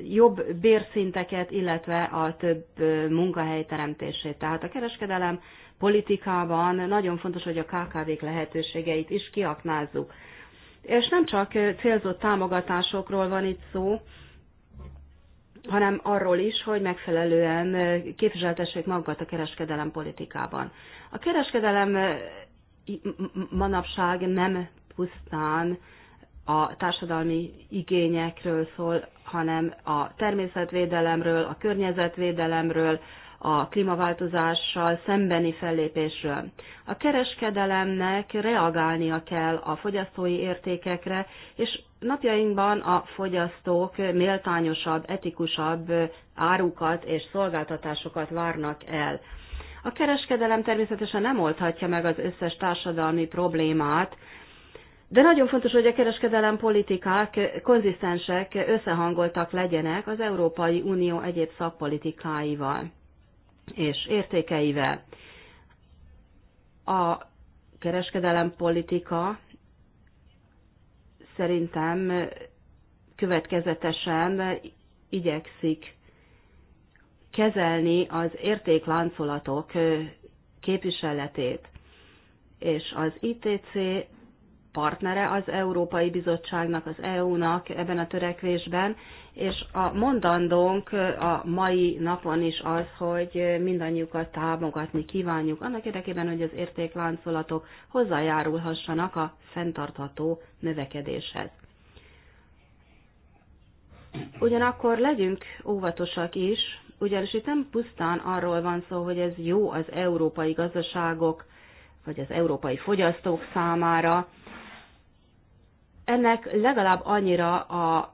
jobb bérszinteket, illetve a több munkahely teremtését. Tehát a kereskedelem politikában nagyon fontos, hogy a KKV-k lehetőségeit is kiaknázzuk. És nem csak célzott támogatásokról van itt szó, hanem arról is, hogy megfelelően képviseltessék magukat a kereskedelem politikában. A kereskedelem manapság nem pusztán a társadalmi igényekről szól, hanem a természetvédelemről, a környezetvédelemről, a klímaváltozással szembeni fellépésről. A kereskedelemnek reagálnia kell a fogyasztói értékekre, és napjainkban a fogyasztók méltányosabb, etikusabb árukat és szolgáltatásokat várnak el. A kereskedelem természetesen nem oldhatja meg az összes társadalmi problémát, de nagyon fontos, hogy a kereskedelem politikák konzisztensek, összehangoltak legyenek az Európai Unió egyéb szakpolitikáival és értékeivel. A kereskedelem politika szerintem következetesen igyekszik kezelni az értékláncolatok képviseletét, és az ITC partnere az Európai Bizottságnak, az EU-nak ebben a törekvésben, és a mondandónk a mai napon is az, hogy mindannyiukat támogatni kívánjuk, annak érdekében, hogy az értékláncolatok hozzájárulhassanak a fenntartható növekedéshez. Ugyanakkor legyünk óvatosak is, ugyanis itt nem pusztán arról van szó, hogy ez jó az európai gazdaságok, vagy az európai fogyasztók számára. Ennek legalább annyira a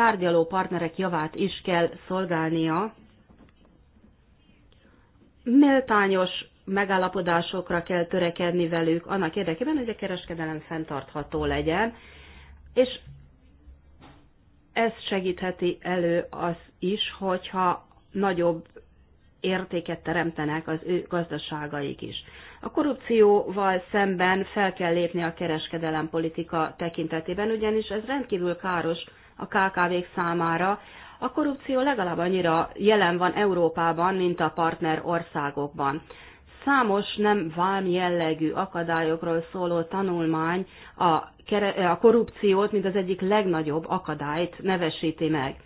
tárgyaló partnerek javát is kell szolgálnia. Méltányos megállapodásokra kell törekedni velük annak érdekében, hogy a kereskedelem fenntartható legyen, és ez segítheti elő az is, hogyha nagyobb értéket teremtenek az ő gazdaságaik is. A korrupcióval szemben fel kell lépni a kereskedelem politika tekintetében, ugyanis ez rendkívül káros a KKV-k számára, a korrupció legalább annyira jelen van Európában, mint a partner országokban. Számos nem vám jellegű akadályokról szóló tanulmány a, a korrupciót, mint az egyik legnagyobb akadályt nevesíti meg.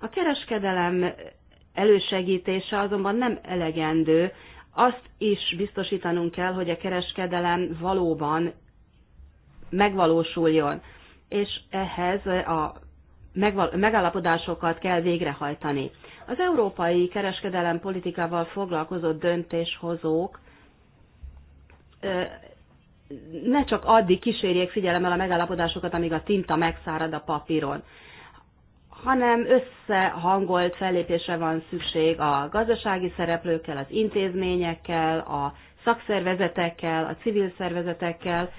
A kereskedelem elősegítése azonban nem elegendő, azt is biztosítanunk kell, hogy a kereskedelem valóban megvalósuljon, és ehhez a megállapodásokat kell végrehajtani. Az európai kereskedelem politikával foglalkozó döntéshozók ne csak addig kísérjék figyelemmel a megállapodásokat, amíg a tinta megszárad a papíron, hanem összehangolt fellépésre van szükség a gazdasági szereplőkkel, az intézményekkel, a szakszervezetekkel, a civil szervezetekkel,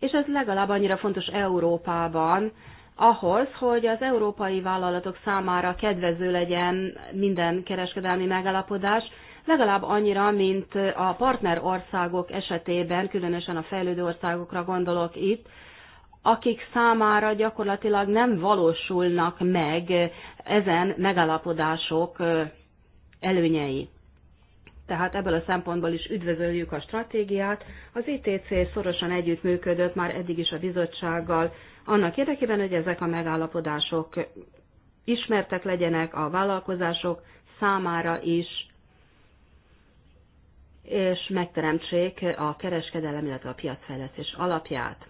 és ez legalább annyira fontos Európában, ahhoz, hogy az európai vállalatok számára kedvező legyen minden kereskedelmi megállapodás, legalább annyira, mint a partner országok esetében, különösen a fejlődő országokra gondolok itt, akik számára gyakorlatilag nem valósulnak meg ezen megállapodások előnyei. Tehát ebből a szempontból is üdvözöljük a stratégiát. Az ITC szorosan együttműködött már eddig is a bizottsággal, annak érdekében, hogy ezek a megállapodások ismertek legyenek a vállalkozások számára is, és megteremtsék a kereskedelem, illetve a piacfejlesztés alapját.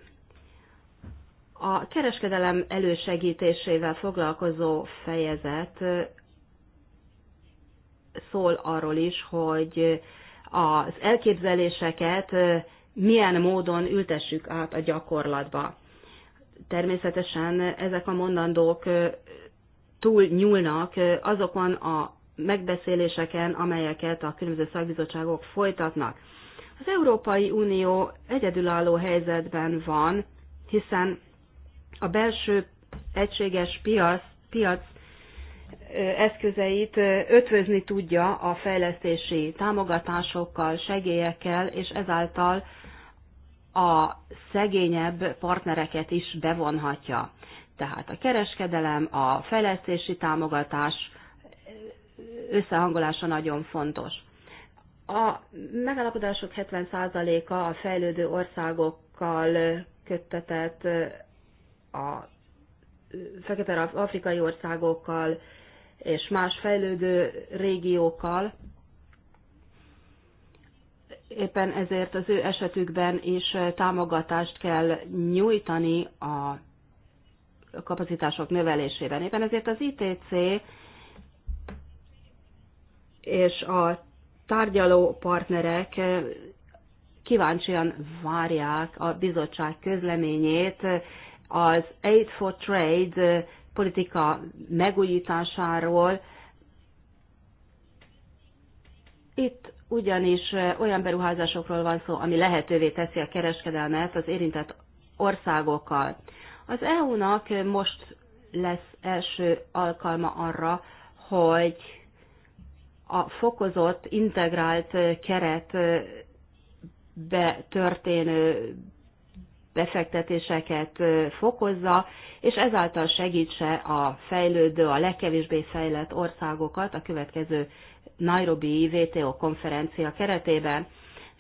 A kereskedelem elősegítésével foglalkozó fejezet szól arról is, hogy az elképzeléseket milyen módon ültessük át a gyakorlatba természetesen ezek a mondandók túl nyúlnak azokon a megbeszéléseken, amelyeket a különböző szakbizottságok folytatnak. Az Európai Unió egyedülálló helyzetben van, hiszen a belső egységes piac, piac eszközeit ötvözni tudja a fejlesztési támogatásokkal, segélyekkel, és ezáltal a szegényebb partnereket is bevonhatja. Tehát a kereskedelem, a fejlesztési támogatás összehangolása nagyon fontos. A megállapodások 70%-a a fejlődő országokkal köttetett, a fekete afrikai országokkal és más fejlődő régiókkal, éppen ezért az ő esetükben is támogatást kell nyújtani a kapacitások növelésében. Éppen ezért az ITC és a tárgyaló partnerek kíváncsian várják a bizottság közleményét az Aid for Trade politika megújításáról. Itt ugyanis olyan beruházásokról van szó, ami lehetővé teszi a kereskedelmet az érintett országokkal. Az EU-nak most lesz első alkalma arra, hogy a fokozott, integrált keret történő befektetéseket fokozza, és ezáltal segítse a fejlődő, a legkevésbé fejlett országokat a következő Nairobi VTO konferencia keretében.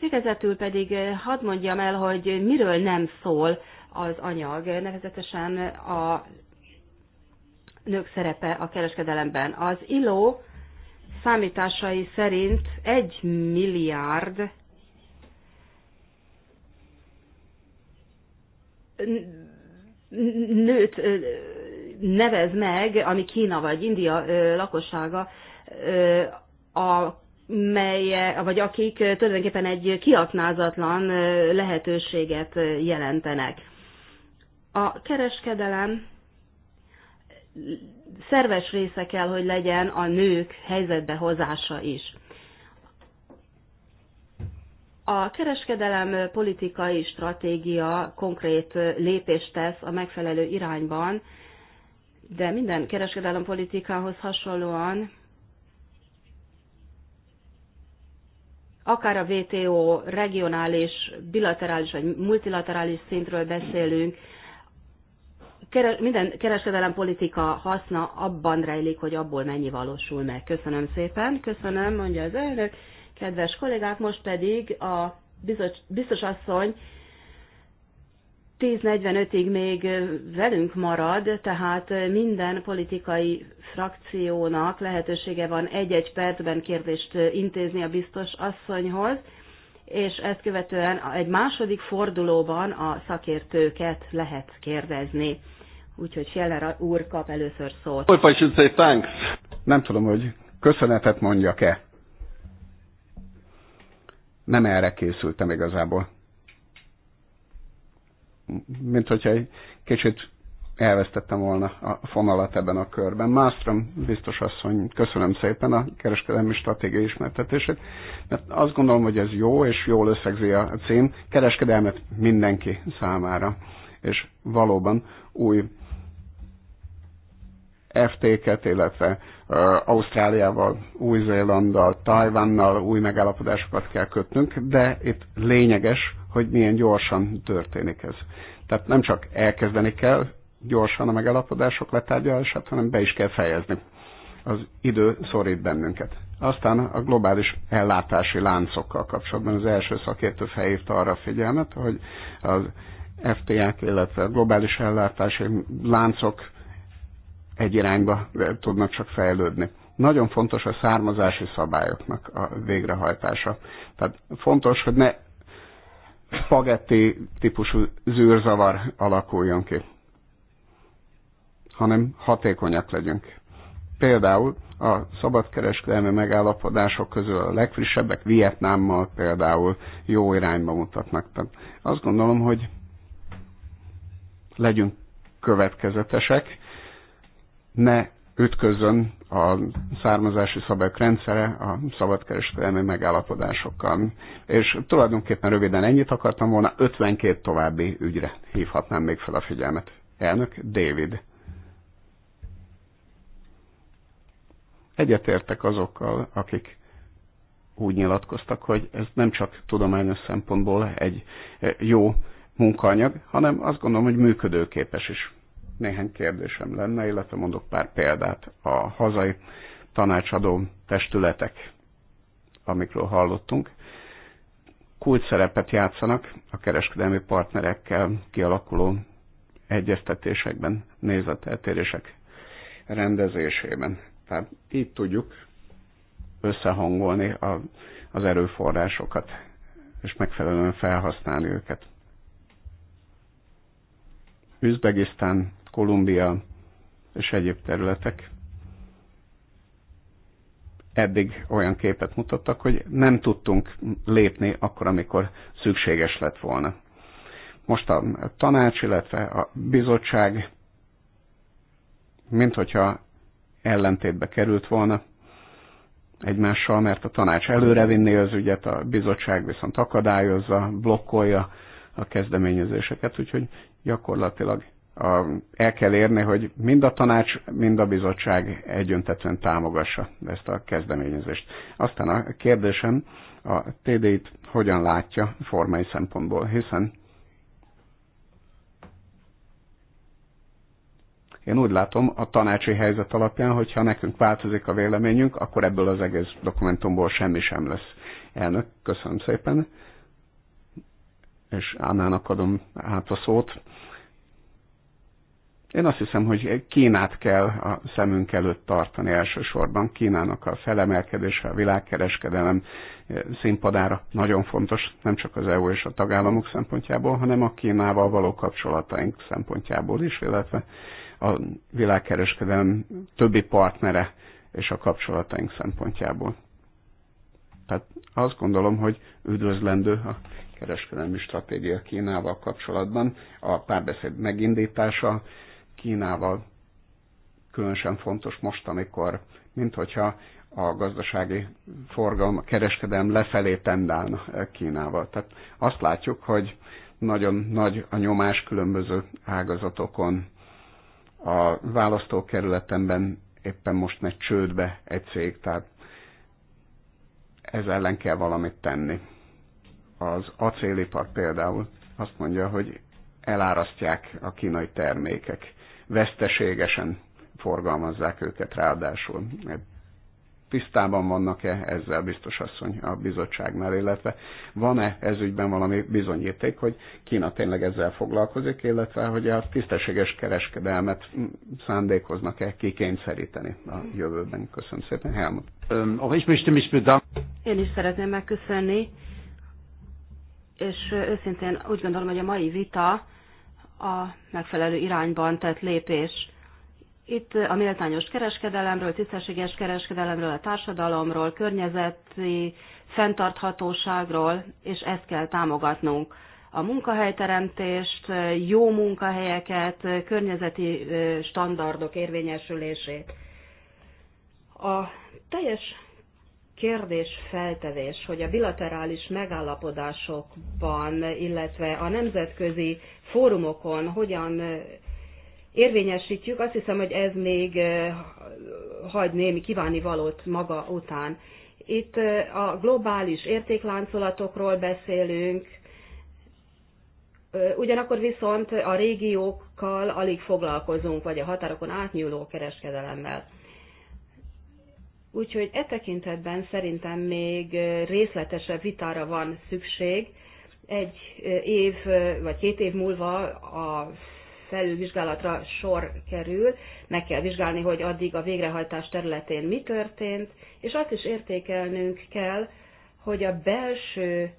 Végezetül pedig eh, hadd mondjam el, hogy miről nem szól az anyag, nevezetesen a nők szerepe a kereskedelemben. Az ILO számításai szerint 1 milliárd nőt eh, nevez meg, ami Kína vagy India eh, lakossága a mely, vagy akik tulajdonképpen egy kiaknázatlan lehetőséget jelentenek. A kereskedelem szerves része kell, hogy legyen a nők helyzetbe hozása is. A kereskedelem politikai stratégia konkrét lépést tesz a megfelelő irányban, de minden kereskedelem politikához hasonlóan akár a WTO regionális, bilaterális vagy multilaterális szintről beszélünk, minden kereskedelempolitika haszna abban rejlik, hogy abból mennyi valósul meg. Köszönöm szépen, köszönöm, mondja az elnök. Kedves kollégák, most pedig a biztos asszony 10.45-ig még velünk marad, tehát minden politikai frakciónak lehetősége van egy-egy percben kérdést intézni a biztos asszonyhoz, és ezt követően egy második fordulóban a szakértőket lehet kérdezni. Úgyhogy Scheller úr kap először szót. Nem tudom, hogy köszönetet mondjak-e. Nem erre készültem igazából mint hogyha egy kicsit elvesztettem volna a fonalat ebben a körben. Mástrom biztos asszony, köszönöm szépen a kereskedelmi stratégiai ismertetését, mert azt gondolom, hogy ez jó, és jól összegzi a cím, kereskedelmet mindenki számára, és valóban új FT-ket, illetve Ausztráliával, Új-Zélanddal, Tajvannal új megállapodásokat kell kötnünk, de itt lényeges, hogy milyen gyorsan történik ez. Tehát nem csak elkezdeni kell gyorsan a megállapodások letárgyalását, hanem be is kell fejezni. Az idő szorít bennünket. Aztán a globális ellátási láncokkal kapcsolatban az első szakértő felhívta arra a figyelmet, hogy az FTA-k, illetve a globális ellátási láncok egy irányba tudnak csak fejlődni. Nagyon fontos a származási szabályoknak a végrehajtása. Tehát fontos, hogy ne spagetti típusú zűrzavar alakuljon ki, hanem hatékonyak legyünk. Például a szabadkereskedelmi megállapodások közül a legfrissebbek Vietnámmal például jó irányba mutatnak. Tehát azt gondolom, hogy legyünk következetesek, ne ütközön a származási szabályok rendszere a szabadkereskedelmi megállapodásokkal. És tulajdonképpen röviden ennyit akartam volna, 52 további ügyre hívhatnám még fel a figyelmet. Elnök David. Egyetértek azokkal, akik úgy nyilatkoztak, hogy ez nem csak tudományos szempontból egy jó munkanyag, hanem azt gondolom, hogy működőképes is néhány kérdésem lenne, illetve mondok pár példát a hazai tanácsadó testületek, amikről hallottunk. Kult szerepet játszanak a kereskedelmi partnerekkel kialakuló egyeztetésekben, nézeteltérések rendezésében. Tehát így tudjuk összehangolni a, az erőforrásokat, és megfelelően felhasználni őket. Üzbegisztán Kolumbia és egyéb területek eddig olyan képet mutattak, hogy nem tudtunk lépni akkor, amikor szükséges lett volna. Most a tanács, illetve a bizottság, mint hogyha ellentétbe került volna egymással, mert a tanács előrevinné az ügyet, a bizottság viszont akadályozza, blokkolja a kezdeményezéseket, úgyhogy gyakorlatilag a el kell érni, hogy mind a tanács, mind a bizottság egyöntetően támogassa ezt a kezdeményezést. Aztán a kérdésem a TD-t hogyan látja formai szempontból, hiszen én úgy látom a tanácsi helyzet alapján, hogyha nekünk változik a véleményünk, akkor ebből az egész dokumentumból semmi sem lesz. Elnök, köszönöm szépen, és Annának adom át a szót. Én azt hiszem, hogy Kínát kell a szemünk előtt tartani elsősorban. Kínának a felemelkedése, a világkereskedelem színpadára nagyon fontos, nem csak az EU és a tagállamok szempontjából, hanem a Kínával való kapcsolataink szempontjából is, illetve a világkereskedelem többi partnere és a kapcsolataink szempontjából. Tehát azt gondolom, hogy üdvözlendő a kereskedelmi stratégia Kínával kapcsolatban, a párbeszéd megindítása, Kínával különösen fontos most, amikor mint hogyha a gazdasági forgalom, a kereskedelem lefelé tendálna eh, Kínával. Tehát azt látjuk, hogy nagyon nagy a nyomás különböző ágazatokon. A választókerületemben éppen most megy csődbe egy cég, tehát ez ellen kell valamit tenni. Az acélipar például azt mondja, hogy elárasztják a kínai termékek veszteségesen forgalmazzák őket ráadásul. Tisztában vannak-e ezzel biztos asszony a bizottságnál, illetve van-e ez ügyben valami bizonyíték, hogy Kína tényleg ezzel foglalkozik, illetve hogy a tisztességes kereskedelmet szándékoznak-e kikényszeríteni a jövőben? Köszönöm szépen, Helmut. Én is szeretném megköszönni, és őszintén úgy gondolom, hogy a mai vita a megfelelő irányban tett lépés. Itt a méltányos kereskedelemről, tisztességes kereskedelemről, a társadalomról, környezeti fenntarthatóságról, és ezt kell támogatnunk. A munkahelyteremtést, jó munkahelyeket, környezeti standardok érvényesülését. A teljes kérdés feltevés, hogy a bilaterális megállapodásokban, illetve a nemzetközi fórumokon hogyan érvényesítjük, azt hiszem, hogy ez még hagy némi kíváni valót maga után. Itt a globális értékláncolatokról beszélünk, ugyanakkor viszont a régiókkal alig foglalkozunk, vagy a határokon átnyúló kereskedelemmel. Úgyhogy e tekintetben szerintem még részletesebb vitára van szükség. Egy év vagy két év múlva a felülvizsgálatra sor kerül, meg kell vizsgálni, hogy addig a végrehajtás területén mi történt, és azt is értékelnünk kell, hogy a belső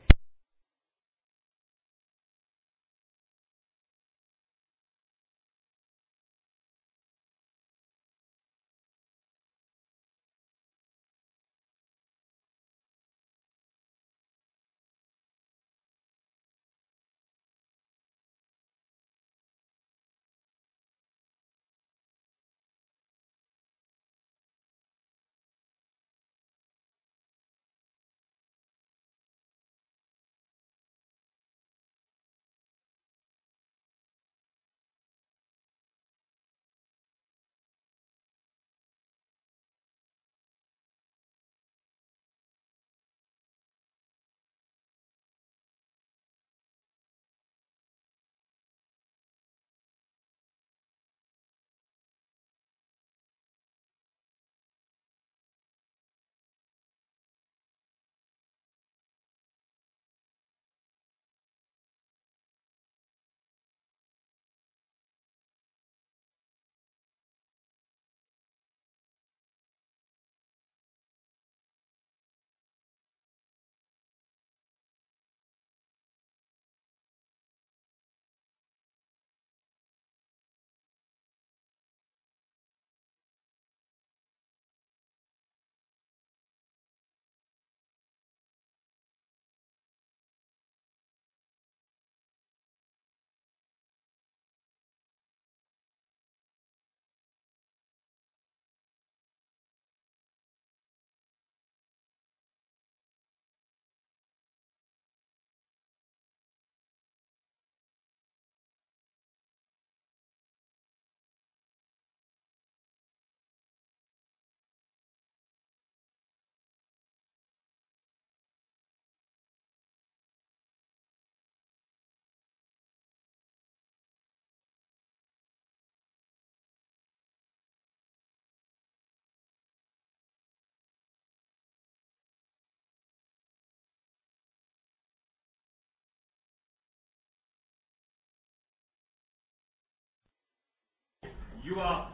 You are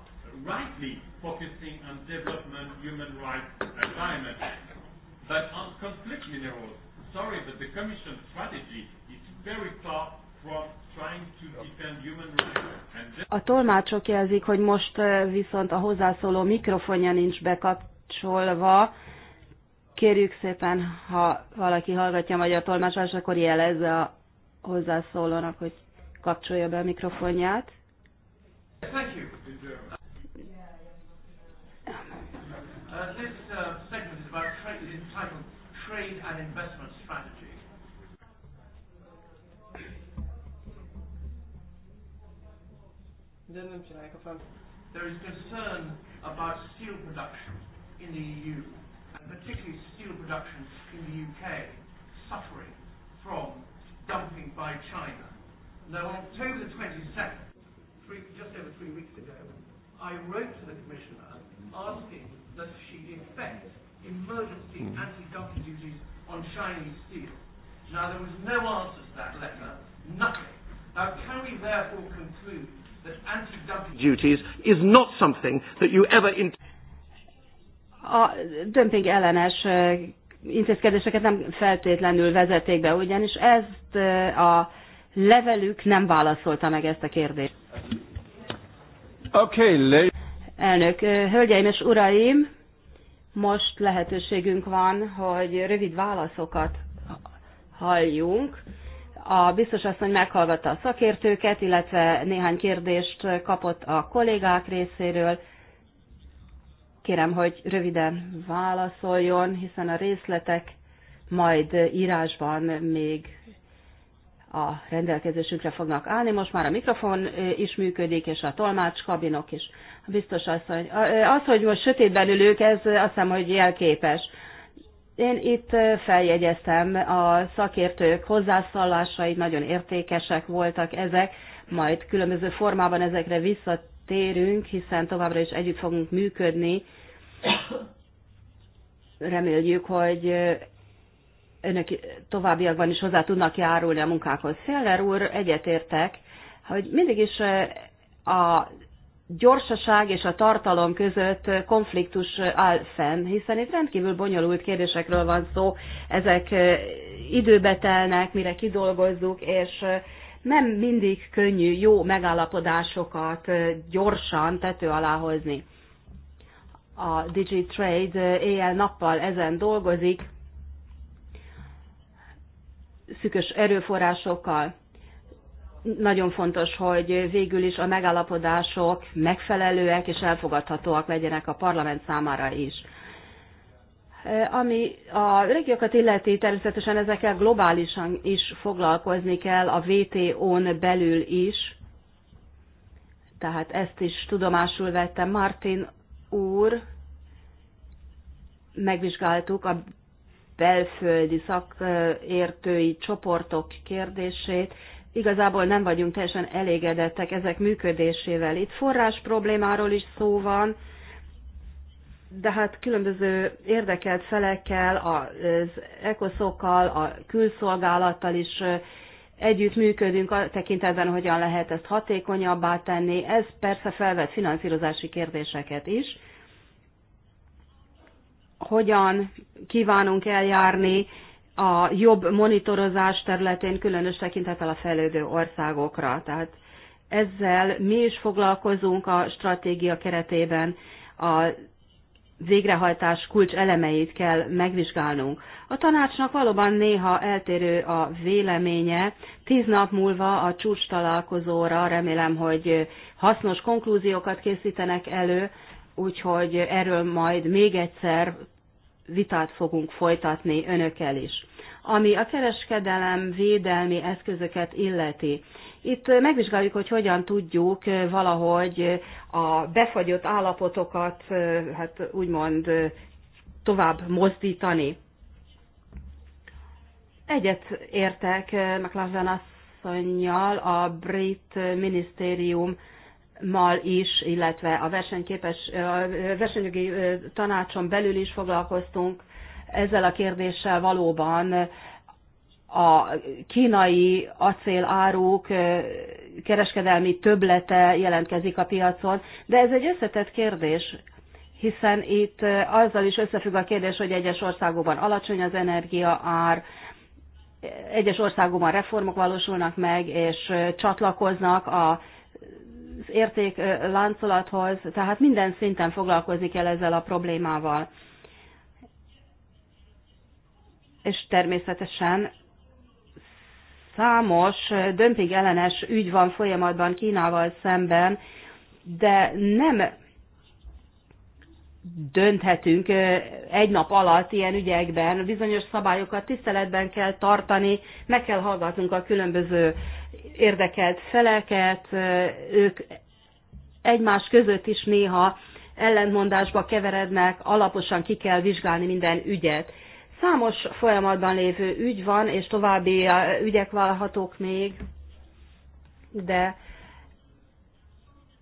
rightly focusing on development, human rights, environment. But on conflict minerals, sorry, but the Commission strategy is very far from trying to defend human rights. A tolmácsok jelzik, hogy most eh, viszont a hozzászóló mikrofonja nincs bekapcsolva. Kérjük szépen, ha valaki hallgatja magyar tolmácsolást, akkor jelezze a hozzászólónak, hogy kapcsolja be a mikrofonját. Thank you. trade and investment strategy. There is concern about steel production in the EU, and particularly steel production in the UK, suffering from dumping by China. Now, on October the 22nd, three, just over three weeks ago, I wrote to the Commissioner asking that she effect emergency hmm. anti-dumping duties on Chinese steel. Now, there was no answer to that letter, nothing. Now, can we therefore conclude that anti-dumping duties is not something that you ever... In- a dömping ellenes intézkedéseket nem feltétlenül vezették be, ugyanis ezt a levelük nem válaszolta meg ezt a kérdést. Okay, Elnök, hölgyeim és uraim, most lehetőségünk van, hogy rövid válaszokat halljunk. A biztos asszony meghallgatta a szakértőket, illetve néhány kérdést kapott a kollégák részéről. Kérem, hogy röviden válaszoljon, hiszen a részletek majd írásban még a rendelkezésünkre fognak állni. Most már a mikrofon is működik, és a tolmács kabinok is biztos asszony. Az, hogy most sötétben ülők, ez azt hiszem, hogy jelképes. Én itt feljegyeztem a szakértők hozzászólásai, nagyon értékesek voltak ezek, majd különböző formában ezekre visszatérünk, hiszen továbbra is együtt fogunk működni. Reméljük, hogy önök továbbiakban is hozzá tudnak járulni a munkákhoz. Széller úr, egyetértek, hogy mindig is a gyorsaság és a tartalom között konfliktus áll fenn, hiszen itt rendkívül bonyolult kérdésekről van szó, ezek időbe telnek, mire kidolgozzuk, és nem mindig könnyű jó megállapodásokat gyorsan tető alá hozni. A DigiTrade éjjel-nappal ezen dolgozik, szükös erőforrásokkal nagyon fontos, hogy végül is a megállapodások megfelelőek és elfogadhatóak legyenek a parlament számára is. Eh, ami a régiókat illeti, természetesen ezekkel globálisan is foglalkozni kell, a WTO-n belül is. Tehát ezt is tudomásul vettem. Martin úr, megvizsgáltuk a belföldi szakértői csoportok kérdését, igazából nem vagyunk teljesen elégedettek ezek működésével. Itt forrás problémáról is szó van, de hát különböző érdekelt felekkel, az ekoszokkal, a külszolgálattal is együttműködünk a tekintetben, hogyan lehet ezt hatékonyabbá tenni. Ez persze felvet finanszírozási kérdéseket is. Hogyan kívánunk eljárni, a jobb monitorozás területén különös tekintettel a fejlődő országokra. Tehát ezzel mi is foglalkozunk a stratégia keretében, a végrehajtás kulcs elemeit kell megvizsgálnunk. A tanácsnak valóban néha eltérő a véleménye. Tíz nap múlva a csúcs találkozóra remélem, hogy hasznos konklúziókat készítenek elő, úgyhogy erről majd még egyszer vitát fogunk folytatni önökkel is. Ami a kereskedelem védelmi eszközöket illeti. Itt megvizsgáljuk, hogy hogyan tudjuk valahogy a befagyott állapotokat hát úgymond tovább mozdítani. Egyet értek McLaren asszonynal a brit minisztérium mal is, illetve a versenyképes, a versenyjogi tanácson belül is foglalkoztunk ezzel a kérdéssel valóban a kínai acéláruk kereskedelmi töblete jelentkezik a piacon, de ez egy összetett kérdés, hiszen itt azzal is összefügg a kérdés, hogy egyes országokban alacsony az energia ár, egyes országokban reformok valósulnak meg, és csatlakoznak a érték láncolathoz, tehát minden szinten foglalkozni kell ezzel a problémával. És természetesen számos dömping ellenes ügy van folyamatban Kínával szemben, de nem dönthetünk egy nap alatt ilyen ügyekben, bizonyos szabályokat tiszteletben kell tartani, meg kell hallgatnunk a különböző érdekelt feleket, ők egymás között is néha ellentmondásba keverednek, alaposan ki kell vizsgálni minden ügyet. Számos folyamatban lévő ügy van, és további ügyek válhatók még, de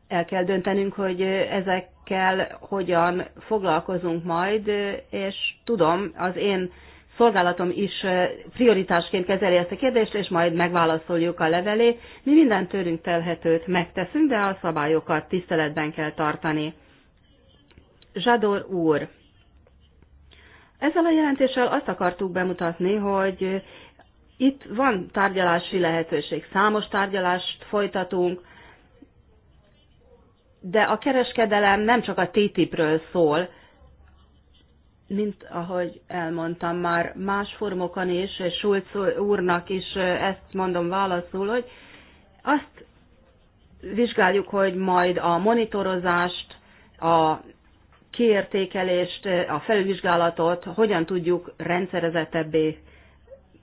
el kell döntenünk, hogy ezekkel hogyan foglalkozunk majd, és tudom, az én szolgálatom is prioritásként kezeli ezt a kérdést, és majd megválaszoljuk a levelét. Mi minden tőlünk telhetőt megteszünk, de a szabályokat tiszteletben kell tartani. Zsador úr, ezzel a jelentéssel azt akartuk bemutatni, hogy itt van tárgyalási lehetőség, számos tárgyalást folytatunk, de a kereskedelem nem csak a TTIP-ről szól, mint ahogy elmondtam már más formokon is, és Schulz úrnak is ezt mondom válaszul, hogy azt vizsgáljuk, hogy majd a monitorozást, a kiértékelést, a felvizsgálatot hogyan tudjuk rendszerezettebbé,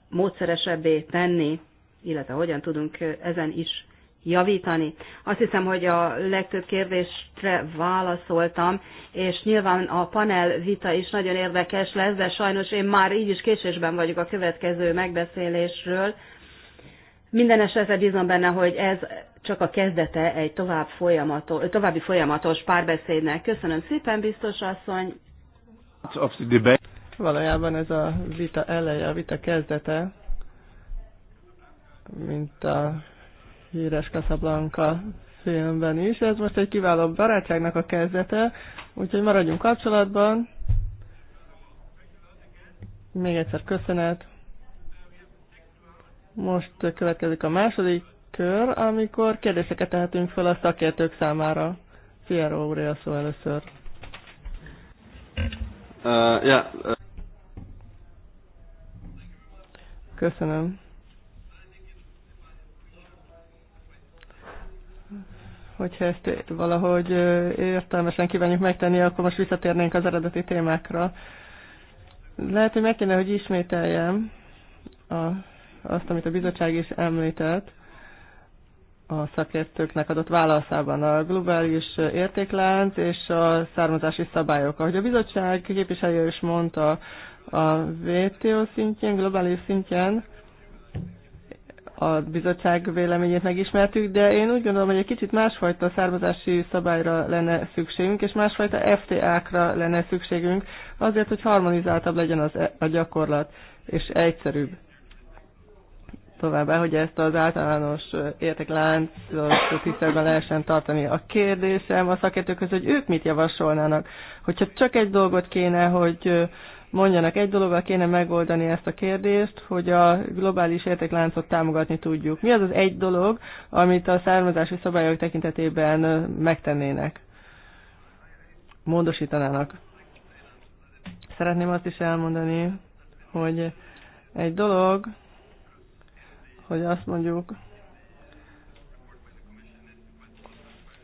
módszeresebbé tenni, illetve hogyan tudunk ezen is javítani. Azt hiszem, hogy a legtöbb kérdésre válaszoltam, és nyilván a panel vita is nagyon érdekes lesz, de sajnos én már így is késésben vagyok a következő megbeszélésről. Minden esetre bízom benne, hogy ez csak a kezdete egy tovább folyamato, további folyamatos párbeszédnek. Köszönöm szépen, biztos asszony. Valójában ez a vita eleje, a vita kezdete, mint a híres Casablanca filmben is. Ez most egy kiváló barátságnak a kezdete, úgyhogy maradjunk kapcsolatban. Még egyszer köszönet. Most következik a második kör, amikor kérdéseket tehetünk fel a szakértők számára. Fiero úr, a szó először. Uh, yeah. Uh. Köszönöm. hogyha ezt valahogy értelmesen kívánjuk megtenni, akkor most visszatérnénk az eredeti témákra. Lehet, hogy meg kéne, hogy ismételjem a, azt, amit a bizottság is említett a szakértőknek adott válaszában, a globális értéklánc és a származási szabályok. Ahogy a bizottság képviselője is mondta, a WTO szintjén, globális szintjén a bizottság véleményét megismertük, de én úgy gondolom, hogy egy kicsit másfajta származási szabályra lenne szükségünk, és másfajta FTA-kra lenne szükségünk, azért, hogy harmonizáltabb legyen az, e- a gyakorlat, és egyszerűbb. Továbbá, hogy ezt az általános értékláncot tisztelben lehessen tartani. A kérdésem a szakértőkhöz, hogy ők mit javasolnának. Hogyha csak egy dolgot kéne, hogy mondjanak egy dologgal kéne megoldani ezt a kérdést, hogy a globális értékláncot támogatni tudjuk. Mi az az egy dolog, amit a származási szabályok tekintetében megtennének? Módosítanának. Szeretném azt is elmondani, hogy egy dolog, hogy azt mondjuk,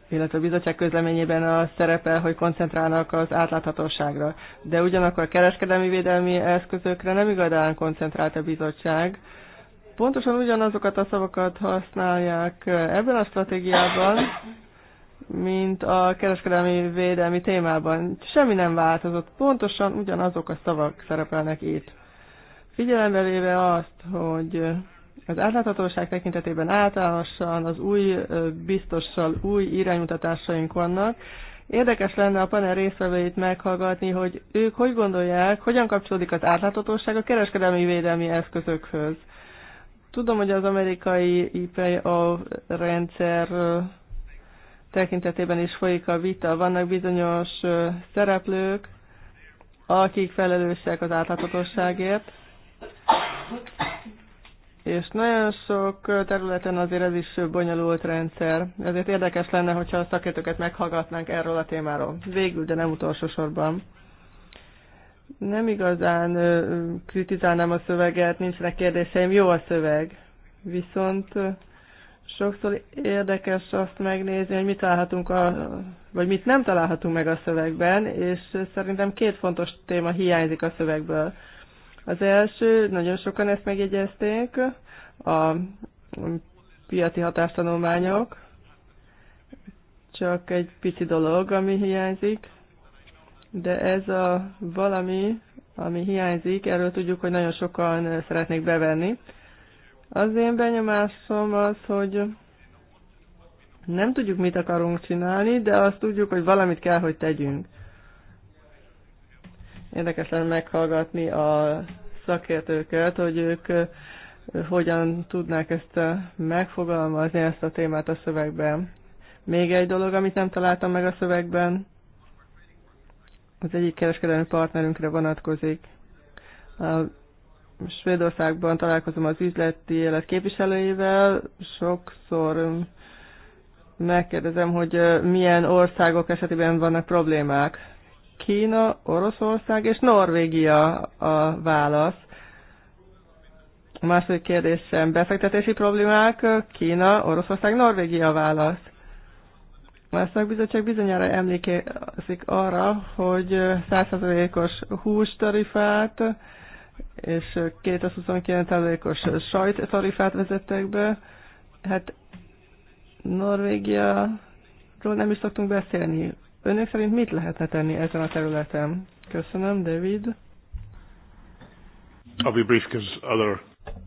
illetve a bizottság közleményében a szerepel, hogy koncentrálnak az átláthatóságra. De ugyanakkor a kereskedelmi védelmi eszközökre nem igazán koncentrált a bizottság. Pontosan ugyanazokat a szavakat használják ebben a stratégiában, mint a kereskedelmi védelmi témában. Semmi nem változott, pontosan ugyanazok a szavak szerepelnek itt. Figyelembe véve azt, hogy az átláthatóság tekintetében általánosan az új biztossal új iránymutatásaink vannak. Érdekes lenne a panel részvevőit meghallgatni, hogy ők hogy gondolják, hogyan kapcsolódik az átláthatóság a kereskedelmi védelmi eszközökhöz. Tudom, hogy az amerikai IPA rendszer tekintetében is folyik a vita. Vannak bizonyos szereplők, akik felelősek az átláthatóságért és nagyon sok területen azért ez is bonyolult rendszer. Ezért érdekes lenne, hogyha a szakértőket meghallgatnánk erről a témáról. Végül, de nem utolsó sorban. Nem igazán kritizálnám a szöveget, nincsenek kérdéseim, jó a szöveg. Viszont sokszor érdekes azt megnézni, hogy mit találhatunk, a, vagy mit nem találhatunk meg a szövegben, és szerintem két fontos téma hiányzik a szövegből. Az első, nagyon sokan ezt megjegyezték, a piaci hatástanulmányok, csak egy pici dolog, ami hiányzik, de ez a valami, ami hiányzik, erről tudjuk, hogy nagyon sokan szeretnék bevenni. Az én benyomásom az, hogy nem tudjuk, mit akarunk csinálni, de azt tudjuk, hogy valamit kell, hogy tegyünk. Érdekes lenne meghallgatni a szakértőket, hogy ők hogyan tudnák ezt megfogalmazni, ezt a témát a szövegben. Még egy dolog, amit nem találtam meg a szövegben, az egyik kereskedelmi partnerünkre vonatkozik. A Svédországban találkozom az üzleti élet képviselőivel, sokszor megkérdezem, hogy milyen országok esetében vannak problémák. Kína, Oroszország és Norvégia a válasz. A második kérdésem, befektetési problémák, Kína, Oroszország, Norvégia válasz. A szakbizottság bizonyára emlékezik arra, hogy 100%-os hústarifát és 229%-os sajttarifát vezettek be. Hát Norvégiáról nem is szoktunk beszélni. Önök szerint mit lehetne tenni ezen a területen? Köszönöm, David. I'll be brief other...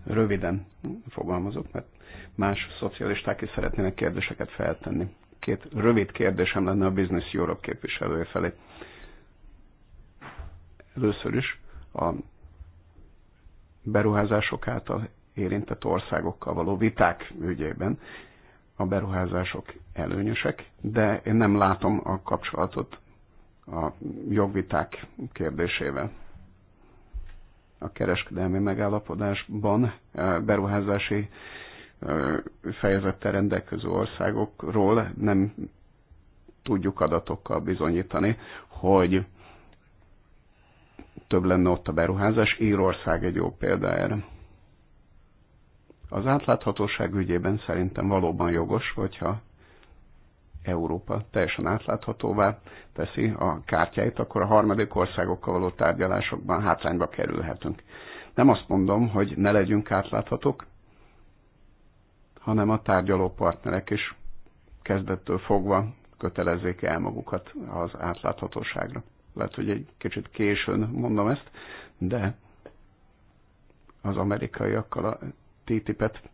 Röviden fogalmazok, mert más szocialisták is szeretnének kérdéseket feltenni. Két rövid kérdésem lenne a Business Europe képviselője felé. Először is a beruházások által érintett országokkal való viták ügyében a beruházások előnyösek, de én nem látom a kapcsolatot a jogviták kérdésével. A kereskedelmi megállapodásban eh, beruházási eh, fejezettel rendelkező országokról nem tudjuk adatokkal bizonyítani, hogy több lenne ott a beruházás. Írország egy jó példa erre az átláthatóság ügyében szerintem valóban jogos, hogyha Európa teljesen átláthatóvá teszi a kártyáit, akkor a harmadik országokkal való tárgyalásokban hátrányba kerülhetünk. Nem azt mondom, hogy ne legyünk átláthatók, hanem a tárgyaló partnerek is kezdettől fogva kötelezzék el magukat az átláthatóságra. Lehet, hogy egy kicsit későn mondom ezt, de az amerikaiakkal a TTIP-et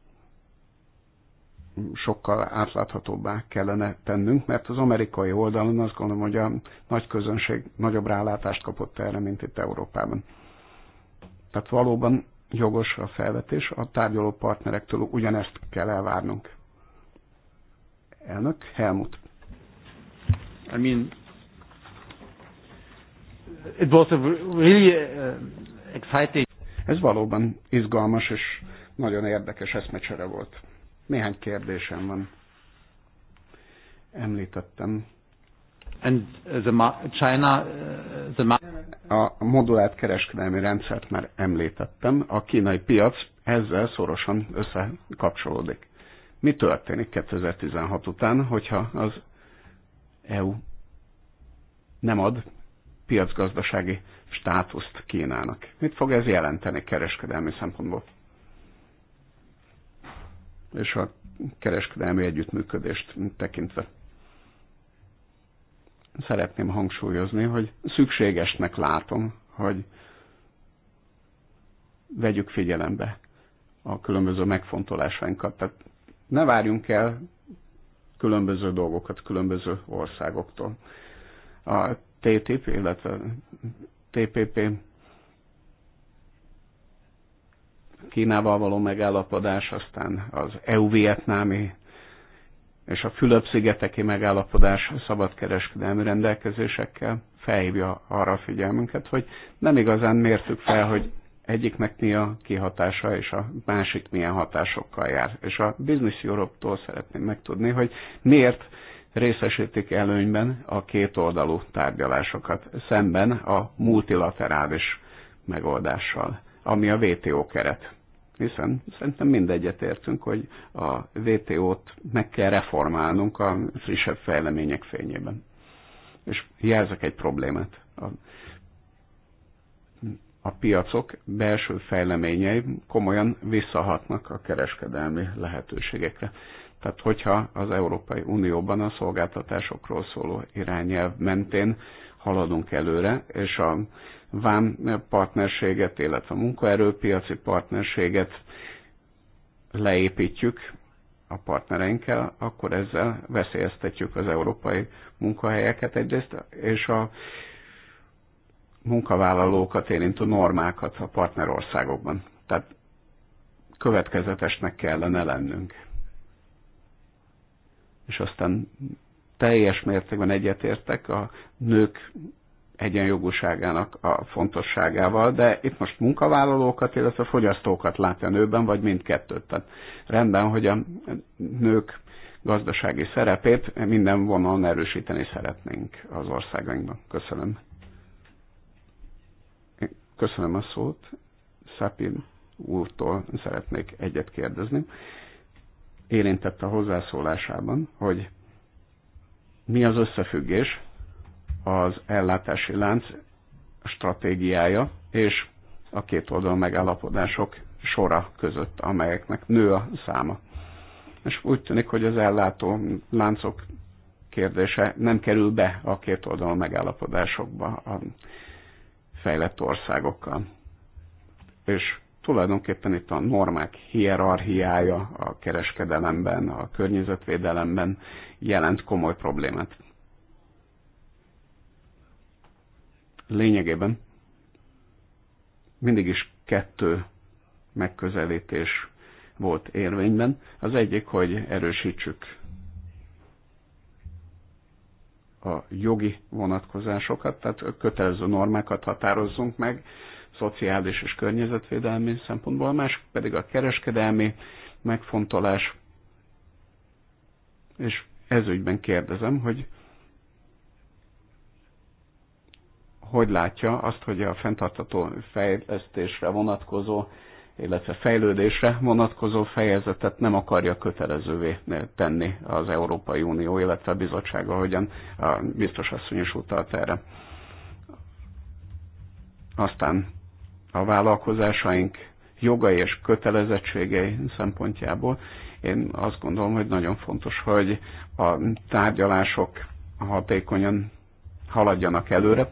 sokkal átláthatóbbá kellene tennünk, mert az amerikai oldalon azt gondolom, hogy a nagy közönség nagyobb rálátást kapott erre, mint itt Európában. Tehát valóban jogos a felvetés, a tárgyaló partnerektől ugyanezt kell elvárnunk. Elnök Helmut. I mean, it was a really uh, exciting. Ez valóban izgalmas és nagyon érdekes eszmecsere volt. Néhány kérdésem van. Említettem. And uh, the China, uh, the a modulált kereskedelmi rendszert már említettem, a kínai piac ezzel szorosan összekapcsolódik. Mi történik 2016 után, hogyha az EU nem ad piacgazdasági státuszt Kínának? Mit fog ez jelenteni kereskedelmi szempontból? és a kereskedelmi együttműködést tekintve. Szeretném hangsúlyozni, hogy szükségesnek látom, hogy vegyük figyelembe a különböző megfontolásainkat. Tehát ne várjunk el különböző dolgokat különböző országoktól. A TTIP, illetve TPP Kínával való megállapodás, aztán az EU-vietnámi és a Fülöp-szigeteki megállapodás szabadkereskedelmi rendelkezésekkel felhívja arra a figyelmünket, hogy nem igazán mértük fel, hogy egyiknek mi a kihatása, és a másik milyen hatásokkal jár. És a Business Europe-tól szeretném megtudni, hogy miért részesítik előnyben a kétoldalú tárgyalásokat szemben a multilaterális megoldással ami a WTO keret. Hiszen szerintem mindegyet értünk, hogy a WTO-t meg kell reformálnunk a frissebb fejlemények fényében. És jelzek egy problémát. A, a piacok belső fejleményei komolyan visszahatnak a kereskedelmi lehetőségekre. Tehát hogyha az Európai Unióban a szolgáltatásokról szóló irányelv mentén haladunk előre, és a vám partnerséget, illetve a munkaerőpiaci partnerséget leépítjük a partnereinkkel, akkor ezzel veszélyeztetjük az európai munkahelyeket egyrészt, és a munkavállalókat érintő normákat a partnerországokban. Tehát következetesnek kellene lennünk. És aztán teljes mértékben egyetértek a nők egyenjogúságának a fontosságával, de itt most munkavállalókat, illetve fogyasztókat látja nőben, vagy mindkettőt. Tehát rendben, hogy a nők gazdasági szerepét minden vonalon erősíteni szeretnénk az országainkban. Köszönöm. Köszönöm a szót. Szapin úrtól szeretnék egyet kérdezni. Érintett a hozzászólásában, hogy mi az összefüggés az ellátási lánc stratégiája és a két oldal megállapodások sora között, amelyeknek nő a száma. És úgy tűnik, hogy az ellátó láncok kérdése nem kerül be a két oldal megállapodásokba a fejlett országokkal. És tulajdonképpen itt a normák hierarchiája a kereskedelemben, a környezetvédelemben jelent komoly problémát. lényegében mindig is kettő megközelítés volt érvényben. Az egyik, hogy erősítsük a jogi vonatkozásokat, tehát kötelező normákat határozzunk meg, szociális és környezetvédelmi szempontból, a másik pedig a kereskedelmi megfontolás. És ezügyben kérdezem, hogy hogy látja azt, hogy a fenntartató fejlesztésre vonatkozó, illetve fejlődésre vonatkozó fejezetet nem akarja kötelezővé tenni az Európai Unió, illetve a bizottság, ahogyan a biztos asszony is utalt erre. Aztán a vállalkozásaink jogai és kötelezettségei szempontjából én azt gondolom, hogy nagyon fontos, hogy a tárgyalások hatékonyan haladjanak előre,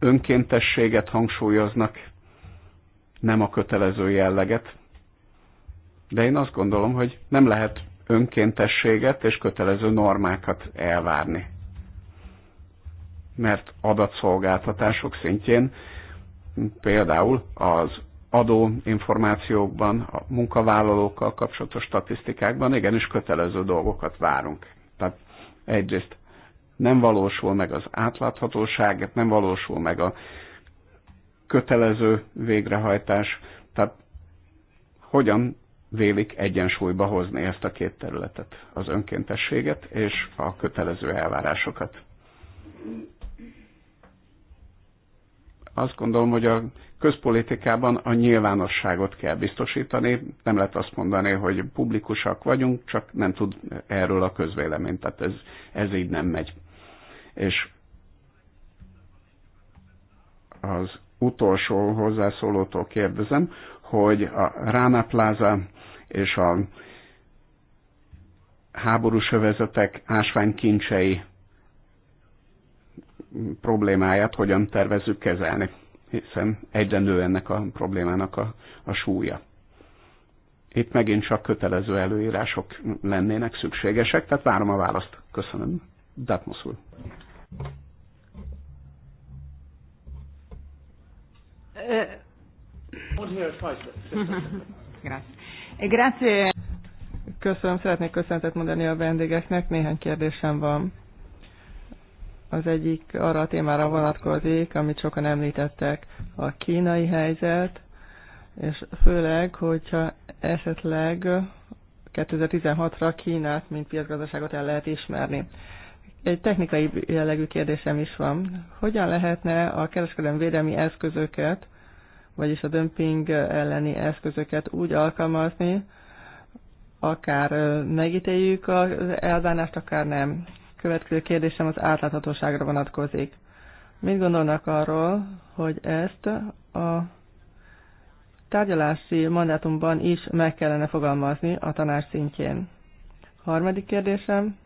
önkéntességet hangsúlyoznak, nem a kötelező jelleget. De én azt gondolom, hogy nem lehet önkéntességet és kötelező normákat elvárni. Mert adatszolgáltatások szintjén például az adóinformációkban, a munkavállalókkal kapcsolatos statisztikákban igenis kötelező dolgokat várunk. Tehát egyrészt nem valósul meg az átláthatóság, nem valósul meg a kötelező végrehajtás. Tehát hogyan vélik egyensúlyba hozni ezt a két területet, az önkéntességet és a kötelező elvárásokat. Azt gondolom, hogy a közpolitikában a nyilvánosságot kell biztosítani, nem lehet azt mondani, hogy publikusak vagyunk, csak nem tud erről a közvélemény, tehát ez, ez így nem megy. És az utolsó hozzászólótól kérdezem, hogy a Rana Plaza és a háborús övezetek ásványkincsei problémáját hogyan tervezzük kezelni, hiszen egyre nő ennek a problémának a, a súlya. Itt megint csak kötelező előírások lennének szükségesek, tehát várom a választ. Köszönöm. Datmosul. Grazie. Köszönöm, szeretnék köszöntet mondani a vendégeknek. Néhány kérdésem van. Az egyik arra a témára vonatkozik, amit sokan említettek, a kínai helyzet, és főleg, hogyha esetleg 2016-ra Kínát, mint piacgazdaságot el lehet ismerni. Egy technikai jellegű kérdésem is van. Hogyan lehetne a kereskedelmi védelmi eszközöket, vagyis a dömping elleni eszközöket úgy alkalmazni, akár megítéljük az elbánást, akár nem. Következő kérdésem az átláthatóságra vonatkozik. Mit gondolnak arról, hogy ezt a tárgyalási mandátumban is meg kellene fogalmazni a tanács szintjén? Harmadik kérdésem,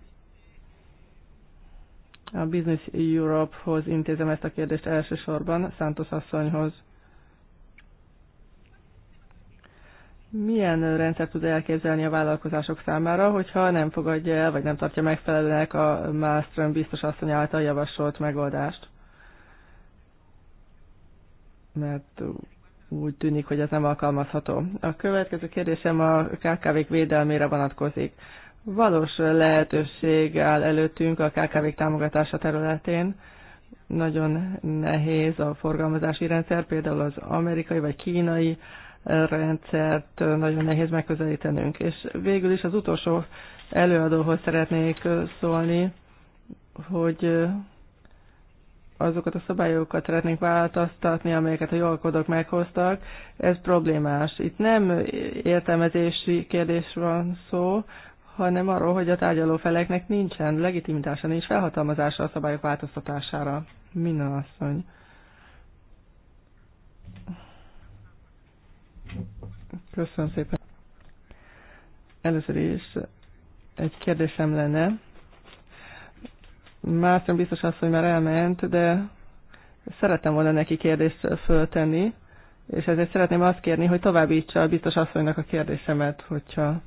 a Business Europe-hoz intézem ezt a kérdést elsősorban, Santos asszonyhoz. Milyen rendszer tud elképzelni a vállalkozások számára, hogyha nem fogadja el, vagy nem tartja megfelelőnek a Malmström biztos asszony által javasolt megoldást? Mert úgy tűnik, hogy ez nem alkalmazható. A következő kérdésem a KKV-k védelmére vonatkozik. Valós lehetőség áll előttünk a kkv támogatása területén. Nagyon nehéz a forgalmazási rendszer, például az amerikai vagy kínai eh, rendszert eh, nagyon nehéz megközelítenünk. És végül is az utolsó előadóhoz szeretnék eh, szólni, hogy azokat a szabályokat szeretnénk változtatni, amelyeket a jogalkodók meghoztak, ez problémás. Itt nem értelmezési kérdés van szó, hanem arról, hogy a tárgyaló feleknek nincsen legitimitása, nincs felhatalmazása a szabályok változtatására. Minden asszony. Köszönöm szépen. Először is egy kérdésem lenne. Márton biztos azt, hogy már elment, de szerettem volna neki kérdést föltenni, és ezért szeretném azt kérni, hogy továbbítsa a biztos asszonynak a kérdésemet, hogyha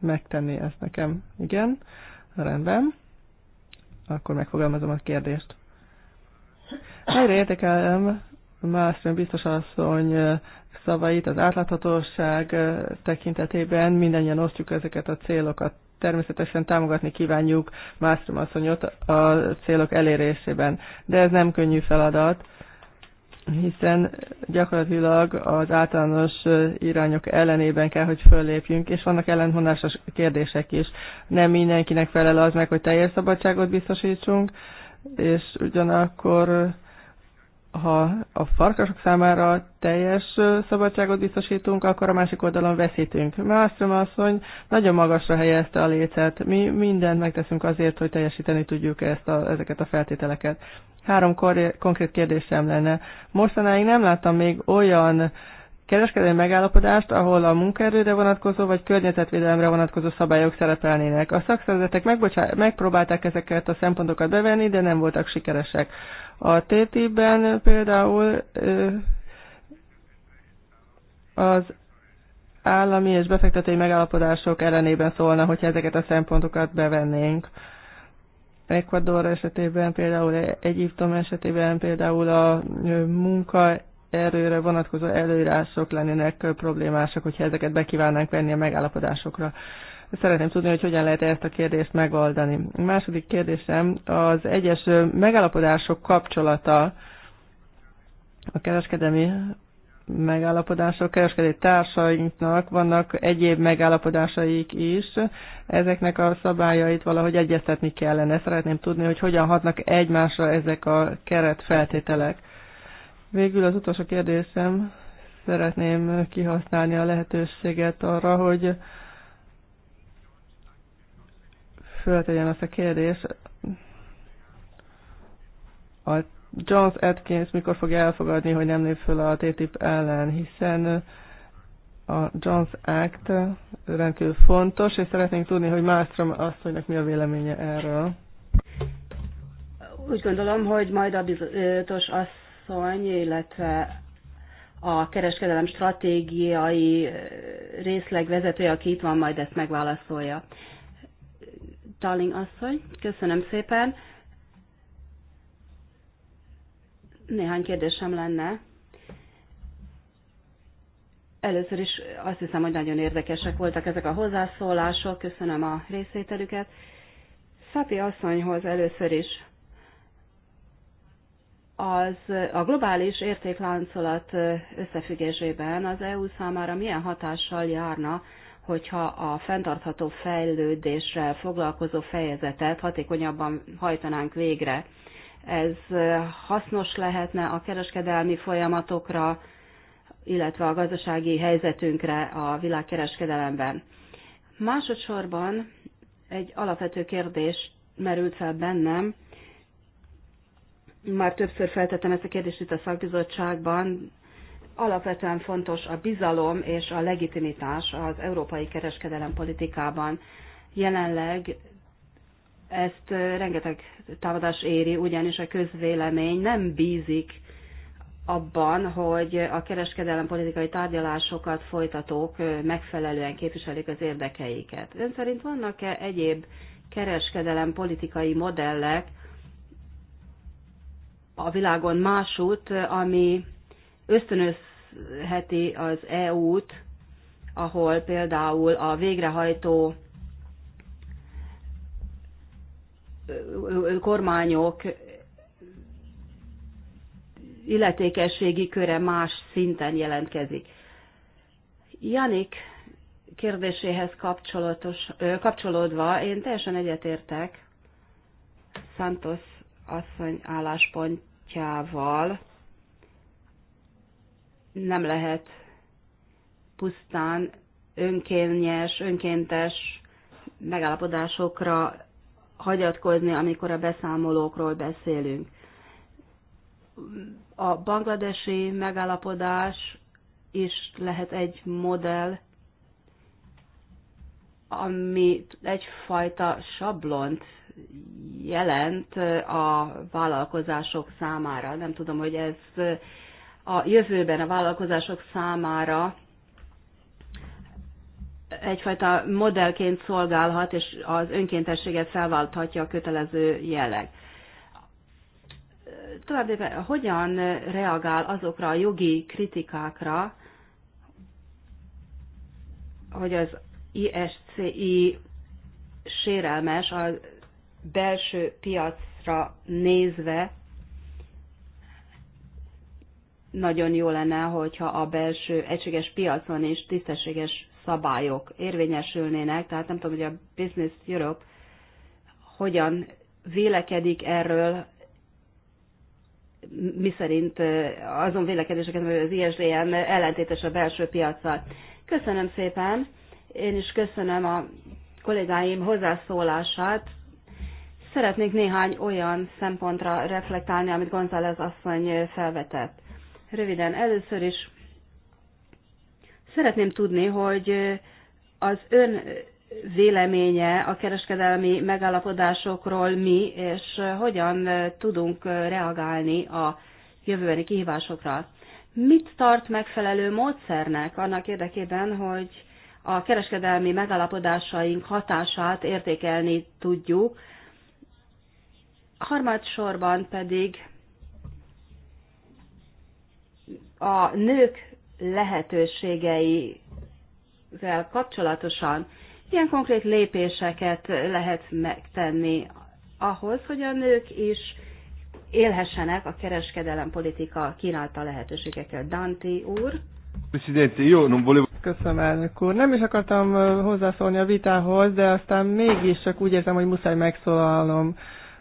megtenni ezt nekem. Igen, rendben. Akkor megfogalmazom a kérdést. Egyre érdekelem Malmström biztos asszony szavait az átláthatóság tekintetében. Mindennyian osztjuk ezeket a célokat. Természetesen támogatni kívánjuk Malmström asszonyot a célok elérésében, de ez nem könnyű feladat hiszen gyakorlatilag az általános irányok ellenében kell, hogy föllépjünk, és vannak ellenhonásos kérdések is. Nem mindenkinek felel az meg, hogy teljes szabadságot biztosítsunk, és ugyanakkor ha a farkasok számára teljes szabadságot biztosítunk, akkor a másik oldalon veszítünk. mert Mástrom hogy nagyon magasra helyezte a lécet. Mi mindent megteszünk azért, hogy teljesíteni tudjuk ezt a, ezeket a feltételeket. Három konkrét kérdésem lenne. Mostanáig nem láttam még olyan kereskedelmi megállapodást, ahol a munkaerőre vonatkozó vagy környezetvédelemre vonatkozó szabályok szerepelnének. A szakszervezetek megbocsá- megpróbálták ezeket a szempontokat bevenni, de nem voltak sikeresek. A TTIP-ben például az állami és befektetői megállapodások ellenében szólna, hogyha ezeket a szempontokat bevennénk. Ecuador esetében például, Egyiptom esetében például a munka erőre vonatkozó előírások lennének problémásak, hogyha ezeket bekívánnánk venni a megállapodásokra. Szeretném tudni, hogy hogyan lehet ezt a kérdést megoldani. A második kérdésem az egyes megállapodások kapcsolata a kereskedelmi megállapodások, kereskedő társainknak vannak egyéb megállapodásaik is. Ezeknek a szabályait valahogy egyeztetni kellene. Szeretném tudni, hogy hogyan hatnak egymásra ezek a keretfeltételek. Végül az utolsó kérdésem, szeretném kihasználni a lehetőséget arra, hogy föltegyen azt a kérdés, a Jones Atkins mikor fog elfogadni, hogy nem lép föl a TTIP ellen, hiszen a Jones Act rendkívül fontos, és szeretnénk tudni, hogy Mástrom hogy mi a véleménye erről. Úgy gondolom, hogy majd a biztos asszony, illetve a kereskedelem stratégiai részleg vezetője, aki itt van, majd ezt megválaszolja. Darling asszony, köszönöm szépen. Néhány kérdésem lenne. Először is azt hiszem, hogy nagyon érdekesek voltak ezek a hozzászólások, köszönöm a részvételüket. Szapi asszonyhoz először is az a globális értékláncolat összefüggésében az EU számára milyen hatással járna hogyha a fenntartható fejlődéssel foglalkozó fejezetet hatékonyabban hajtanánk végre. Ez hasznos lehetne a kereskedelmi folyamatokra, illetve a gazdasági helyzetünkre a világkereskedelemben. Másodszorban egy alapvető kérdés merült fel bennem, már többször feltettem ezt a kérdést itt a szakbizottságban, alapvetően fontos a bizalom és a legitimitás az európai kereskedelem politikában. Jelenleg ezt rengeteg támadás éri, ugyanis a közvélemény nem bízik abban, hogy a kereskedelem politikai tárgyalásokat folytatók megfelelően képviselik az érdekeiket. Ön szerint vannak-e egyéb kereskedelem politikai modellek a világon másút, ami ösztönöz heti az EU-t, ahol például a végrehajtó kormányok illetékességi köre más szinten jelentkezik. Janik kérdéséhez kapcsolatos, kapcsolódva én teljesen egyetértek Santos asszony álláspontjával nem lehet pusztán önkényes, önkéntes megállapodásokra hagyatkozni, amikor a beszámolókról beszélünk. A bangladesi megállapodás is lehet egy modell, ami egyfajta sablont jelent a vállalkozások számára. Nem tudom, hogy ez a jövőben a vállalkozások számára egyfajta modellként szolgálhat, és az önkéntességet felválthatja a kötelező jelleg. Továbbében hogyan reagál azokra a jogi kritikákra, hogy az ISCI sérelmes a belső piacra nézve, nagyon jó lenne, hogyha a belső egységes piacon is tisztességes szabályok érvényesülnének, tehát nem tudom, hogy a Business Europe hogyan vélekedik erről, mi szerint azon vélekedéseket, hogy az ISDN ellentétes a belső piacsal. Köszönöm szépen, én is köszönöm a kollégáim hozzászólását. Szeretnék néhány olyan szempontra reflektálni, amit González asszony felvetett. Röviden először is szeretném tudni, hogy az ön véleménye a kereskedelmi megállapodásokról mi, és hogyan tudunk reagálni a jövőbeni kihívásokra. Mit tart megfelelő módszernek annak érdekében, hogy a kereskedelmi megállapodásaink hatását értékelni tudjuk, harmadsorban pedig a nők lehetőségeivel kapcsolatosan ilyen konkrét lépéseket lehet megtenni ahhoz, hogy a nők is élhessenek a kereskedelem politika kínálta lehetőségekkel. Danti úr. Presidente, io non volevo... Köszönöm, elnök úr. Nem is akartam hozzászólni a vitához, de aztán mégis csak úgy érzem, hogy muszáj megszólalnom.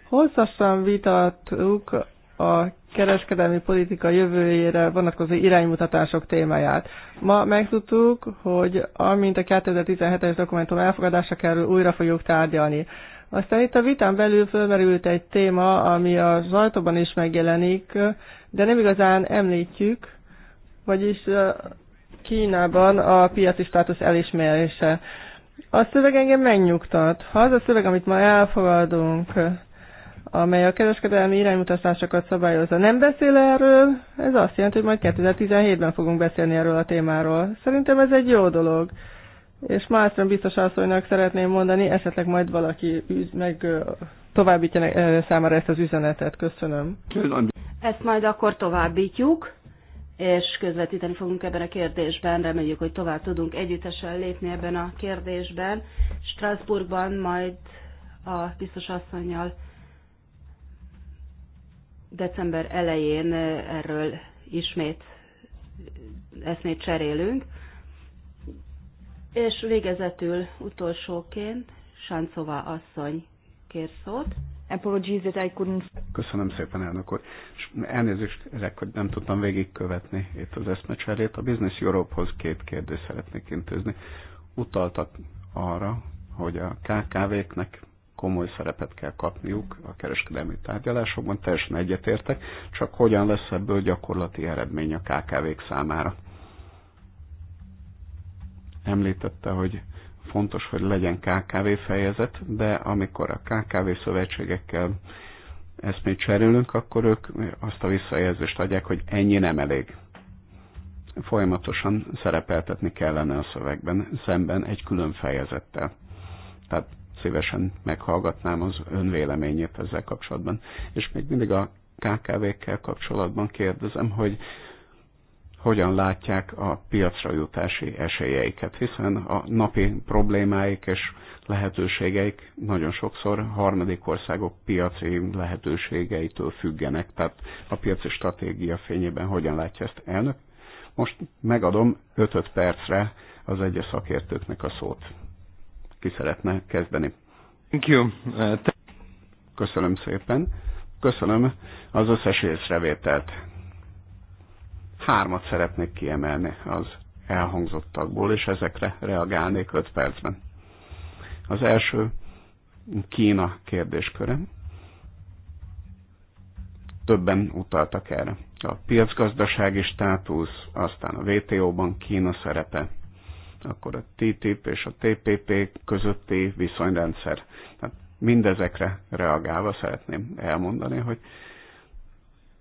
Hosszasan vitattuk a kereskedelmi politika jövőjére vonatkozó iránymutatások témáját. Ma megtudtuk, hogy amint a 2017-es dokumentum elfogadása kerül, újra fogjuk tárgyalni. Aztán itt a vitán belül fölmerült egy téma, ami a zajtóban is megjelenik, de nem igazán említjük, vagyis Kínában a piaci státusz elismerése. A szöveg engem megnyugtat. Ha az a szöveg, amit ma elfogadunk, amely a kereskedelmi iránymutatásokat szabályozza. Nem beszél erről, ez azt jelenti, hogy majd 2017-ben fogunk beszélni erről a témáról. Szerintem ez egy jó dolog. És Mászren biztos asszonynak szeretném mondani, esetleg majd valaki üz, meg továbbítja számára ezt az üzenetet. Köszönöm. Ezt majd akkor továbbítjuk, és közvetíteni fogunk ebben a kérdésben. Reméljük, hogy tovább tudunk együttesen lépni ebben a kérdésben. Strasbourgban majd a biztos asszonynal december elején erről ismét eszmét cserélünk. És végezetül utolsóként Sáncová asszony kér szót. Apologies that I couldn't... Köszönöm szépen, elnök úr. És elnézést kérek, hogy nem tudtam végigkövetni itt az eszmecserét. A Business Europe-hoz két kérdést szeretnék intézni. Utaltak arra, hogy a KKV-knek komoly szerepet kell kapniuk a kereskedelmi tárgyalásokban, teljesen egyetértek, csak hogyan lesz ebből gyakorlati eredmény a KKV-k számára. Említette, hogy fontos, hogy legyen KKV fejezet, de amikor a KKV szövetségekkel ezt még cserélünk, akkor ők azt a visszajelzést adják, hogy ennyi nem elég. Folyamatosan szerepeltetni kellene a szövegben, szemben egy külön fejezettel. Tehát szívesen meghallgatnám az ön véleményét ezzel kapcsolatban. És még mindig a KKV-kkel kapcsolatban kérdezem, hogy hogyan látják a piacra jutási esélyeiket, hiszen a napi problémáik és lehetőségeik nagyon sokszor harmadik országok piaci lehetőségeitől függenek, tehát a piaci stratégia fényében hogyan látja ezt elnök. Most megadom 5, -5 percre az egyes szakértőknek a szót ki szeretne kezdeni. Thank you. Uh, Köszönöm szépen. Köszönöm az összes észrevételt. Hármat szeretnék kiemelni az elhangzottakból, és ezekre reagálnék öt percben. Az első Kína kérdésköre. Többen utaltak erre. A piacgazdasági státusz, aztán a WTO-ban Kína szerepe, akkor a TTIP és a TPP közötti viszonyrendszer. Tehát mindezekre reagálva szeretném elmondani, hogy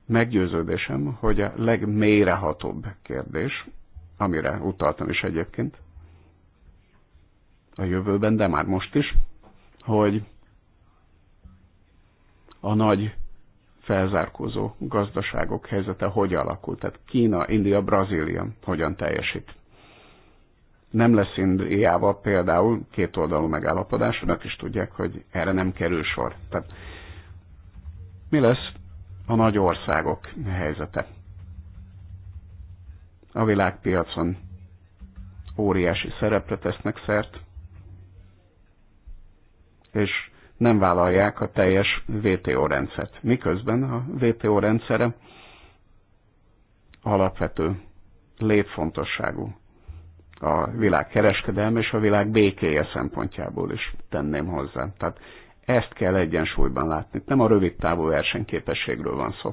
meggyőződésem, hogy a legmélyrehatóbb kérdés, amire utaltam is egyébként a jövőben, de már most is, hogy a nagy felzárkózó gazdaságok helyzete hogy alakul, tehát Kína, India, Brazília hogyan teljesít nem lesz Indiával például két oldalú megállapodás, önök is tudják, hogy erre nem kerül sor. Tehát mi lesz a nagy országok helyzete? A világpiacon óriási szerepre tesznek szert, és nem vállalják a teljes VTO rendszert. Miközben a VTO rendszere alapvető, létfontosságú a világ kereskedelme és a világ békéje szempontjából is tenném hozzá. Tehát ezt kell egyensúlyban látni. Nem a rövid távú versenyképességről van szó.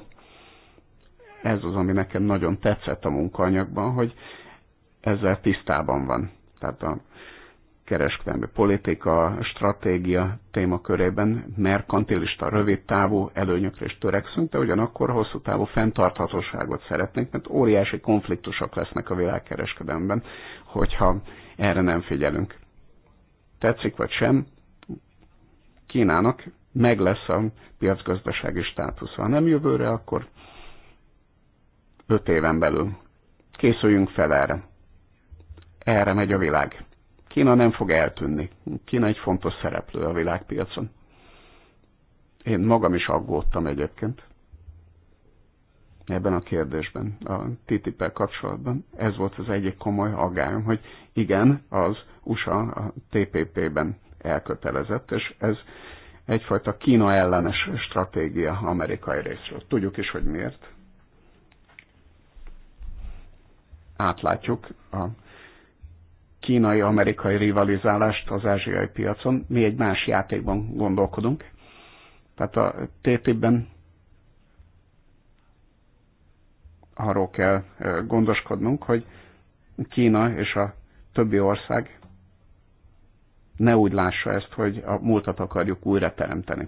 Ez az, ami nekem nagyon tetszett a munkaanyagban, hogy ezzel tisztában van. Tehát a kereskedelmi politika, stratégia témakörében merkantilista, rövid távú előnyökre is törekszünk, de ugyanakkor hosszú távú fenntarthatóságot szeretnénk, mert óriási konfliktusok lesznek a világkereskedelemben hogyha erre nem figyelünk. Tetszik vagy sem, Kínának meg lesz a piacgazdasági státusz. Ha nem jövőre, akkor öt éven belül. Készüljünk fel erre. Erre megy a világ. Kína nem fog eltűnni. Kína egy fontos szereplő a világpiacon. Én magam is aggódtam egyébként ebben a kérdésben, a ttip kapcsolatban. Ez volt az egyik komoly aggályom, hogy igen, az USA a TPP-ben elkötelezett, és ez egyfajta Kína ellenes stratégia amerikai részről. Tudjuk is, hogy miért. Átlátjuk a kínai-amerikai rivalizálást az ázsiai piacon. Mi egy más játékban gondolkodunk. Tehát a TTIP-ben arról kell gondoskodnunk, hogy Kína és a többi ország ne úgy lássa ezt, hogy a múltat akarjuk újra teremteni.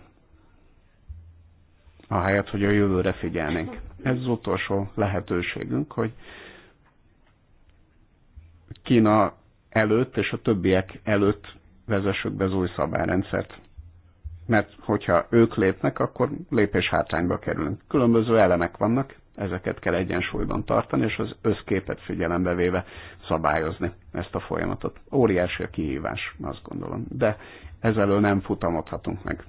Ahelyett, hogy a jövőre figyelnénk. Ez az utolsó lehetőségünk, hogy Kína előtt és a többiek előtt vezessük be az új szabályrendszert. Mert hogyha ők lépnek, akkor lépés hátrányba kerülünk. Különböző elemek vannak, ezeket kell egyensúlyban tartani, és az összképet figyelembe véve szabályozni ezt a folyamatot. Óriási a kihívás, azt gondolom. De ezelől nem futamodhatunk meg.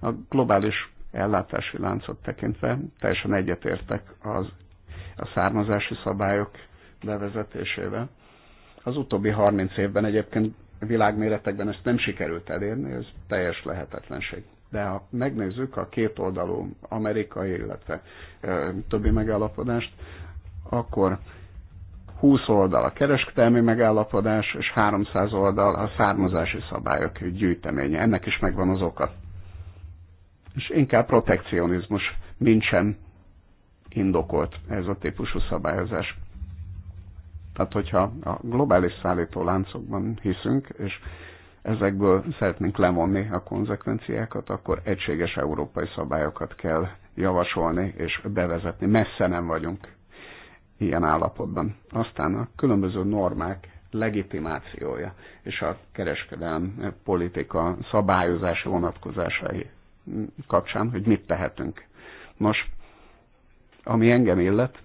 A globális ellátási láncot tekintve teljesen egyetértek az, a származási szabályok bevezetésével. Az utóbbi 30 évben egyébként világméretekben ezt nem sikerült elérni, ez teljes lehetetlenség. De ha megnézzük a kétoldalú amerikai, illetve e, többi megállapodást, akkor 20 oldal a kereskedelmi megállapodás, és 300 oldal a származási szabályok gyűjteménye. Ennek is megvan az oka. És inkább protekcionizmus, nincsen indokolt ez a típusú szabályozás. Tehát, hogyha a globális szállító láncokban hiszünk, és ezekből szeretnénk levonni a konzekvenciákat, akkor egységes európai szabályokat kell javasolni és bevezetni. Messze nem vagyunk ilyen állapotban. Aztán a különböző normák legitimációja és a kereskedelem politika szabályozása vonatkozásai kapcsán, hogy mit tehetünk. Nos, ami engem illet,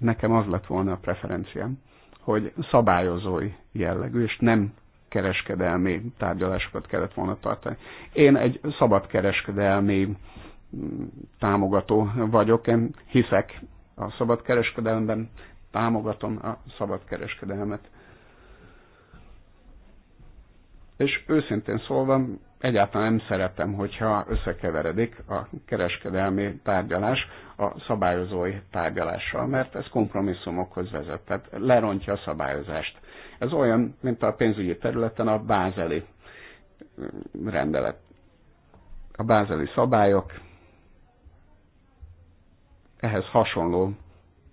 nekem az lett volna a preferenciám, hogy szabályozói jellegű, és nem kereskedelmi tárgyalásokat kellett volna tartani. Én egy szabadkereskedelmi mm, támogató vagyok, én hiszek a kereskedelemben, támogatom a szabadkereskedelmet. És őszintén szólva, egyáltalán nem szeretem, hogyha összekeveredik a kereskedelmi tárgyalás a szabályozói tárgyalással, mert ez kompromisszumokhoz vezet, tehát lerontja a szabályozást. Ez olyan, mint a pénzügyi területen a bázeli mm, rendelet. A bázeli szabályok, ehhez hasonló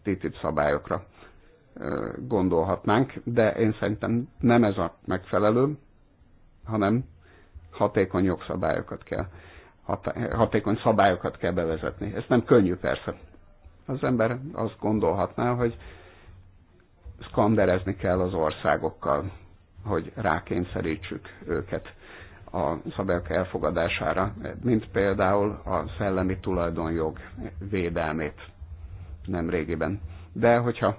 TTIP szabályokra gondolhatnánk, de én szerintem nem ez a megfelelő, hanem hatékony jogszabályokat kell, hatékony szabályokat kell bevezetni. Ez nem könnyű persze. Az ember azt gondolhatná, hogy szkanderezni kell az országokkal, hogy rákényszerítsük őket a szabályok elfogadására, mint például a szellemi tulajdonjog védelmét nem régiben. De hogyha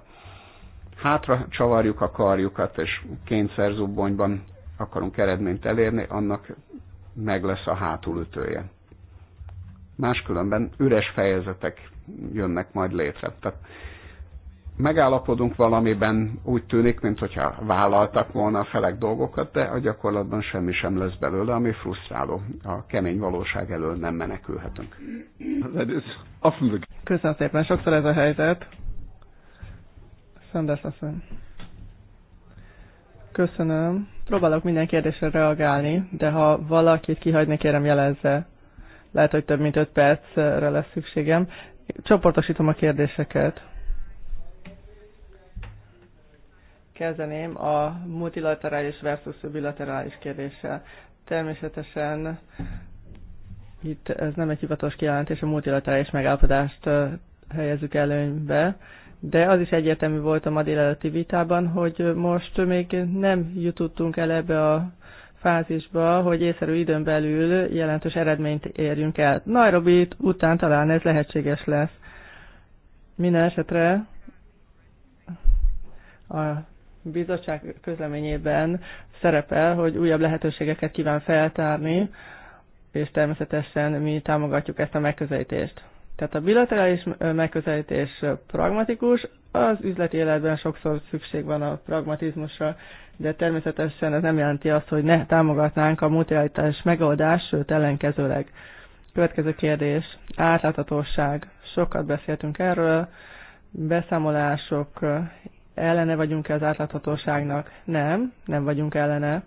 hátra csavarjuk a karjukat, és kényszerzubbonyban akarunk eredményt elérni, annak meg lesz a hátulütője. Máskülönben üres fejezetek jönnek majd létre. Tehát megállapodunk valamiben, úgy tűnik, mintha vállaltak volna a felek dolgokat, de a gyakorlatban semmi sem lesz belőle, ami frusztráló. A kemény valóság elől nem menekülhetünk. Köszönöm szépen, sokszor ez a helyzet. Sanders Köszönöm. Próbálok minden kérdésre reagálni, de ha valakit kihagyni, kérem jelezze. Lehet, hogy több mint 5 percre lesz szükségem. Csoportosítom a kérdéseket kezdeném a multilaterális versus bilaterális kérdéssel. Természetesen itt ez nem egy hivatalos kijelentés, a multilaterális megállapodást helyezzük előnybe, de az is egyértelmű volt a ma délelőtti vitában, hogy most még nem jutottunk el ebbe a fázisba, hogy észszerű időn belül jelentős eredményt érjünk el. Nairobi után talán ez lehetséges lesz. Minden esetre a bizottság közleményében szerepel, hogy újabb lehetőségeket kíván feltárni, és természetesen mi támogatjuk ezt a megközelítést. Tehát a bilaterális megközelítés pragmatikus, az üzleti életben sokszor szükség van a pragmatizmusra, de természetesen ez nem jelenti azt, hogy ne támogatnánk a multilaterális megoldás sőt ellenkezőleg. Következő kérdés, átláthatóság. Sokat beszéltünk erről, beszámolások, ellene vagyunk-e az átláthatóságnak? Nem, nem vagyunk ellene.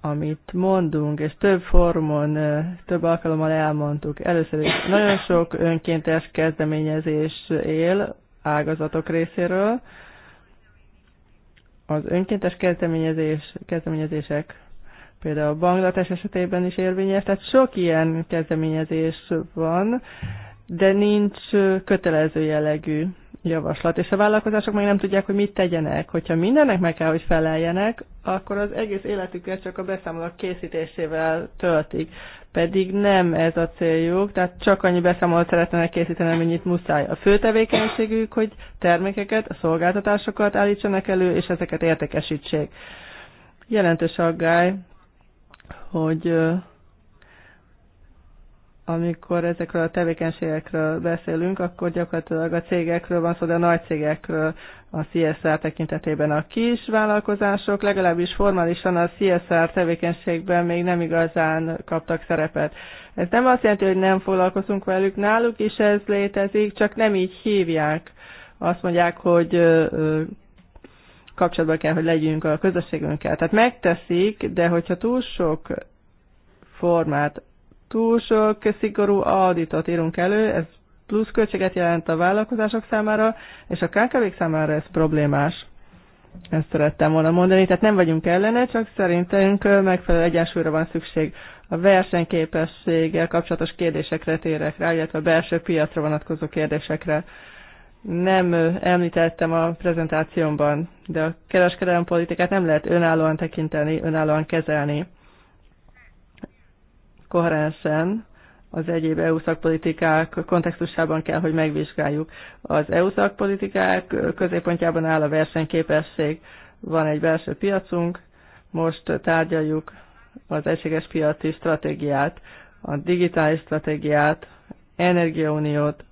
Amit mondunk, és több formon, több alkalommal elmondtuk. Először is nagyon sok önkéntes kezdeményezés él ágazatok részéről. Az önkéntes kezdeményezés, kezdeményezések például a Banglades esetében is érvényes, tehát sok ilyen kezdeményezés van, de nincs kötelező jellegű javaslat, és a vállalkozások még nem tudják, hogy mit tegyenek. Hogyha mindennek meg kell, hogy feleljenek, akkor az egész életüket csak a beszámolók készítésével töltik. Pedig nem ez a céljuk, tehát csak annyi beszámolót szeretnének készíteni, amennyit muszáj. A fő tevékenységük, hogy termékeket, szolgáltatásokat állítsanak elő, és ezeket értékesítsék. Jelentős aggály, hogy amikor ezekről a tevékenységekről beszélünk, akkor gyakorlatilag a cégekről van szó, de a nagy cégekről a CSR tekintetében a kis vállalkozások, legalábbis formálisan a CSR tevékenységben még nem igazán kaptak szerepet. Ez nem azt jelenti, hogy nem foglalkozunk velük, náluk is ez létezik, csak nem így hívják. Azt mondják, hogy kapcsolatban kell, hogy legyünk a közösségünkkel. Tehát megteszik, de hogyha túl sok formát túl sok szigorú auditot írunk elő, ez plusz költséget jelent a vállalkozások számára, és a kkv számára ez problémás. Ezt szerettem volna mondani, tehát nem vagyunk ellene, csak szerintünk megfelelő egyensúlyra van szükség. A versenyképességgel kapcsolatos kérdésekre térek rá, illetve a belső piacra vonatkozó kérdésekre. Nem említettem a prezentációmban, de a kereskedelmi politikát nem lehet önállóan tekinteni, önállóan kezelni koherensen az egyéb EU szakpolitikák kontextusában kell, hogy megvizsgáljuk. Az EU szakpolitikák középpontjában áll a versenyképesség. Van egy belső piacunk, most tárgyaljuk az egységes piaci stratégiát, a digitális stratégiát, energiauniót.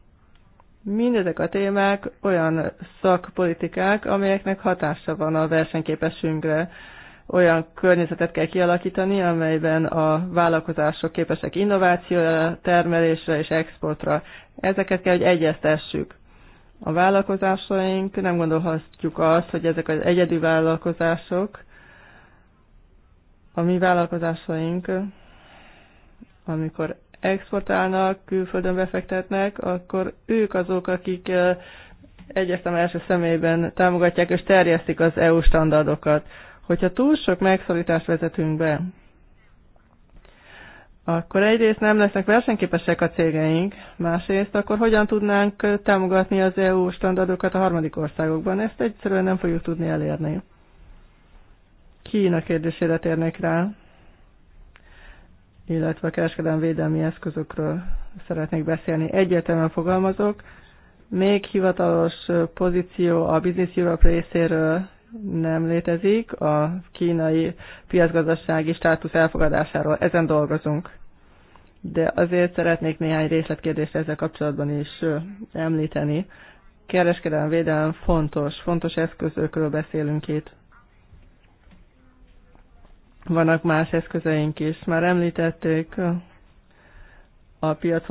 Mindezek a témák olyan szakpolitikák, amelyeknek hatása van a versenyképességünkre olyan környezetet kell kialakítani, amelyben a vállalkozások képesek innovációra, termelésre és exportra. Ezeket kell, hogy egyeztessük. A vállalkozásaink nem gondolhatjuk azt, hogy ezek az egyedű vállalkozások, a mi vállalkozásaink, amikor exportálnak, külföldön befektetnek, akkor ők azok, akik egyetem első személyben támogatják és terjesztik az EU standardokat. Hogyha túl sok megszorítást vezetünk be, akkor egyrészt nem lesznek versenyképesek a cégeink, másrészt akkor hogyan tudnánk támogatni az EU standardokat a harmadik országokban? Ezt egyszerűen nem fogjuk tudni elérni. Kína kérdésére térnék rá, illetve a kereskedelmi védelmi eszközökről szeretnék beszélni. Egyértelműen fogalmazok, még hivatalos pozíció a Business Europe részéről nem létezik, a kínai piacgazdasági státusz elfogadásáról ezen dolgozunk. De azért szeretnék néhány részletkérdést ezzel kapcsolatban is említeni. Kereskedelem védelem fontos, fontos eszközökről beszélünk itt. Vannak más eszközeink is. Már említették a piac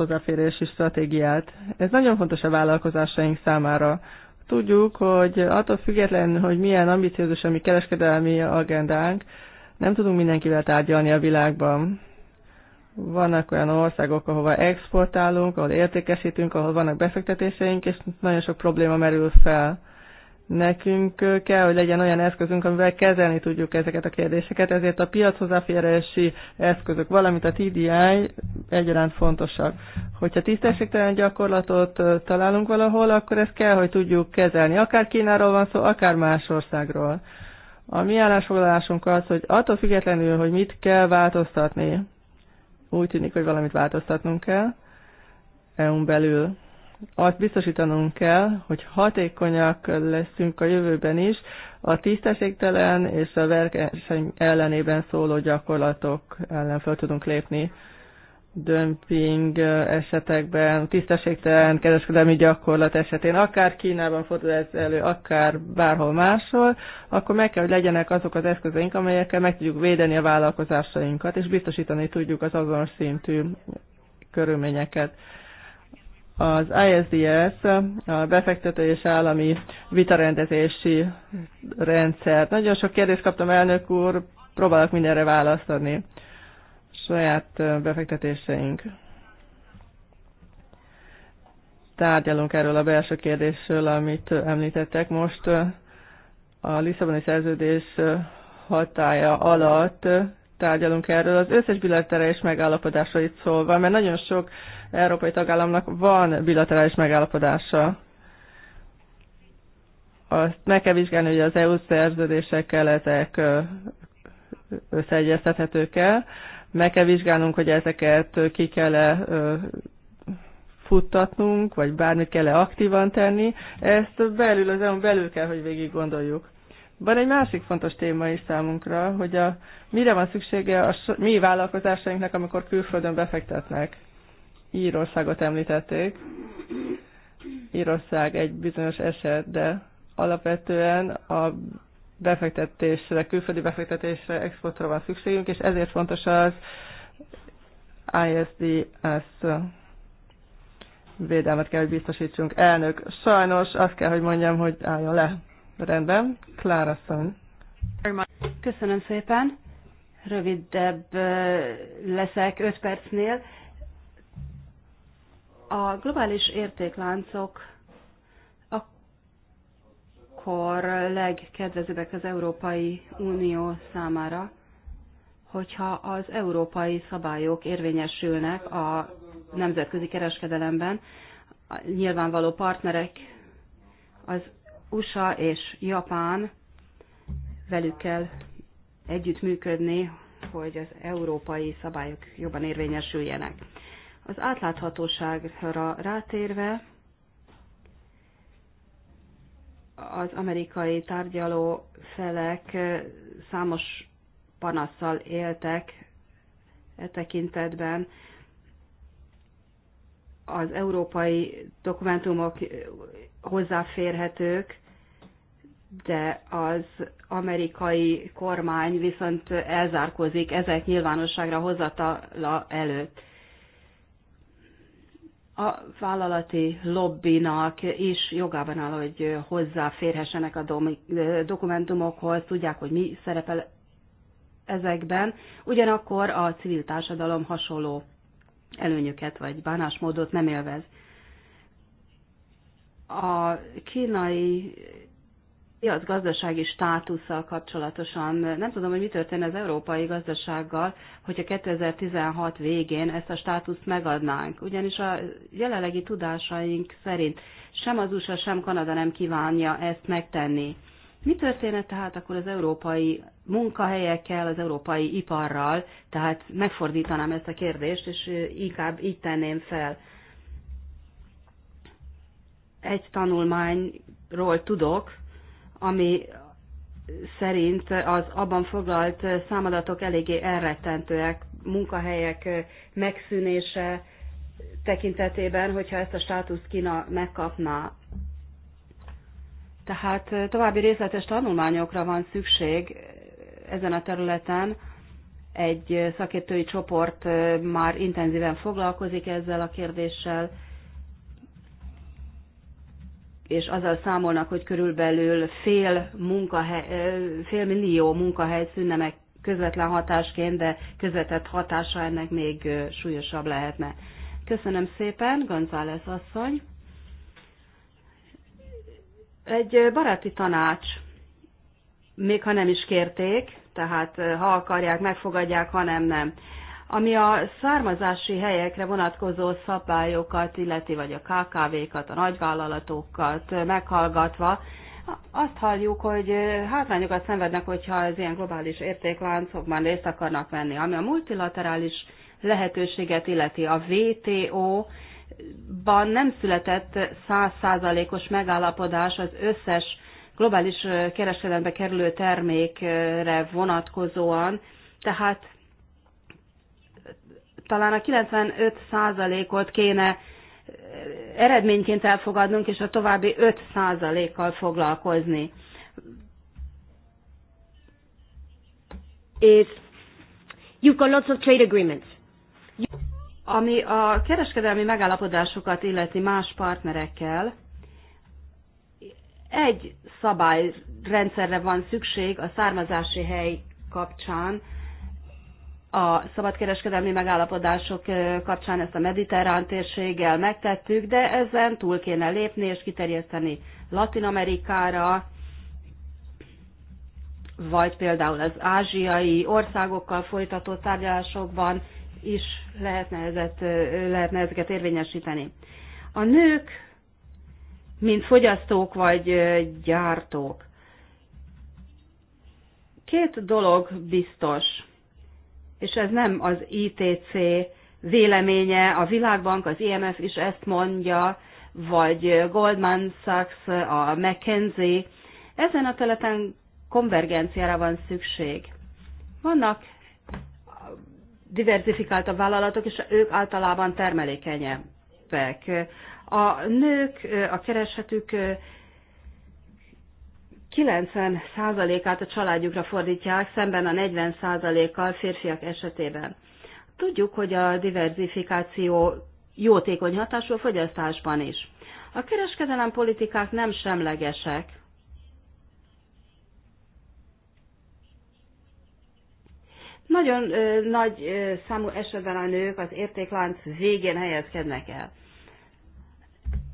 stratégiát. Ez nagyon fontos a vállalkozásaink számára Tudjuk, hogy attól függetlenül, hogy milyen ambiciózus a mi kereskedelmi agendánk, nem tudunk mindenkivel tárgyalni a világban. Vannak olyan országok, ahova exportálunk, ahol értékesítünk, ahol vannak befektetéseink, és nagyon sok probléma merül fel Nekünk kell, hogy legyen olyan eszközünk, amivel kezelni tudjuk ezeket a kérdéseket, ezért a piachozáférési eszközök, valamint a TDI egyaránt fontosak. Hogyha tisztességtelen gyakorlatot találunk valahol, akkor ezt kell, hogy tudjuk kezelni. Akár Kínáról van szó, akár más országról. A mi állásfoglalásunk az, hogy attól függetlenül, hogy mit kell változtatni, úgy tűnik, hogy valamit változtatnunk kell EU-n belül azt biztosítanunk kell, hogy hatékonyak leszünk a jövőben is a tisztességtelen és a verseny ellenében szóló gyakorlatok ellen fel tudunk lépni dömping esetekben, tisztességtelen kereskedelmi gyakorlat esetén, akár Kínában fordul ez elő, akár bárhol máshol, akkor meg kell, hogy legyenek azok az eszközeink, amelyekkel meg tudjuk védeni a vállalkozásainkat, és biztosítani tudjuk az azonos szintű körülményeket. Az ISDS, a befektető és állami vitarendezési rendszer. Nagyon sok kérdést kaptam, elnök úr, próbálok mindenre választ adni. Saját befektetéseink. Tárgyalunk erről a belső kérdésről, amit említettek. Most a Lisszaboni szerződés hatája alatt tárgyalunk erről, az összes bilaterális megállapodásra itt szólva, mert nagyon sok európai tagállamnak van bilaterális megállapodása. Azt meg kell vizsgálni, hogy az EU szerződésekkel ezek összeegyeztethetők-e. Meg kell vizsgálnunk, hogy ezeket ki kell -e futtatnunk, vagy bármit kell -e aktívan tenni. Ezt belül, az EU belül kell, hogy végig gondoljuk van egy másik fontos téma is számunkra, hogy a, mire van szüksége a mi vállalkozásainknak, amikor külföldön befektetnek. Írországot említették. Írország egy bizonyos eset, de alapvetően a befektetésre, külföldi befektetésre, exportra van szükségünk, és ezért fontos az ISDS védelmet kell, hogy biztosítsunk. Elnök, sajnos azt kell, hogy mondjam, hogy álljon le. Rendben, Klára Szön. Köszönöm szépen. Rövidebb leszek 5 percnél. A globális értékláncok akkor legkedvezőbbek az Európai Unió számára, hogyha az európai szabályok érvényesülnek a nemzetközi kereskedelemben, nyilvánvaló partnerek az USA és Japán, velük kell együttműködni, hogy az európai szabályok jobban érvényesüljenek. Az átláthatóságra rátérve az amerikai tárgyaló felek számos panasszal éltek e tekintetben, az európai dokumentumok hozzáférhetők, de az amerikai kormány viszont elzárkozik ezek nyilvánosságra hozatala előtt. A vállalati lobbinak is jogában áll, hogy hozzáférhessenek a dokumentumokhoz, tudják, hogy mi szerepel ezekben, ugyanakkor a civil társadalom hasonló előnyöket vagy bánásmódot nem élvez. A kínai piac gazdasági státusszal kapcsolatosan nem tudom, hogy mi történne az európai gazdasággal, hogyha 2016 végén ezt a státuszt megadnánk. Ugyanis a jelenlegi tudásaink szerint sem az USA, sem Kanada nem kívánja ezt megtenni. Mi történne tehát akkor az európai munkahelyekkel, az európai iparral? Tehát megfordítanám ezt a kérdést, és inkább így tenném fel. Egy tanulmányról tudok, ami szerint az abban foglalt számadatok eléggé elrettentőek, munkahelyek megszűnése tekintetében, hogyha ezt a státuszt Kína megkapná, tehát további részletes tanulmányokra van szükség ezen a területen. Egy szakértői csoport már intenzíven foglalkozik ezzel a kérdéssel, és azzal számolnak, hogy körülbelül fél, munkahely, fél millió munkahely szűnne meg közvetlen hatásként, de közvetett hatása ennek még súlyosabb lehetne. Köszönöm szépen, González asszony! Egy baráti tanács, még ha nem is kérték, tehát ha akarják, megfogadják, ha nem, nem. Ami a származási helyekre vonatkozó szabályokat illeti, vagy a KKV-kat, a nagyvállalatokat meghallgatva, azt halljuk, hogy hátrányokat szenvednek, hogyha az ilyen globális értékláncokban részt akarnak venni. Ami a multilaterális lehetőséget illeti, a WTO ban nem született százszázalékos megállapodás az összes globális kereskedelembe kerülő termékre vonatkozóan, tehát talán a 95%-ot kéne eredményként elfogadnunk, és a további 5%-kal foglalkozni. És you've got lots of trade agreements. Ami a kereskedelmi megállapodásokat illeti más partnerekkel, egy szabályrendszerre van szükség a származási hely kapcsán, a szabadkereskedelmi megállapodások kapcsán ezt a mediterrán térséggel megtettük, de ezen túl kéne lépni és kiterjeszteni Latin Amerikára, vagy például az ázsiai országokkal folytatott tárgyalásokban is lehetne, ezet, lehetne ezeket érvényesíteni. A nők, mint fogyasztók vagy gyártók, két dolog biztos, és ez nem az ITC véleménye, a Világbank, az IMF is ezt mondja, vagy Goldman Sachs, a McKenzie. Ezen a területen konvergenciára van szükség. Vannak a vállalatok, és ők általában termelékenyebbek. A nők a keresetük 90%-át a családjukra fordítják, szemben a 40%-kal férfiak esetében. Tudjuk, hogy a diversifikáció jótékony hatású a fogyasztásban is. A kereskedelem politikák nem semlegesek, Nagyon ö, nagy ö, számú esetben a nők az értéklánc végén helyezkednek el.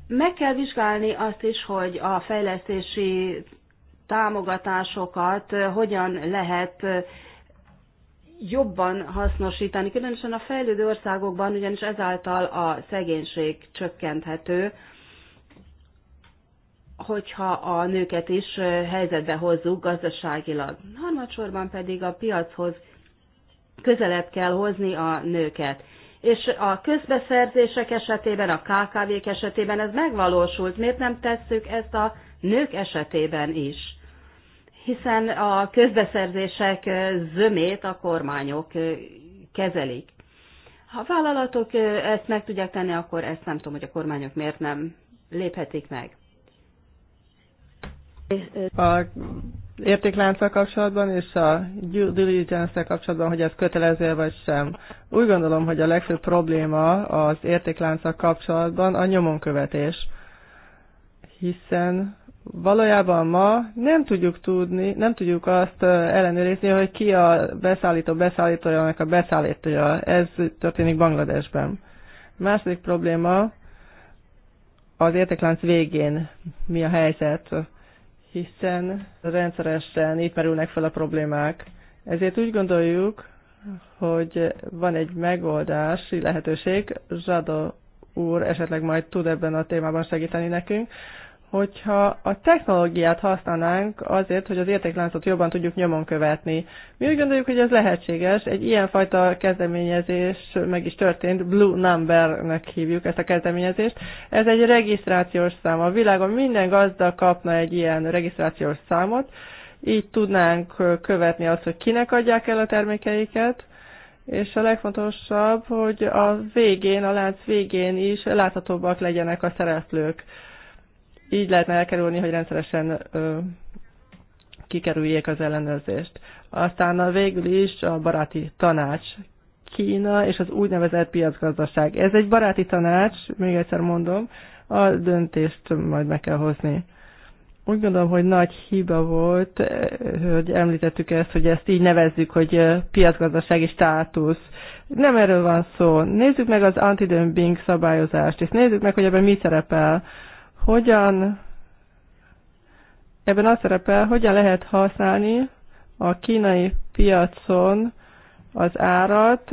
Meg kell vizsgálni azt is, hogy a fejlesztési támogatásokat ö, hogyan lehet ö, jobban hasznosítani, különösen a fejlődő országokban, ugyanis ezáltal a szegénység csökkenthető, hogyha a nőket is helyzetbe hozzuk gazdaságilag. Harmadsorban pedig a piachoz közelebb kell hozni a nőket. És a közbeszerzések esetében, a KKV-k esetében ez megvalósult. Miért nem tesszük ezt a nők esetében is? Hiszen a közbeszerzések zömét a kormányok kezelik. Ha a vállalatok ezt meg tudják tenni, akkor ezt nem tudom, hogy a kormányok miért nem léphetik meg. A értéklánccal kapcsolatban és a due diligence kapcsolatban, hogy ez kötelező vagy sem. Úgy gondolom, hogy a legfőbb probléma az értéklánccal kapcsolatban a nyomonkövetés, hiszen valójában ma nem tudjuk tudni, nem tudjuk azt ellenőrizni, hogy ki a beszállító beszállítója, annak a beszállítója. Ez történik Bangladesben. Második probléma az értéklánc végén mi a helyzet hiszen rendszeresen itt merülnek fel a problémák. Ezért úgy gondoljuk, hogy van egy megoldási lehetőség, Zsado úr esetleg majd tud ebben a témában segíteni nekünk, hogyha a technológiát használnánk azért, hogy az értékláncot jobban tudjuk nyomon követni. Mi úgy gondoljuk, hogy ez lehetséges. Egy ilyenfajta kezdeményezés meg is történt, Blue Number-nek hívjuk ezt a kezdeményezést. Ez egy regisztrációs szám. A világon minden gazda kapna egy ilyen regisztrációs számot, így tudnánk követni azt, hogy kinek adják el a termékeiket, és a legfontosabb, hogy a végén, a lánc végén is láthatóbbak legyenek a szereplők így lehetne elkerülni, hogy rendszeresen ö, kikerüljék az ellenőrzést. Aztán a végül is a baráti tanács. Kína és az úgynevezett piacgazdaság. Ez egy baráti tanács, még egyszer mondom, a döntést majd meg kell hozni. Úgy gondolom, hogy nagy hiba volt, eh, hogy említettük ezt, hogy ezt így nevezzük, hogy eh, piacgazdasági státusz. Nem erről van szó. Nézzük meg az antidömping szabályozást, és nézzük meg, hogy ebben mi szerepel hogyan, ebben az szerepel, hogyan lehet használni a kínai piacon az árat,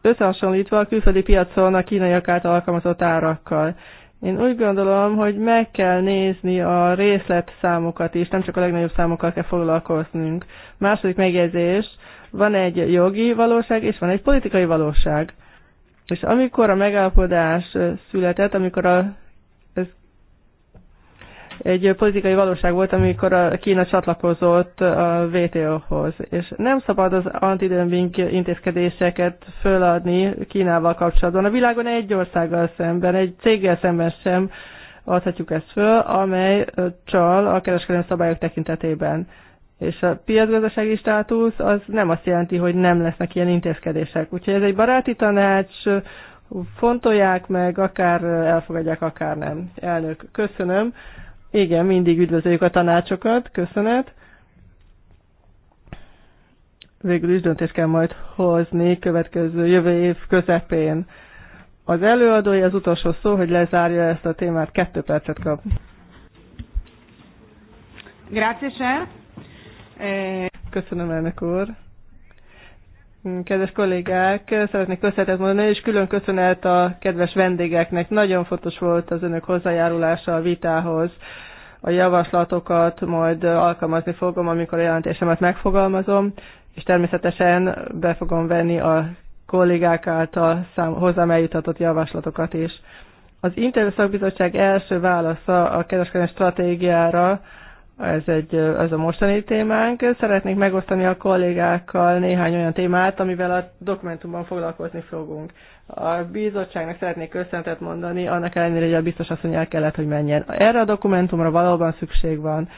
összehasonlítva a külföldi piacon a kínaiak által alkalmazott árakkal. Én úgy gondolom, hogy meg kell nézni a részletszámokat is, nem csak a legnagyobb számokkal kell foglalkoznunk. Második megjegyzés, van egy jogi valóság, és van egy politikai valóság. És amikor a megállapodás született, amikor a egy politikai valóság volt, amikor a Kína csatlakozott a WTO-hoz. És nem szabad az antidömping intézkedéseket föladni Kínával kapcsolatban. A világon egy országgal szemben, egy céggel szemben sem adhatjuk ezt föl, amely csal a kereskedelmi szabályok tekintetében. És a piacgazdasági státusz az nem azt jelenti, hogy nem lesznek ilyen intézkedések. Úgyhogy ez egy baráti tanács, fontolják meg, akár elfogadják, akár nem. Elnök, köszönöm. Igen, mindig üdvözöljük a tanácsokat, köszönet. Végül is döntést kell majd hozni következő jövő év közepén. Az előadója az utolsó szó, hogy lezárja ezt a témát, kettő percet kap. Grazie, Köszönöm, elnök úr. Mm, kedves kollégák, szeretnék köszönetet mondani, és külön köszönet a kedves vendégeknek. Nagyon fontos volt az önök hozzájárulása a vitához. A javaslatokat majd alkalmazni fogom, amikor a jelentésemet megfogalmazom, és természetesen be fogom venni a kollégák által szám, hozzám eljutatott javaslatokat is. Az szakbizottság első válasza a kereskedelmi stratégiára ez, egy, ez a mostani témánk. Szeretnék megosztani a kollégákkal néhány olyan témát, amivel a dokumentumban foglalkozni fogunk. A bizottságnak szeretnék köszöntet mondani, annak ellenére, hogy a biztos asszony el kellett, hogy menjen. Erre a dokumentumra valóban szükség van.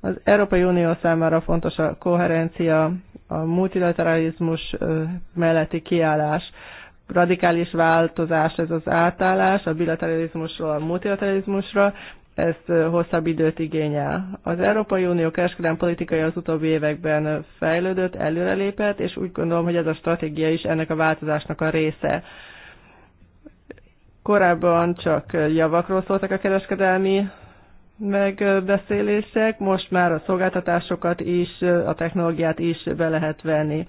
Az Európai Unió számára fontos a koherencia, a multilateralizmus melletti kiállás, radikális változás, ez az átállás a bilateralizmusról a multilateralizmusra, ez hosszabb időt igényel. Az Európai Unió kereskedelmi politikai az utóbbi években fejlődött, előrelépett, és úgy gondolom, hogy ez a stratégia is ennek a változásnak a része. Korábban csak javakról szóltak a kereskedelmi megbeszélések, most már a szolgáltatásokat is, a technológiát is be lehet venni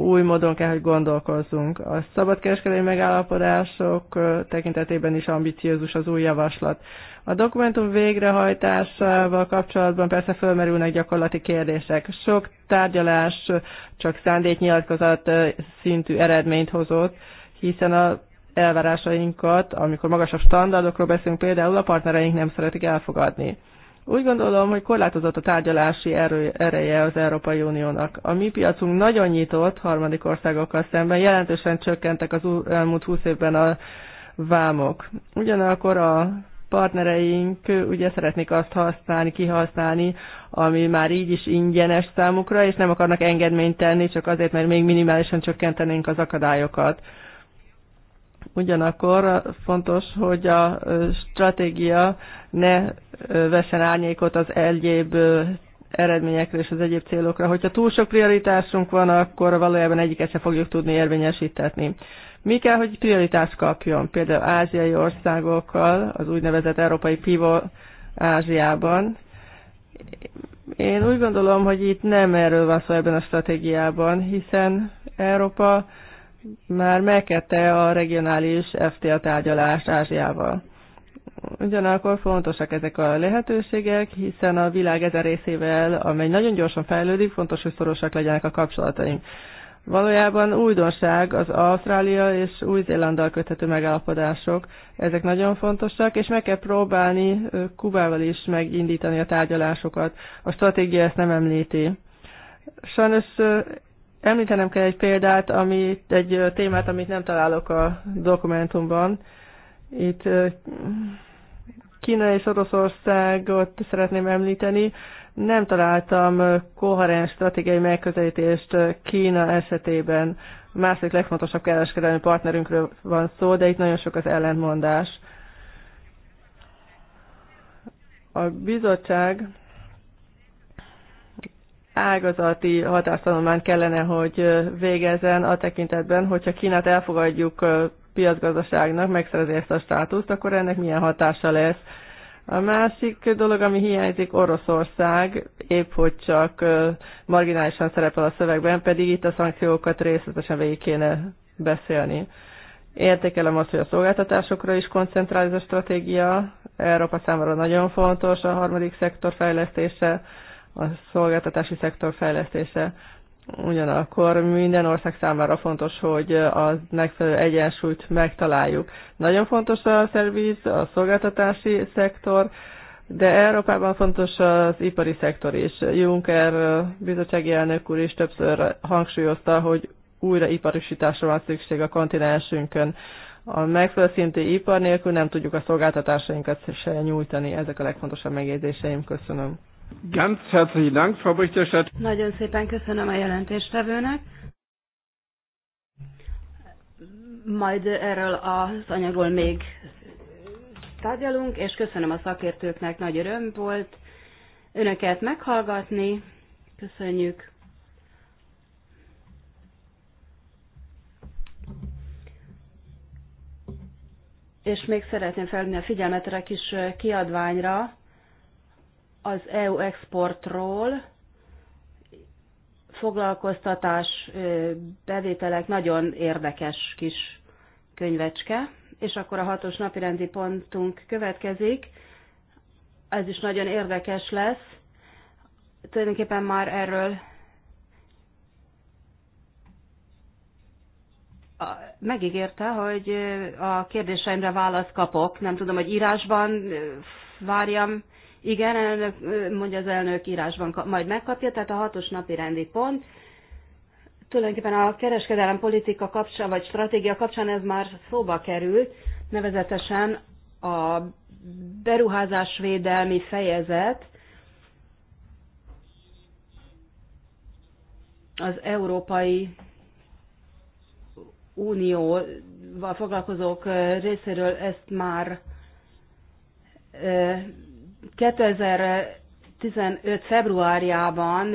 új módon kell, hogy gondolkozzunk. A szabadkereskedelmi megállapodások tekintetében is ambiciózus az új javaslat. A dokumentum végrehajtásával kapcsolatban persze fölmerülnek gyakorlati kérdések. Sok tárgyalás csak szándéknyilatkozat szintű eredményt hozott, hiszen a elvárásainkat, amikor magasabb standardokról beszélünk, például a partnereink nem szeretik elfogadni. Úgy gondolom, hogy korlátozott a tárgyalási erő, ereje az Európai Uniónak. A mi piacunk nagyon nyitott harmadik országokkal szemben, jelentősen csökkentek az elmúlt húsz évben a vámok. Ugyanakkor a partnereink ugye szeretnék azt használni, kihasználni, ami már így is ingyenes számukra, és nem akarnak engedményt tenni, csak azért, mert még minimálisan csökkentenénk az akadályokat. Ugyanakkor fontos, hogy a stratégia ne veszen árnyékot az egyéb eredményekre és az egyéb célokra. Hogyha túl sok prioritásunk van, akkor valójában egyiket sem fogjuk tudni érvényesítetni. Mi kell, hogy prioritást kapjon? Például ázsiai országokkal, az úgynevezett európai pivo Ázsiában. Én úgy gondolom, hogy itt nem erről van szó ebben a stratégiában, hiszen Európa már megkette a regionális FTA tárgyalást Ázsiával. Ugyanakkor fontosak ezek a lehetőségek, hiszen a világ ezen részével, amely nagyon gyorsan fejlődik, fontos, hogy szorosak legyenek a kapcsolataink. Valójában újdonság az Ausztrália és Új-Zélanddal köthető megállapodások. Ezek nagyon fontosak, és meg kell próbálni Kubával is megindítani a tárgyalásokat. A stratégia ezt nem említi. Sajnos Említenem kell egy példát, ami, egy témát, amit nem találok a dokumentumban. Itt Kína és Oroszországot szeretném említeni. Nem találtam koherens stratégiai megközelítést Kína esetében. A másik legfontosabb kereskedelmi partnerünkről van szó, de itt nagyon sok az ellentmondás. A bizottság ágazati határszalomán kellene, hogy végezzen a tekintetben, hogyha Kínát elfogadjuk piacgazdaságnak, megszerezi ezt a státuszt, akkor ennek milyen hatása lesz. A másik dolog, ami hiányzik, Oroszország, épp hogy csak marginálisan szerepel a szövegben, pedig itt a szankciókat részletesen végig kéne beszélni. Értékelem azt, hogy a szolgáltatásokra is koncentrál ez a stratégia. Európa számára nagyon fontos a harmadik szektor fejlesztése a szolgáltatási szektor fejlesztése. Ugyanakkor minden ország számára fontos, hogy a megfelelő egyensúlyt megtaláljuk. Nagyon fontos a szerviz, a szolgáltatási szektor, de Európában fontos az ipari szektor is. Juncker bizottsági elnök úr is többször hangsúlyozta, hogy újra iparosításra van szükség a kontinensünkön. A megfelelő szintű ipar nélkül nem tudjuk a szolgáltatásainkat se nyújtani. Ezek a legfontosabb megjegyzéseim. Köszönöm. Ganz herzlichen Dank, Frau Berichterstatter. Nagyon szépen köszönöm a jelentéstevőnek. Majd erről az anyagról még tárgyalunk, és köszönöm a szakértőknek, nagy öröm volt önöket meghallgatni. Köszönjük. És még szeretném felvenni a figyelmetre kis kiadványra, az EU exportról foglalkoztatás bevételek nagyon érdekes kis könyvecske, és akkor a hatos napirendi pontunk következik. Ez is nagyon érdekes lesz. Tulajdonképpen már erről megígérte, hogy a kérdéseimre választ kapok. Nem tudom, hogy írásban várjam igen, elnök, mondja az elnök írásban, majd megkapja, tehát a hatos napi rendi pont. Tulajdonképpen a kereskedelem politika kapcsán, vagy stratégia kapcsán ez már szóba került, nevezetesen a beruházásvédelmi fejezet, az Európai Unióval foglalkozók részéről ezt már 2015. februárjában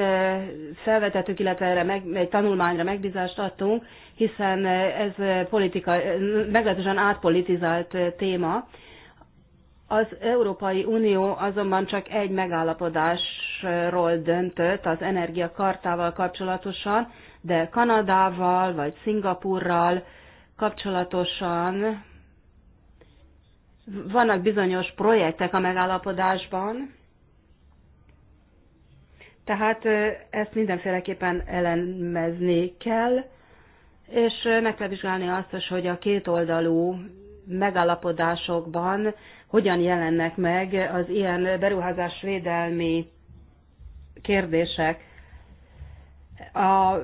felvetettük, illetve erre meg, egy tanulmányra megbízást adtunk, hiszen ez politika, meglehetősen átpolitizált téma. Az Európai Unió azonban csak egy megállapodásról döntött az energiakartával kapcsolatosan, de Kanadával vagy Szingapurral kapcsolatosan vannak bizonyos projektek a megállapodásban, tehát ezt mindenféleképpen elemezni kell, és meg kell vizsgálni azt is, hogy a kétoldalú megállapodásokban hogyan jelennek meg az ilyen beruházás védelmi kérdések. A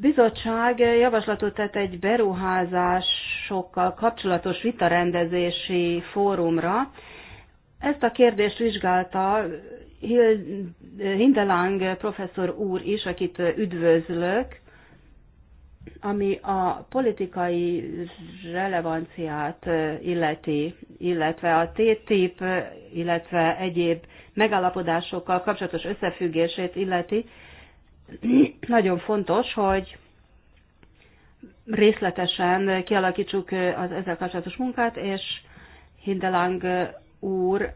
bizottság javaslatot tett egy beruházásokkal kapcsolatos vitarendezési fórumra. Ezt a kérdést vizsgálta Hindelang professzor úr is, akit üdvözlök, ami a politikai relevanciát illeti, illetve a TTIP, illetve egyéb megállapodásokkal kapcsolatos összefüggését illeti. Nagyon fontos, hogy részletesen kialakítsuk az ezzel kapcsolatos munkát, és Hindelang úr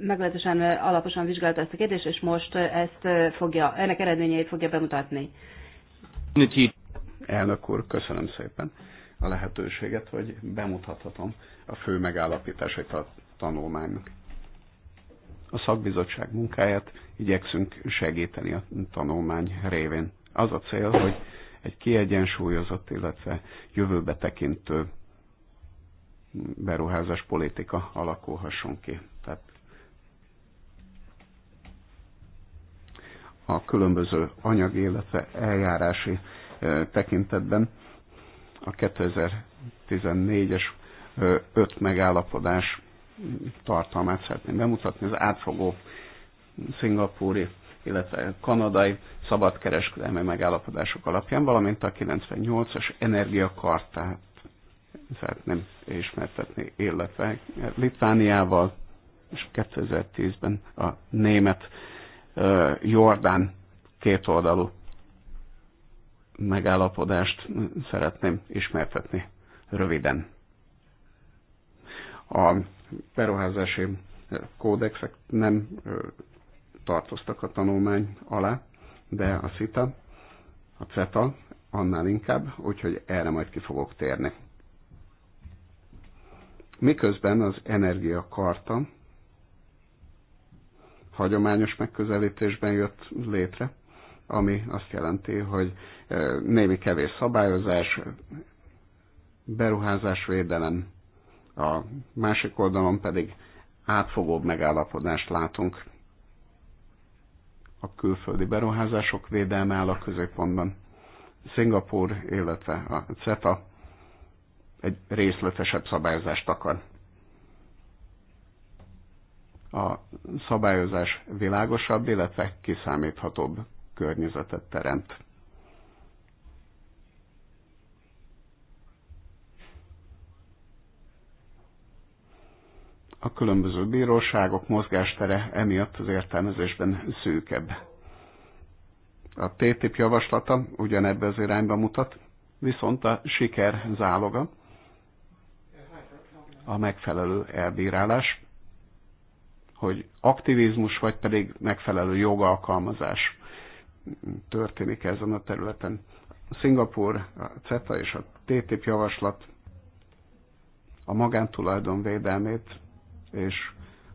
meglehetősen alaposan vizsgálta ezt a kérdést, és most ezt fogja, ennek eredményeit fogja bemutatni. Elnök úr, köszönöm szépen a lehetőséget, hogy bemutathatom a fő megállapításait a tanulmánynak a szakbizottság munkáját igyekszünk segíteni a tanulmány révén. Az a cél, hogy egy kiegyensúlyozott, illetve jövőbe tekintő beruházás politika alakulhasson ki. Tehát a különböző anyagi, illetve eljárási e, tekintetben a 2014-es e, öt megállapodás tartalmát szeretném bemutatni, az átfogó szingapúri, illetve kanadai szabadkereskedelmi megállapodások alapján, valamint a 98-as energiakartát szeretném ismertetni, illetve Litvániával, és 2010-ben a német Jordán kétoldalú megállapodást szeretném ismertetni röviden. A beruházási kódexek nem tartoztak a tanulmány alá, de a CITA, a CETA annál inkább, úgyhogy erre majd ki fogok térni. Miközben az energiakarta hagyományos megközelítésben jött létre, ami azt jelenti, hogy némi kevés szabályozás, beruházásvédelem, a másik oldalon pedig átfogóbb megállapodást látunk. A külföldi beruházások védelme áll a középpontban. Szingapur, illetve a CETA egy részletesebb szabályozást akar. A szabályozás világosabb, illetve kiszámíthatóbb környezetet teremt. a különböző bíróságok mozgástere emiatt az értelmezésben szűkebb. A TTIP javaslata ugyanebbe az irányba mutat, viszont a siker záloga, a megfelelő elbírálás, hogy aktivizmus vagy pedig megfelelő jogalkalmazás történik ezen a területen. A Szingapur, a CETA és a TTIP javaslat a magántulajdon védelmét és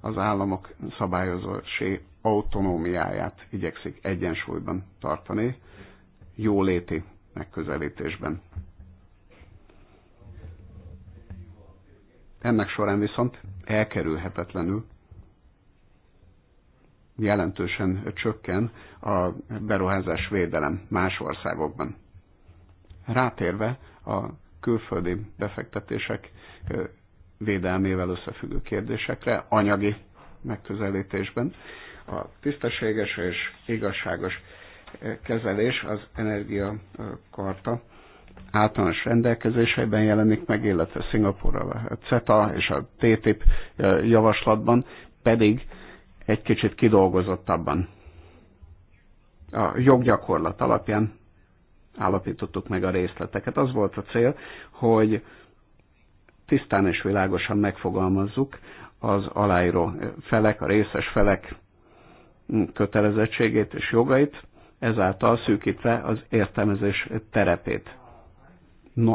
az államok szabályozási autonómiáját igyekszik egyensúlyban tartani, jóléti megközelítésben. Ennek során viszont elkerülhetetlenül jelentősen csökken a beruházás védelem más országokban. Rátérve a külföldi befektetések védelmével összefüggő kérdésekre anyagi megközelítésben. A tisztességes és igazságos eh, kezelés az energiakarta eh, általános rendelkezéseiben jelenik meg, illetve Szingapurra a CETA és a TTIP eh, javaslatban pedig egy kicsit kidolgozottabban. A joggyakorlat alapján állapítottuk meg a részleteket. Az volt a cél, hogy tisztán és világosan megfogalmazzuk az aláíró felek, a részes felek kötelezettségét és jogait, ezáltal szűkítve az értelmezés terepét.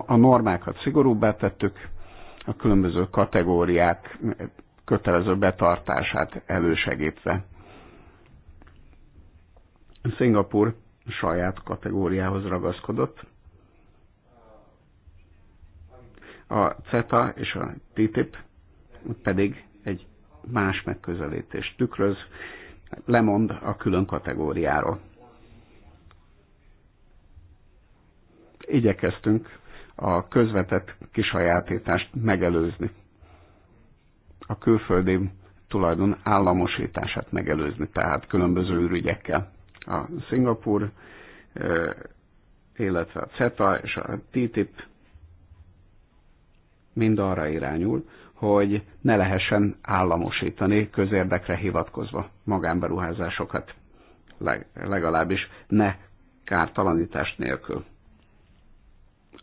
A normákat szigorúbbá tettük, a különböző kategóriák kötelező betartását elősegítve. Szingapur saját kategóriához ragaszkodott, A CETA és a TTIP pedig egy más megközelítést tükröz, lemond a külön kategóriáról. Igyekeztünk a közvetett kisajátítást megelőzni, a külföldi tulajdon államosítását megelőzni, tehát különböző ürügyekkel. A Szingapur, illetve a CETA és a TTIP mind arra irányul, hogy ne lehessen államosítani közérdekre hivatkozva magánberuházásokat, legalábbis ne kártalanítást nélkül.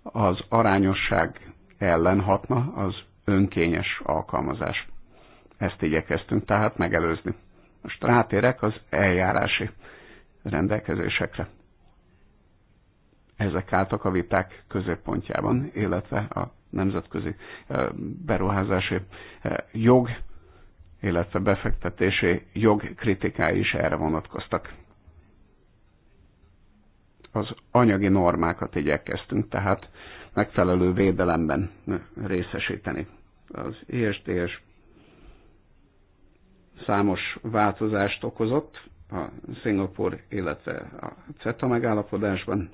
Az arányosság ellen hatna az önkényes alkalmazás. Ezt igyekeztünk tehát megelőzni. Most rátérek az eljárási rendelkezésekre. Ezek álltak a viták középpontjában, illetve a nemzetközi beruházási jog, illetve befektetési jog kritikái is erre vonatkoztak. Az anyagi normákat igyekeztünk tehát megfelelő védelemben részesíteni. Az ISDS számos változást okozott a Szingapur, illetve a CETA megállapodásban,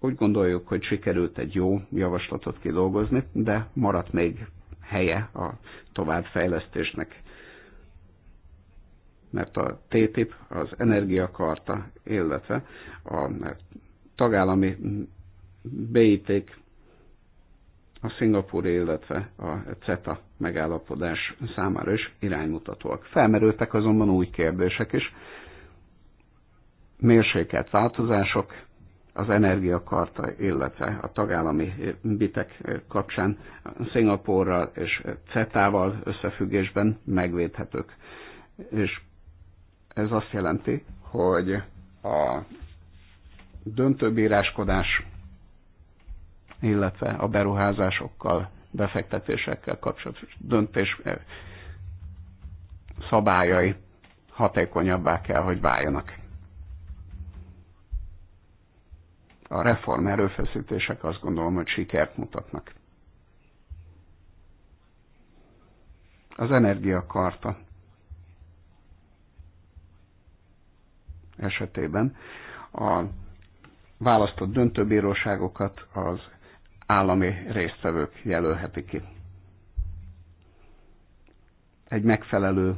Úgy gondoljuk, hogy sikerült egy jó javaslatot kidolgozni, de maradt még helye a továbbfejlesztésnek. Mert a TTIP, az energiakarta, illetve a tagállami beíték a szingapúri, illetve a CETA megállapodás számára is iránymutatóak. Felmerültek azonban új kérdések is, mérsékelt változások, az energiakarta, illetve a tagállami bitek kapcsán Szingapórral és CETA-val összefüggésben megvédhetők. És ez azt jelenti, hogy a döntőbíráskodás, illetve a beruházásokkal, befektetésekkel kapcsolatos döntés eh, szabályai hatékonyabbá kell, hogy váljanak a reform erőfeszítések azt gondolom, hogy sikert mutatnak. Az energiakarta esetében a választott döntőbíróságokat az állami résztvevők jelölhetik ki. Egy megfelelő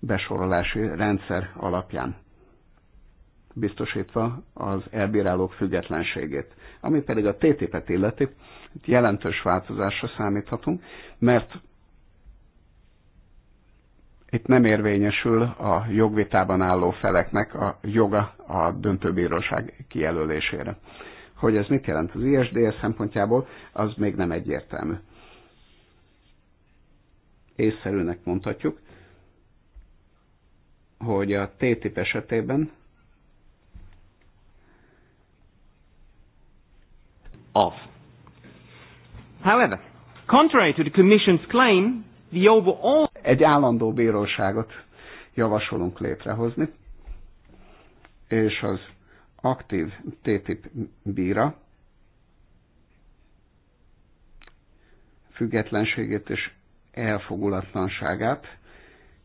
besorolási rendszer alapján biztosítva az elbírálók függetlenségét. Ami pedig a TTIP-et illeti, jelentős változásra számíthatunk, mert itt nem érvényesül a jogvitában álló feleknek a joga a döntőbíróság kijelölésére. Hogy ez mit jelent az ISDS szempontjából, az még nem egyértelmű. Észszerűnek mondhatjuk, hogy a TTIP esetében of. However, contrary to the Commission's claim, the overall... Egy állandó bíróságot javasolunk létrehozni, és az aktív TTIP bíra függetlenségét és elfogulatlanságát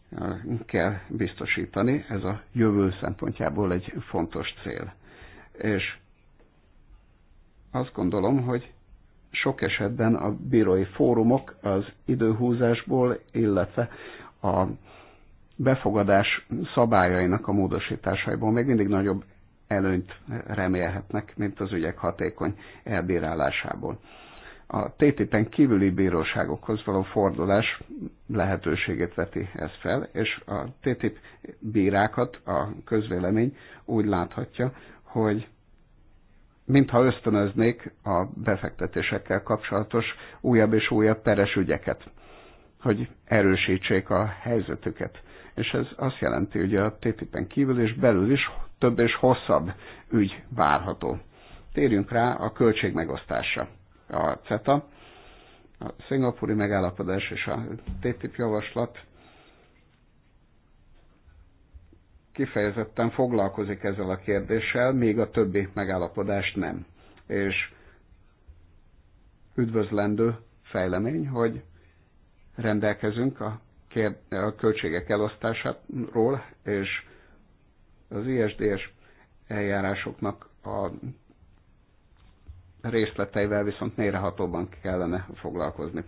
eh, kell biztosítani. Ez a jövő szempontjából egy fontos cél. És azt gondolom, hogy sok esetben a bírói fórumok az időhúzásból, illetve a befogadás szabályainak a módosításaiból még mindig nagyobb előnyt remélhetnek, mint az ügyek hatékony elbírálásából. A ttip kívüli bíróságokhoz való fordulás lehetőségét veti ez fel, és a TTIP bírákat a közvélemény úgy láthatja, hogy mintha ösztönöznék a befektetésekkel kapcsolatos újabb és újabb peres ügyeket, hogy erősítsék a helyzetüket. És ez azt jelenti, hogy a TTIP-en kívül és belül is több és hosszabb ügy várható. Térjünk rá a költségmegosztásra. A CETA, a szingapúri megállapodás és a TTIP javaslat kifejezetten foglalkozik ezzel a kérdéssel, még a többi megállapodást nem. És üdvözlendő fejlemény, hogy rendelkezünk a, kér, a költségek elosztásáról, és az ISDS eljárásoknak a részleteivel viszont mélyrehatóban kellene foglalkozni.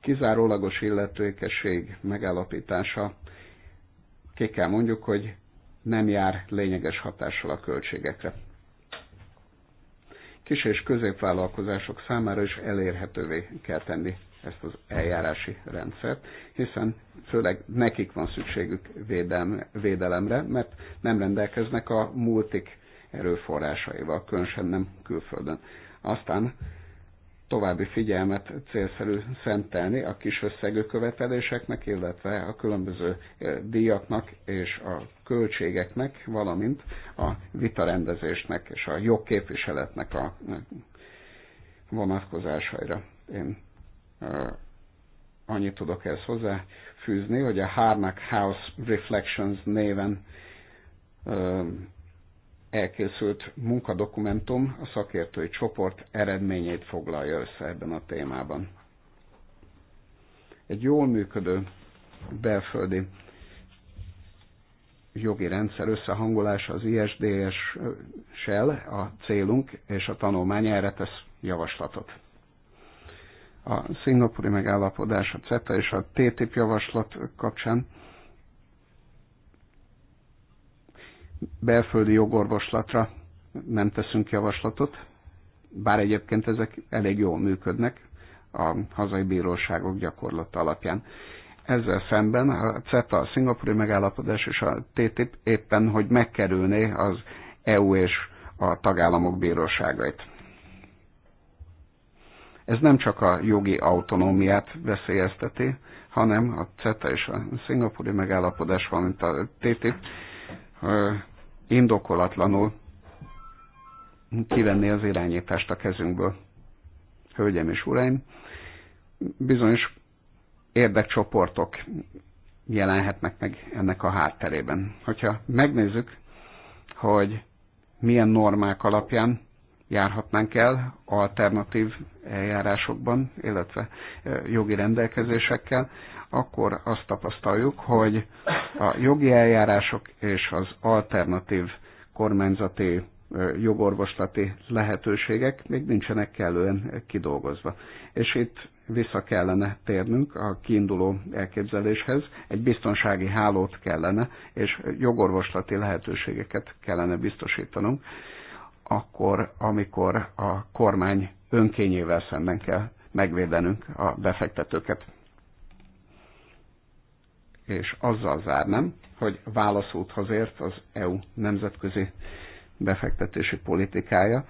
Kizárólagos illetőkesség megállapítása ki kell mondjuk, hogy nem jár lényeges hatással a költségekre. Kis és középvállalkozások számára is elérhetővé kell tenni ezt az eljárási rendszert, hiszen főleg nekik van szükségük védelm, védelemre, mert nem rendelkeznek a multik erőforrásaival, különösen nem külföldön. Aztán további figyelmet célszerű szentelni a kis összegű követeléseknek, illetve a különböző díjaknak és a költségeknek, valamint a vitarendezésnek és a jogképviseletnek a vonatkozásaira. Én annyit tudok ezt hozzáfűzni, hogy a Harnack House Reflections néven elkészült munkadokumentum a szakértői csoport eredményeit foglalja össze ebben a témában. Egy jól működő belföldi jogi rendszer összehangolása az ISDS-sel a célunk, és a tanulmány erre tesz javaslatot. A szingapúri megállapodás, a CETA és a TTIP javaslat kapcsán belföldi jogorvoslatra nem teszünk javaslatot, bár egyébként ezek elég jól működnek a hazai bíróságok gyakorlata alapján. Ezzel szemben a CETA, a szingapúri megállapodás és a TTIP éppen, hogy megkerülné az EU és a tagállamok bíróságait. Ez nem csak a jogi autonómiát veszélyezteti, hanem a CETA és a szingapúri megállapodás, valamint a TTIP indokolatlanul kivenni az irányítást a kezünkből. Hölgyem és uraim, bizonyos érdekcsoportok jelenhetnek meg ennek a hátterében. Hogyha megnézzük, hogy milyen normák alapján járhatnánk el alternatív eljárásokban, illetve jogi rendelkezésekkel, akkor azt tapasztaljuk, hogy a jogi eljárások és az alternatív kormányzati jogorvoslati lehetőségek még nincsenek kellően kidolgozva. És itt vissza kellene térnünk a kiinduló elképzeléshez, egy biztonsági hálót kellene, és jogorvoslati lehetőségeket kellene biztosítanunk, akkor, amikor a kormány önkényével szemben kell megvédenünk a befektetőket és azzal zárnám, hogy válaszúthoz ért az EU nemzetközi befektetési politikája,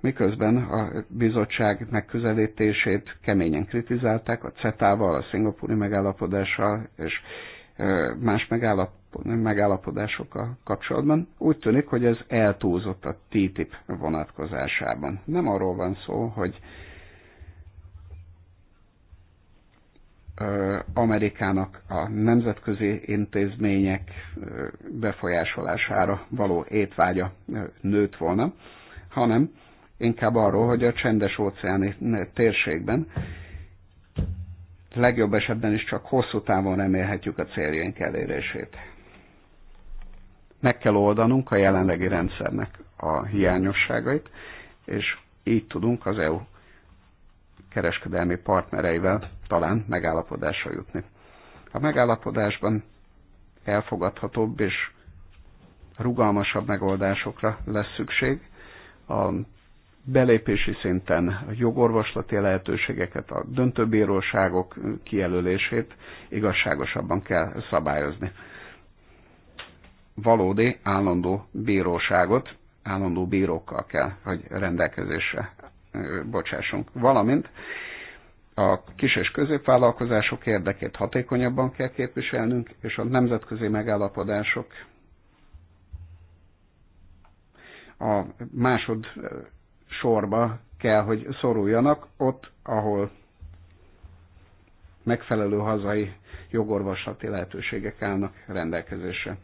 miközben a bizottság megközelítését keményen kritizálták a CETA-val, a szingapúri megállapodással és más megállapodásokkal kapcsolatban. Úgy tűnik, hogy ez eltúlzott a TTIP vonatkozásában. Nem arról van szó, hogy Amerikának a nemzetközi intézmények befolyásolására való étvágya nőtt volna, hanem inkább arról, hogy a csendes óceáni térségben legjobb esetben is csak hosszú távon remélhetjük a céljaink elérését. Meg kell oldanunk a jelenlegi rendszernek a hiányosságait, és így tudunk az EU kereskedelmi partnereivel talán megállapodásra jutni. A megállapodásban elfogadhatóbb és rugalmasabb megoldásokra lesz szükség. A belépési szinten a jogorvoslati lehetőségeket, a döntőbíróságok kijelölését igazságosabban kell szabályozni. Valódi állandó bíróságot, állandó bírókkal kell, hogy rendelkezésre bocsássunk. Valamint a kis és középvállalkozások érdekét hatékonyabban kell képviselnünk, és a nemzetközi megállapodások a másod sorba kell, hogy szoruljanak ott, ahol megfelelő hazai jogorvoslati lehetőségek állnak rendelkezésre.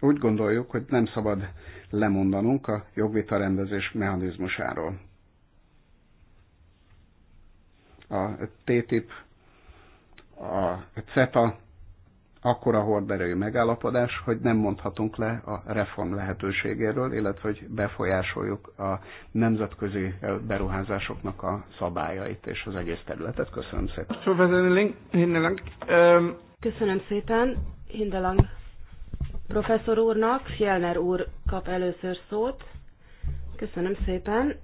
Úgy gondoljuk, hogy nem szabad lemondanunk a jogvita rendezés mechanizmusáról. A TTIP, a CETA akkora horderejű megállapodás, hogy nem mondhatunk le a reform lehetőségéről, illetve hogy befolyásoljuk a nemzetközi beruházásoknak a szabályait és az egész területet. Köszönöm szépen. Köszönöm szépen, Hindelang professzor úrnak. Fjellner úr kap először szót. Köszönöm szépen.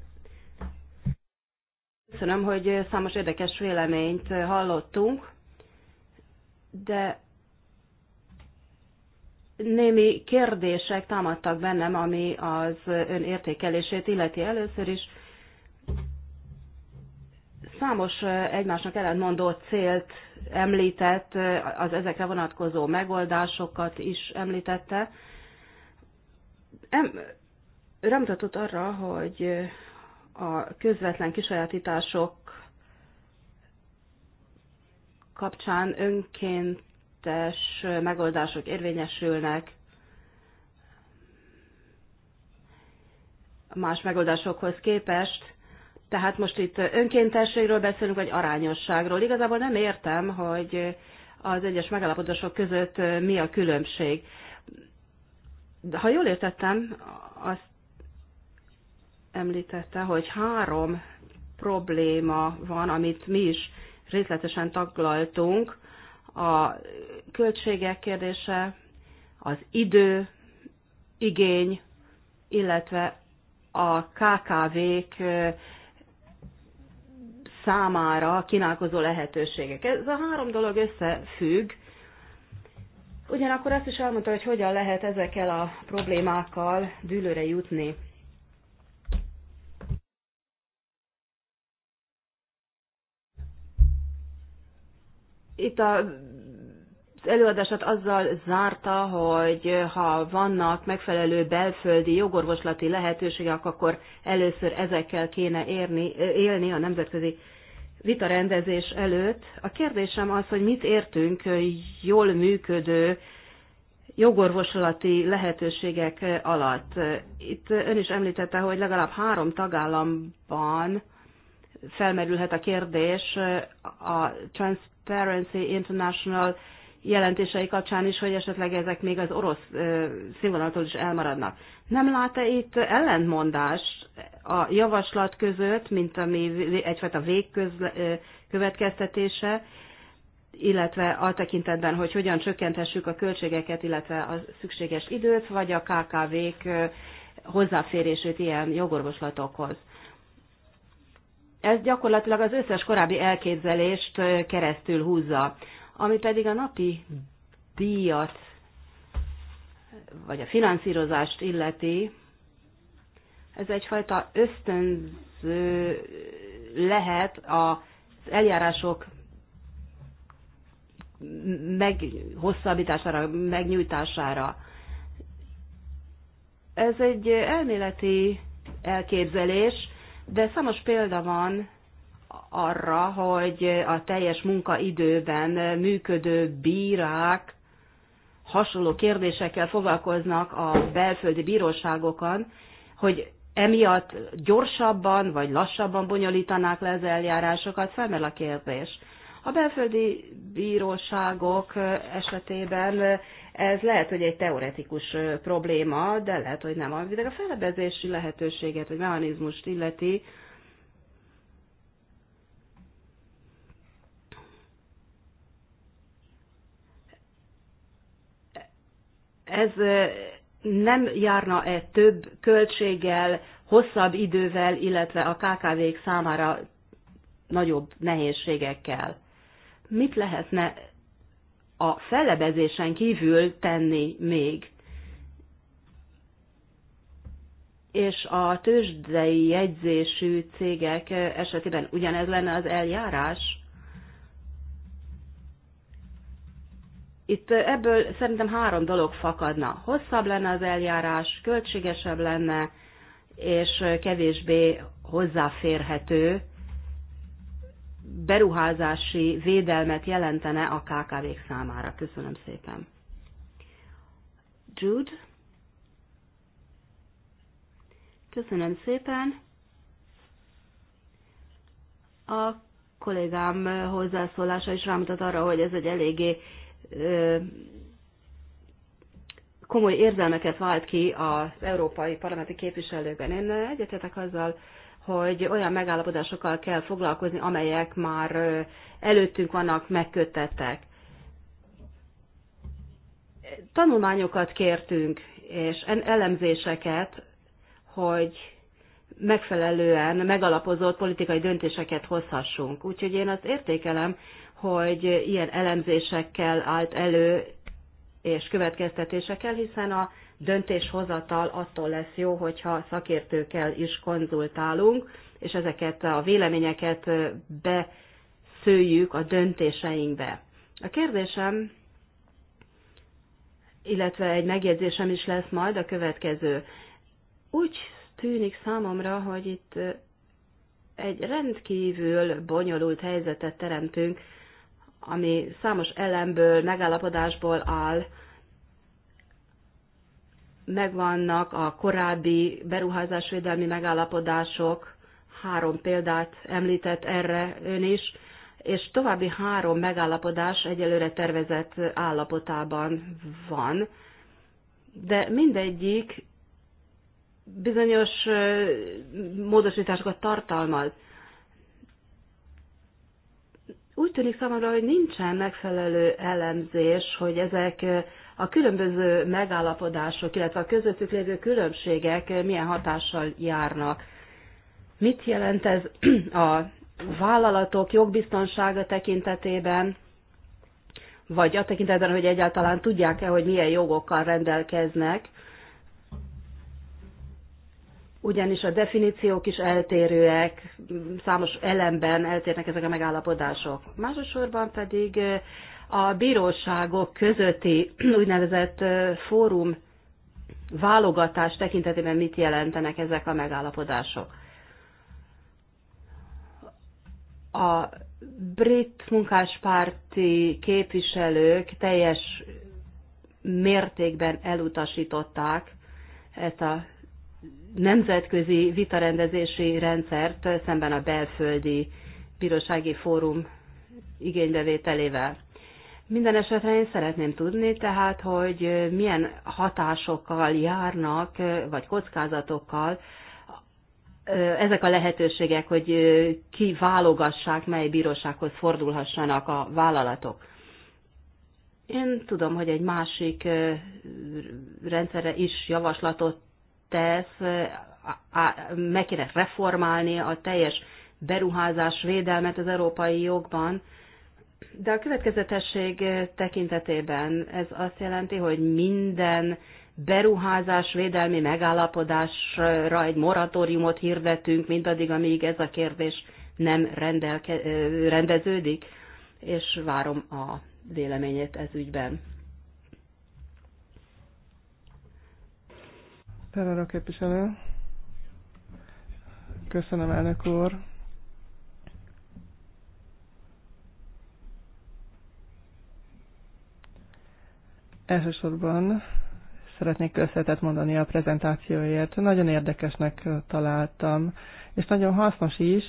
Köszönöm, hogy számos érdekes véleményt hallottunk, de némi kérdések támadtak bennem, ami az ön értékelését illeti először is számos egymásnak ellentmondó célt említett, az ezekre vonatkozó megoldásokat is említette. Remutatott rámutatott arra, hogy a közvetlen kisajátítások kapcsán önkéntes megoldások érvényesülnek, más megoldásokhoz képest, tehát most itt önkéntességről beszélünk, vagy arányosságról. Igazából nem értem, hogy az egyes megállapodások között mi a különbség. De ha jól értettem, azt említette, hogy három probléma van, amit mi is részletesen taglaltunk. A költségek kérdése, az idő, igény, illetve a KKV-k számára kínálkozó lehetőségek. Ez a három dolog összefügg, ugyanakkor azt is elmondta, hogy hogyan lehet ezekkel a problémákkal dűlőre jutni. Itt a az előadását azzal zárta, hogy ha vannak megfelelő belföldi jogorvoslati lehetőségek, akkor először ezekkel kéne érni, élni a nemzetközi vitarendezés előtt. A kérdésem az, hogy mit értünk jól működő jogorvosolati lehetőségek alatt. Itt ön is említette, hogy legalább három tagállamban felmerülhet a kérdés a Transparency International jelentései kapcsán is, hogy esetleg ezek még az orosz színvonaltól is elmaradnak. Nem lát-e itt ellentmondást a javaslat között, mint ami egyfajta végkövetkeztetése, illetve a tekintetben, hogy hogyan csökkenthessük a költségeket, illetve a szükséges időt, vagy a KKV-k hozzáférését ilyen jogorvoslatokhoz. Ez gyakorlatilag az összes korábbi elképzelést keresztül húzza. Ami pedig a napi díjat, vagy a finanszírozást illeti, ez egyfajta ösztönző lehet az eljárások meghosszabbítására, megnyújtására. Ez egy elméleti elképzelés, de számos példa van arra, hogy a teljes munkaidőben működő bírák hasonló kérdésekkel foglalkoznak a belföldi bíróságokon, hogy emiatt gyorsabban vagy lassabban bonyolítanák le az eljárásokat, felmerül a kérdés. A belföldi bíróságok esetében ez lehet, hogy egy teoretikus probléma, de lehet, hogy nem. Amíg a felebezési lehetőséget vagy mechanizmust illeti, ez nem járna-e több költséggel, hosszabb idővel, illetve a KKV-k számára nagyobb nehézségekkel? Mit lehetne a fellebezésen kívül tenni még? És a tőzsdei jegyzésű cégek esetében ugyanez lenne az eljárás? Itt ebből szerintem három dolog fakadna. Hosszabb lenne az eljárás, költségesebb lenne, és kevésbé hozzáférhető beruházási védelmet jelentene a KKV-k számára. Köszönöm szépen. Jude? Köszönöm szépen. A kollégám hozzászólása is rámutat arra, hogy ez egy eléggé komoly érzelmeket vált ki az európai parlamenti képviselőkben. Én egyetetek azzal, hogy olyan megállapodásokkal kell foglalkozni, amelyek már előttünk vannak, megkötettek. Tanulmányokat kértünk, és elemzéseket, hogy megfelelően megalapozott politikai döntéseket hozhassunk. Úgyhogy én azt értékelem, hogy ilyen elemzésekkel állt elő és következtetésekkel, hiszen a döntéshozatal attól lesz jó, hogyha szakértőkkel is konzultálunk, és ezeket a véleményeket beszőjük a döntéseinkbe. A kérdésem, illetve egy megjegyzésem is lesz majd a következő. Úgy tűnik számomra, hogy itt egy rendkívül bonyolult helyzetet teremtünk ami számos elemből, megállapodásból áll, megvannak a korábbi beruházásvédelmi megállapodások, három példát említett erre ön is, és további három megállapodás egyelőre tervezett állapotában van, de mindegyik bizonyos módosításokat tartalmaz. Úgy tűnik számomra, hogy nincsen megfelelő elemzés, hogy ezek eh, a különböző megállapodások, illetve a közöttük lévő különbségek eh, milyen hatással járnak. Mit jelent ez a vállalatok jogbiztonsága tekintetében, vagy a tekintetben, hogy egyáltalán tudják-e, hogy milyen jogokkal rendelkeznek, ugyanis a definíciók is eltérőek, számos elemben eltérnek ezek a megállapodások. Másosorban pedig a bíróságok közötti úgynevezett fórum válogatás tekintetében mit jelentenek ezek a megállapodások. A brit munkáspárti képviselők teljes mértékben elutasították ezt a nemzetközi vitarendezési rendszert szemben a belföldi bírósági fórum igénybevételével. Minden esetre én szeretném tudni tehát, hogy milyen hatásokkal járnak, vagy kockázatokkal ezek a lehetőségek, hogy ki válogassák mely bírósághoz fordulhassanak a vállalatok. Én tudom, hogy egy másik rendszerre is javaslatot tesz, meg kéne reformálni a teljes beruházás védelmet az európai jogban, de a következetesség tekintetében ez azt jelenti, hogy minden beruházás védelmi megállapodásra egy moratóriumot hirdetünk, mindaddig, amíg ez a kérdés nem rendelke, rendeződik, és várom a véleményét ez ügyben. Ferrara képviselő. Köszönöm, elnök úr. Elsősorban szeretnék köszönetet mondani a prezentációért. Nagyon érdekesnek találtam, és nagyon hasznos is,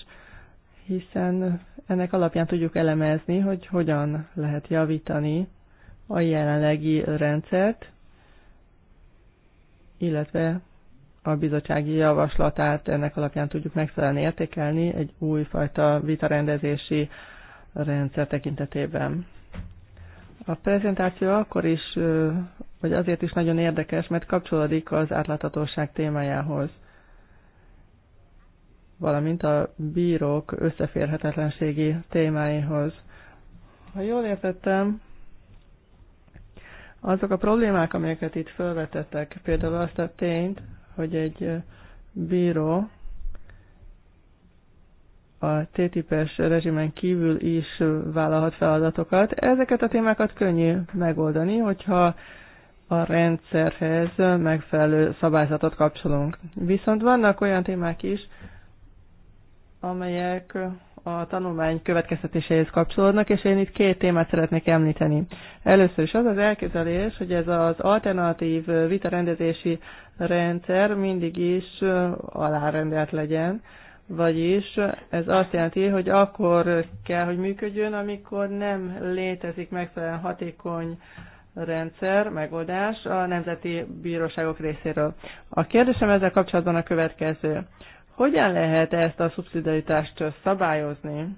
hiszen ennek alapján tudjuk elemezni, hogy hogyan lehet javítani a jelenlegi rendszert, illetve a bizottsági javaslatát ennek alapján tudjuk megfelelően értékelni egy újfajta vitarendezési rendszer tekintetében. A prezentáció akkor is, vagy azért is nagyon érdekes, mert kapcsolódik az átláthatóság témájához, valamint a bírók összeférhetetlenségi témáihoz. Ha jól értettem, azok a problémák, amelyeket itt felvetettek, például azt a tényt, hogy egy bíró a TTIP-es rezsimen kívül is vállalhat feladatokat. Ezeket a témákat könnyű megoldani, hogyha a rendszerhez megfelelő szabályzatot kapcsolunk. Viszont vannak olyan témák is, amelyek a tanulmány következtetéséhez kapcsolódnak, és én itt két témát szeretnék említeni. Először is az az elképzelés, hogy ez az alternatív vitarendezési rendszer mindig is alárendelt legyen, vagyis ez azt jelenti, hogy akkor kell, hogy működjön, amikor nem létezik megfelelően hatékony rendszer, megoldás a nemzeti bíróságok részéről. A kérdésem ezzel kapcsolatban a következő. Hogyan lehet ezt a szubszidaritást szabályozni?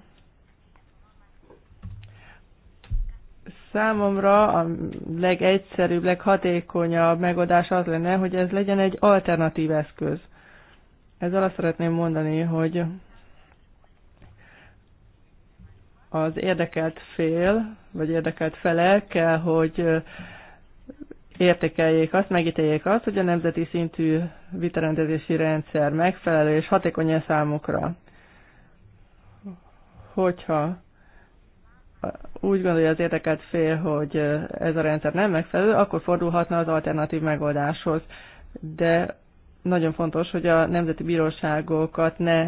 Számomra a legegyszerűbb, leghatékonyabb megoldás az lenne, hogy ez legyen egy alternatív eszköz. Ezzel azt szeretném mondani, hogy az érdekelt fél, vagy érdekelt felel kell, hogy értékeljék azt, megítéljék azt, hogy a nemzeti szintű vitarendezési rendszer megfelelő és hatékony a számukra. Hogyha úgy gondolja az érdekelt fél, hogy ez a rendszer nem megfelelő, akkor fordulhatna az alternatív megoldáshoz. De nagyon fontos, hogy a nemzeti bíróságokat ne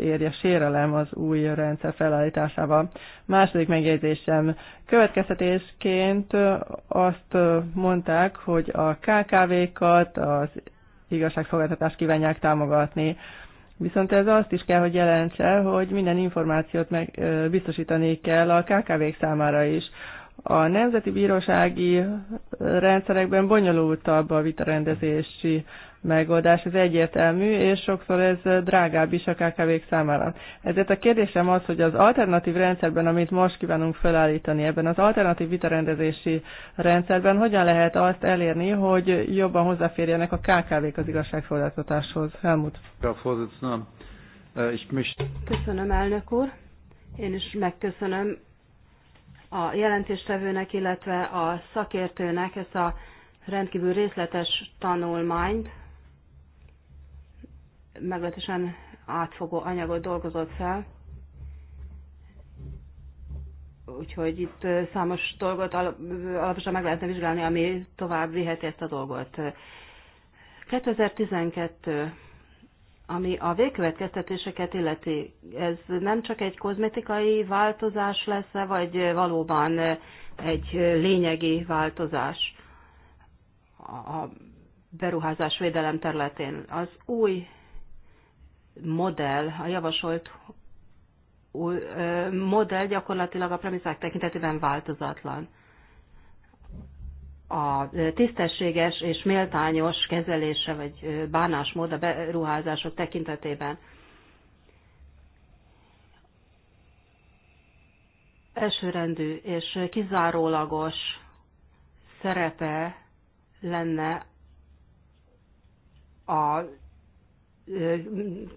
érje sérelem az új rendszer felállításával. Második megjegyzésem. Következtetésként azt mondták, hogy a KKV-kat, az igazságszolgáltatást kívánják támogatni. Viszont ez azt is kell, hogy jelentse, hogy minden információt meg, biztosítani kell a KKV-k számára is. A nemzeti bírósági rendszerekben bonyolultabb a vitarendezési megoldás, ez egyértelmű, és sokszor ez drágább is a kkv számára. Ezért a kérdésem az, hogy az alternatív rendszerben, amit most kívánunk felállítani, ebben az alternatív vitarendezési rendszerben hogyan lehet azt elérni, hogy jobban hozzáférjenek a KKV-k az igazságszolgáltatáshoz? Helmut. Äh, Köszönöm, elnök úr. Én is megköszönöm a jelentéstevőnek, illetve a szakértőnek ezt a rendkívül részletes tanulmányt, meglehetősen átfogó anyagot dolgozott fel. Úgyhogy itt számos dolgot alaposan meg lehetne vizsgálni, ami tovább viheti ezt a dolgot. 2012 ami a végkövetkeztetéseket illeti, ez nem csak egy kozmetikai változás lesz -e, vagy valóban egy lényegi változás a beruházás védelem területén? Az új modell, a javasolt új modell gyakorlatilag a premisszák tekintetében változatlan. A tisztességes és méltányos kezelése vagy bánásmód a beruházások tekintetében. Elsőrendű és kizárólagos szerepe lenne a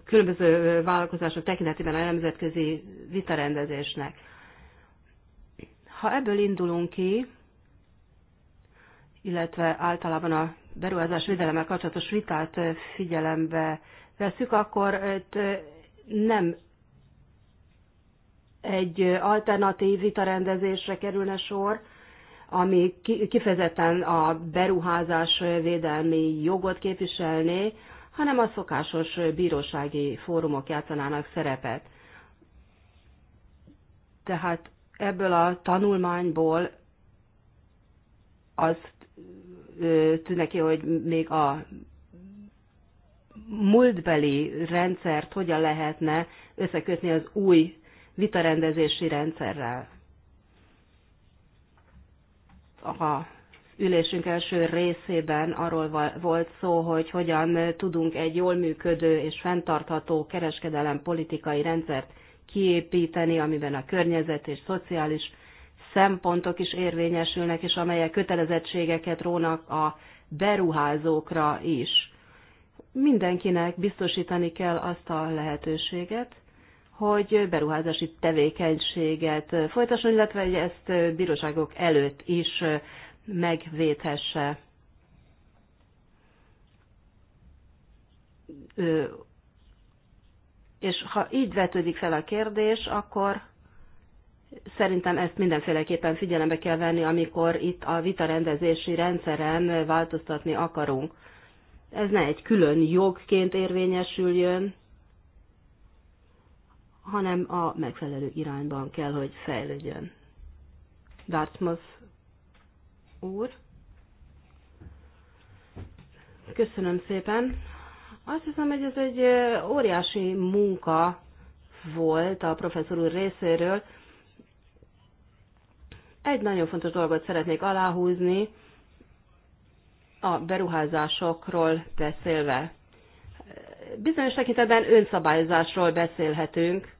különböző vállalkozások tekintetében a nemzetközi vitarendezésnek. Ha ebből indulunk ki, illetve általában a beruházás védelemmel kapcsolatos vitát figyelembe veszük, akkor nem egy alternatív vitarendezésre kerülne sor, ami kifejezetten a beruházás védelmi jogot képviselné, hanem a szokásos bírósági fórumok játszanának szerepet. Tehát ebből a tanulmányból az tűnik ki, hogy még a múltbeli rendszert hogyan lehetne összekötni az új vitarendezési rendszerrel. Aha ülésünk első részében arról volt szó, hogy hogyan tudunk egy jól működő és fenntartható kereskedelem politikai rendszert kiépíteni, amiben a környezet és szociális szempontok is érvényesülnek, és amelyek kötelezettségeket rónak a beruházókra is. Mindenkinek biztosítani kell azt a lehetőséget, hogy beruházási tevékenységet folytasson, illetve hogy ezt bíróságok előtt is megvédhesse és ha így vetődik fel a kérdés, akkor szerintem ezt mindenféleképpen figyelembe kell venni, amikor itt a vitarendezési rendszeren változtatni akarunk. Ez ne egy külön jogként érvényesüljön, hanem a megfelelő irányban kell, hogy fejlődjön. Dartmouth úr. Köszönöm szépen. Azt hiszem, hogy ez egy óriási munka volt a professzor úr részéről. Egy nagyon fontos dolgot szeretnék aláhúzni a beruházásokról beszélve. Bizonyos tekintetben önszabályozásról beszélhetünk,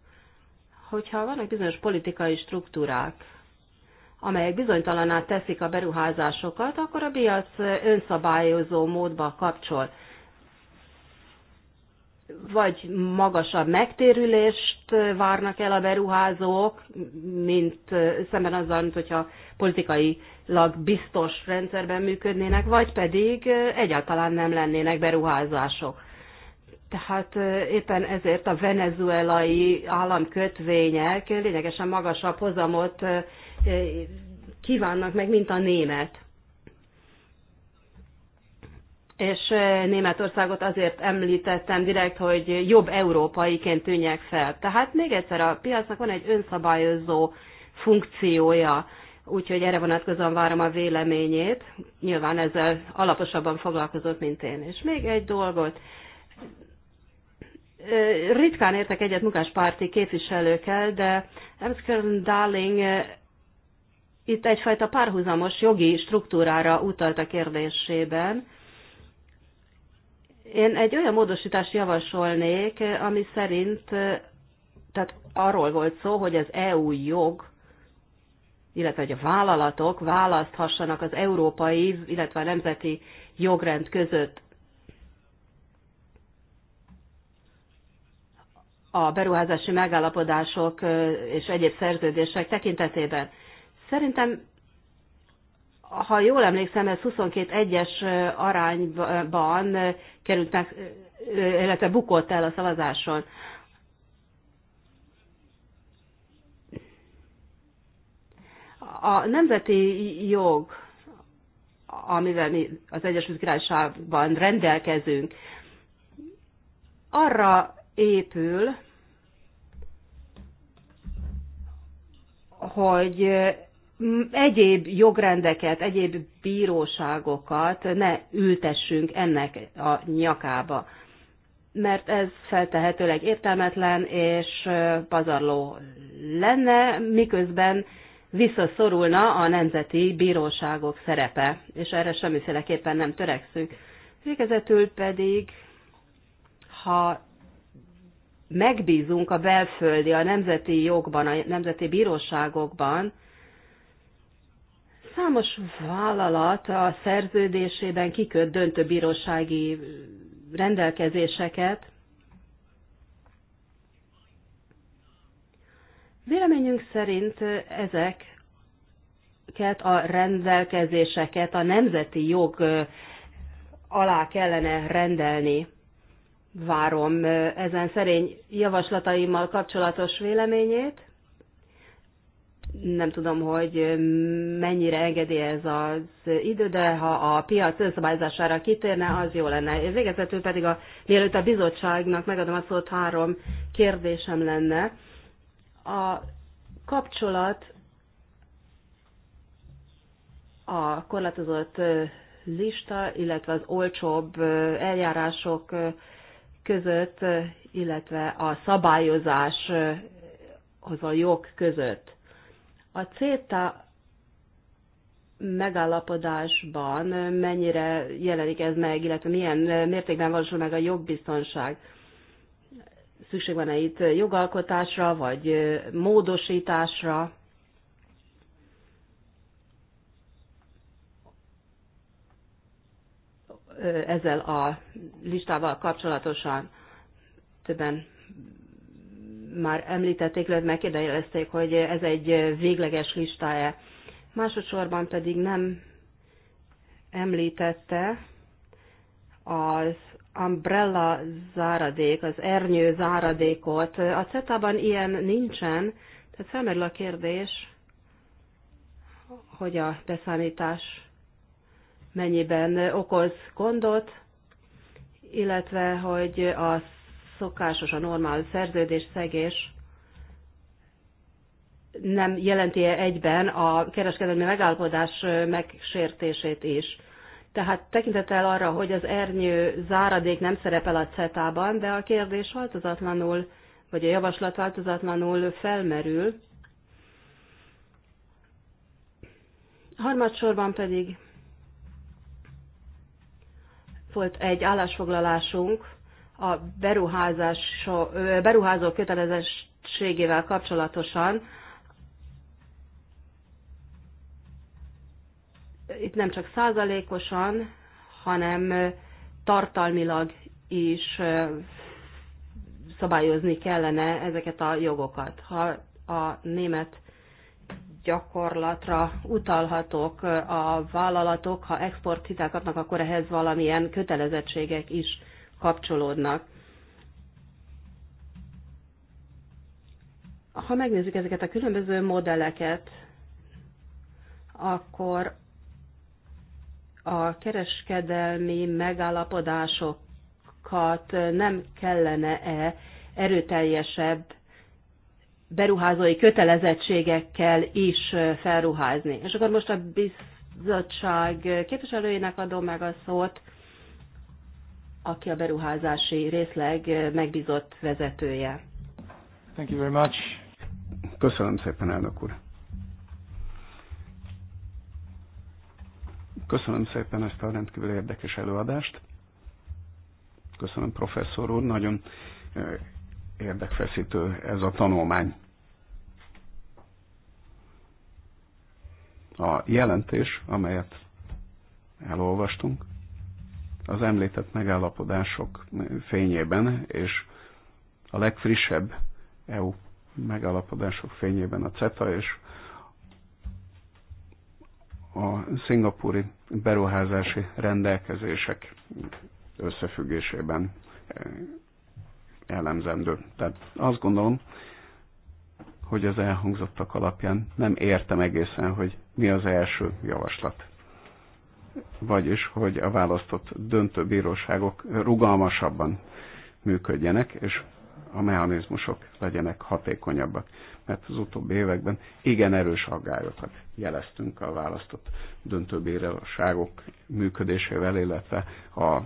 hogyha vannak bizonyos politikai struktúrák, amelyek bizonytalaná teszik a beruházásokat, akkor a piac önszabályozó módba kapcsol. Vagy magasabb megtérülést várnak el a beruházók, mint szemben azzal, mint hogyha politikailag biztos rendszerben működnének, vagy pedig egyáltalán nem lennének beruházások. Tehát éppen ezért a venezuelai államkötvények lényegesen magasabb hozamot kívánnak meg, mint a német. És Németországot azért említettem direkt, hogy jobb európaiként tűnjek fel. Tehát még egyszer, a piacnak van egy önszabályozó funkciója, úgyhogy erre vonatkozóan várom a véleményét. Nyilván ezzel alaposabban foglalkozott, mint én. És még egy dolgot. Ritkán értek egyet munkáspárti képviselőkkel, de Amskern Darling itt egyfajta párhuzamos jogi struktúrára utalt a kérdésében. Én egy olyan módosítást javasolnék, ami szerint, tehát arról volt szó, hogy az EU jog, illetve hogy a vállalatok választhassanak az európai, illetve a nemzeti jogrend között. a beruházási megállapodások és egyéb szerződések tekintetében. Szerintem, ha jól emlékszem, ez 22 egyes arányban került meg, illetve bukott el a szavazáson. A nemzeti jog, amivel mi az Egyesült Királyságban rendelkezünk, arra épül, hogy egyéb jogrendeket, egyéb bíróságokat ne ültessünk ennek a nyakába, mert ez feltehetőleg értelmetlen és pazarló lenne, miközben visszaszorulna a nemzeti bíróságok szerepe, és erre semmiféleképpen nem törekszünk. Végezetül pedig, ha megbízunk a belföldi, a nemzeti jogban, a nemzeti bíróságokban, Számos vállalat a szerződésében kiköt döntő bírósági rendelkezéseket. Véleményünk szerint ezeket a rendelkezéseket a nemzeti jog alá kellene rendelni. Várom ezen szerény javaslataimmal kapcsolatos véleményét nem tudom, hogy mennyire ez az idő, de ha a piac önszabályozására kitérne, az jó lenne. Végezetül pedig a, mielőtt a bizottságnak megadom a szót, három kérdésem lenne. A kapcsolat a korlátozott lista, illetve az olcsóbb eljárások között, illetve a szabályozáshoz a jog között a CETA megállapodásban mennyire jelenik ez meg, illetve milyen mértékben valósul meg a jogbiztonság? Szükség van-e itt jogalkotásra, vagy módosításra? ezzel a listával kapcsolatosan többen már említették, illetve megkérdezték, hogy ez egy végleges listája. Másodszorban pedig nem említette az umbrella záradék, az ernyő záradékot. A CETA-ban ilyen nincsen, tehát felmerül a kérdés, hogy a beszámítás mennyiben okoz gondot, illetve hogy az szokásos, a normál szerződés szegés, nem jelenti -e egyben a kereskedelmi megállapodás megsértését is. Tehát tekintettel arra, hogy az ernyő záradék nem szerepel a CETA-ban, de a kérdés változatlanul, vagy a javaslat változatlanul felmerül. Harmadsorban pedig volt egy állásfoglalásunk a beruházó kötelezettségével kapcsolatosan itt nem csak százalékosan, hanem tartalmilag is szabályozni kellene ezeket a jogokat. Ha a német gyakorlatra utalhatok a vállalatok, ha exporthitelt kapnak, akkor ehhez valamilyen kötelezettségek is kapcsolódnak. Ha megnézzük ezeket a különböző modelleket, akkor a kereskedelmi megállapodásokat nem kellene-e erőteljesebb beruházói kötelezettségekkel is felruházni. És akkor most a bizottság képviselőjének adom meg a szót, aki a beruházási részleg megbízott vezetője. Thank you very much. Köszönöm szépen, elnök úr. Köszönöm szépen ezt a rendkívül érdekes előadást. Köszönöm, professzor úr, nagyon érdekfeszítő ez a tanulmány. A jelentés, amelyet elolvastunk, az említett megállapodások fényében, és a legfrissebb EU megállapodások fényében a CETA és a szingapúri beruházási rendelkezések összefüggésében elemzendő. Eh, Tehát azt gondolom, hogy az elhangzottak alapján nem értem egészen, hogy mi az első javaslat vagyis hogy a választott döntőbíróságok rugalmasabban működjenek, és a mechanizmusok legyenek hatékonyabbak. Mert az utóbbi években igen erős aggályokat jeleztünk a választott döntőbíróságok működésével, illetve a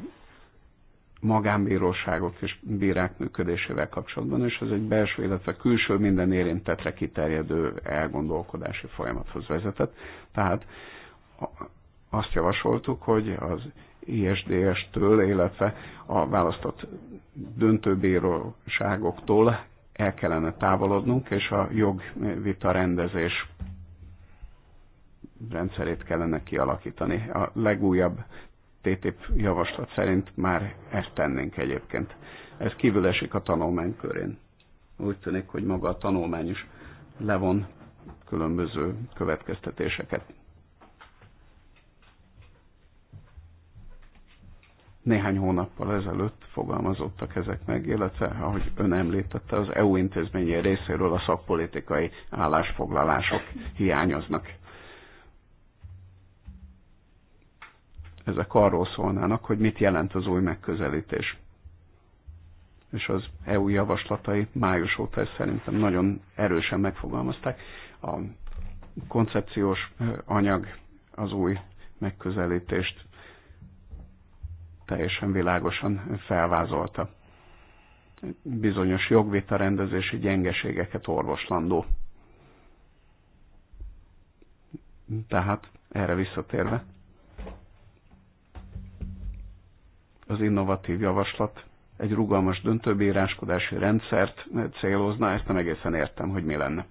magánbíróságok és bírák működésével kapcsolatban, és ez egy belső, illetve külső minden érintetre kiterjedő elgondolkodási folyamathoz vezetett. Tehát azt javasoltuk, hogy az ISDS-től, illetve a választott döntőbíróságoktól el kellene távolodnunk, és a jogvita rendezés rendszerét kellene kialakítani. A legújabb TTIP javaslat szerint már ezt tennénk egyébként. Ez kívül esik a tanulmány körén. Úgy tűnik, hogy maga a tanulmány is levon különböző következtetéseket. néhány hónappal ezelőtt fogalmazottak ezek meg, illetve, ahogy ön említette, az EU intézményi részéről a szakpolitikai állásfoglalások hiányoznak. Ezek arról szólnának, hogy mit jelent az új megközelítés. És az EU javaslatai május óta ezt szerintem nagyon erősen megfogalmazták. A koncepciós anyag az új megközelítést teljesen világosan felvázolta. Bizonyos jogvita rendezési gyengeségeket orvoslandó. Tehát erre visszatérve, az innovatív javaslat egy rugalmas döntőbíráskodási rendszert célozna, ezt nem egészen értem, hogy mi lenne.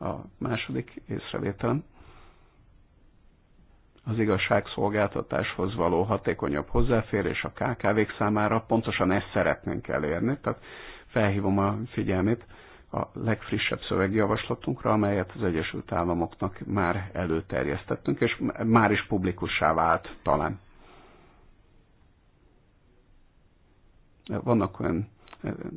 A második észrevételem az igazságszolgáltatáshoz való hatékonyabb hozzáférés a KKV-k számára, pontosan ezt szeretnénk elérni, tehát felhívom a figyelmét a legfrissebb szövegjavaslatunkra, amelyet az Egyesült Államoknak már előterjesztettünk, és már is publikussá vált talán. Vannak olyan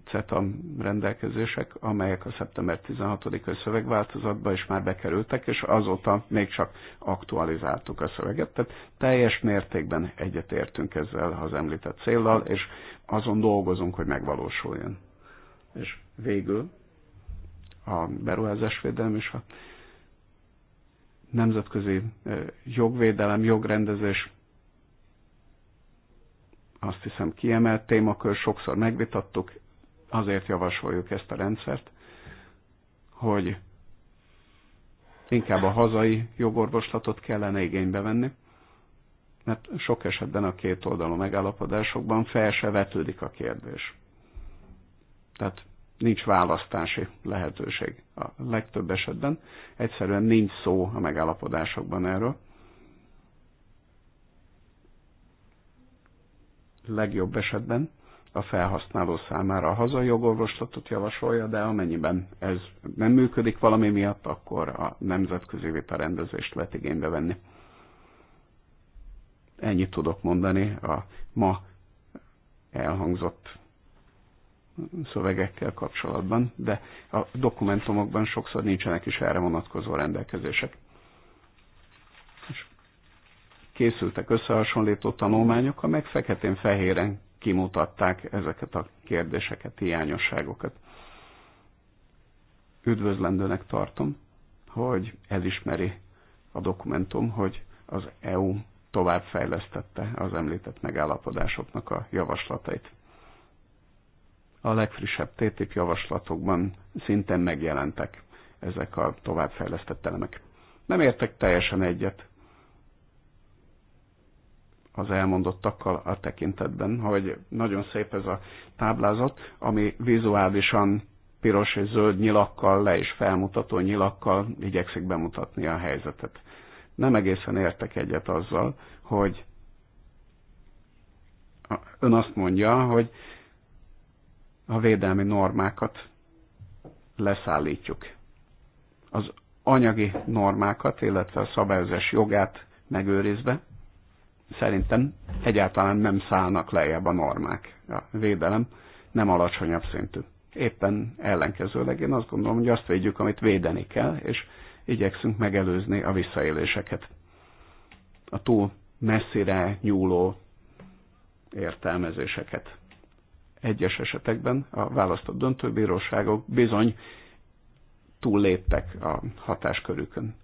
CETA rendelkezések, amelyek a szeptember 16-ai szövegváltozatba is már bekerültek, és azóta még csak aktualizáltuk a szöveget. Tehát teljes mértékben egyetértünk ezzel az említett céllal, és azon dolgozunk, hogy megvalósuljon. És végül a beruházásvédelem és a nemzetközi eh, jogvédelem, jogrendezés azt hiszem kiemelt témakör, sokszor megvitattuk, azért javasoljuk ezt a rendszert, hogy inkább a hazai jogorvoslatot kellene igénybe venni, mert sok esetben a két oldalú megállapodásokban fel se vetődik a kérdés. Tehát nincs választási lehetőség a legtöbb esetben. Egyszerűen nincs szó a megállapodásokban erről. legjobb esetben a felhasználó számára a hazai jogorvoslatot javasolja, de amennyiben ez nem működik valami miatt, akkor a nemzetközi vitarendezést lehet igénybe venni. Ennyit tudok mondani a ma elhangzott szövegekkel kapcsolatban, de a dokumentumokban sokszor nincsenek is erre vonatkozó rendelkezések készültek összehasonlító tanulmányok, amelyek feketén-fehéren kimutatták ezeket a kérdéseket, hiányosságokat. Üdvözlendőnek tartom, hogy elismeri a dokumentum, hogy az EU továbbfejlesztette az említett megállapodásoknak a javaslatait. A legfrissebb TTIP javaslatokban szintén megjelentek ezek a továbbfejlesztett elemek. Nem értek teljesen egyet az elmondottakkal a tekintetben, hogy nagyon szép ez a táblázat, ami vizuálisan piros és zöld nyilakkal, le is felmutató nyilakkal igyekszik bemutatni a helyzetet. Nem egészen értek egyet azzal, hogy ön azt mondja, hogy a védelmi normákat leszállítjuk. Az anyagi normákat, illetve a szabályozás jogát megőrizve, szerintem egyáltalán nem szállnak lejjebb a normák. A védelem nem alacsonyabb szintű. Éppen ellenkezőleg én azt gondolom, hogy azt védjük, amit védeni kell, és igyekszünk megelőzni a visszaéléseket. A túl messzire nyúló értelmezéseket. Egyes esetekben a választott döntőbíróságok bizony túlléptek a hatáskörükön,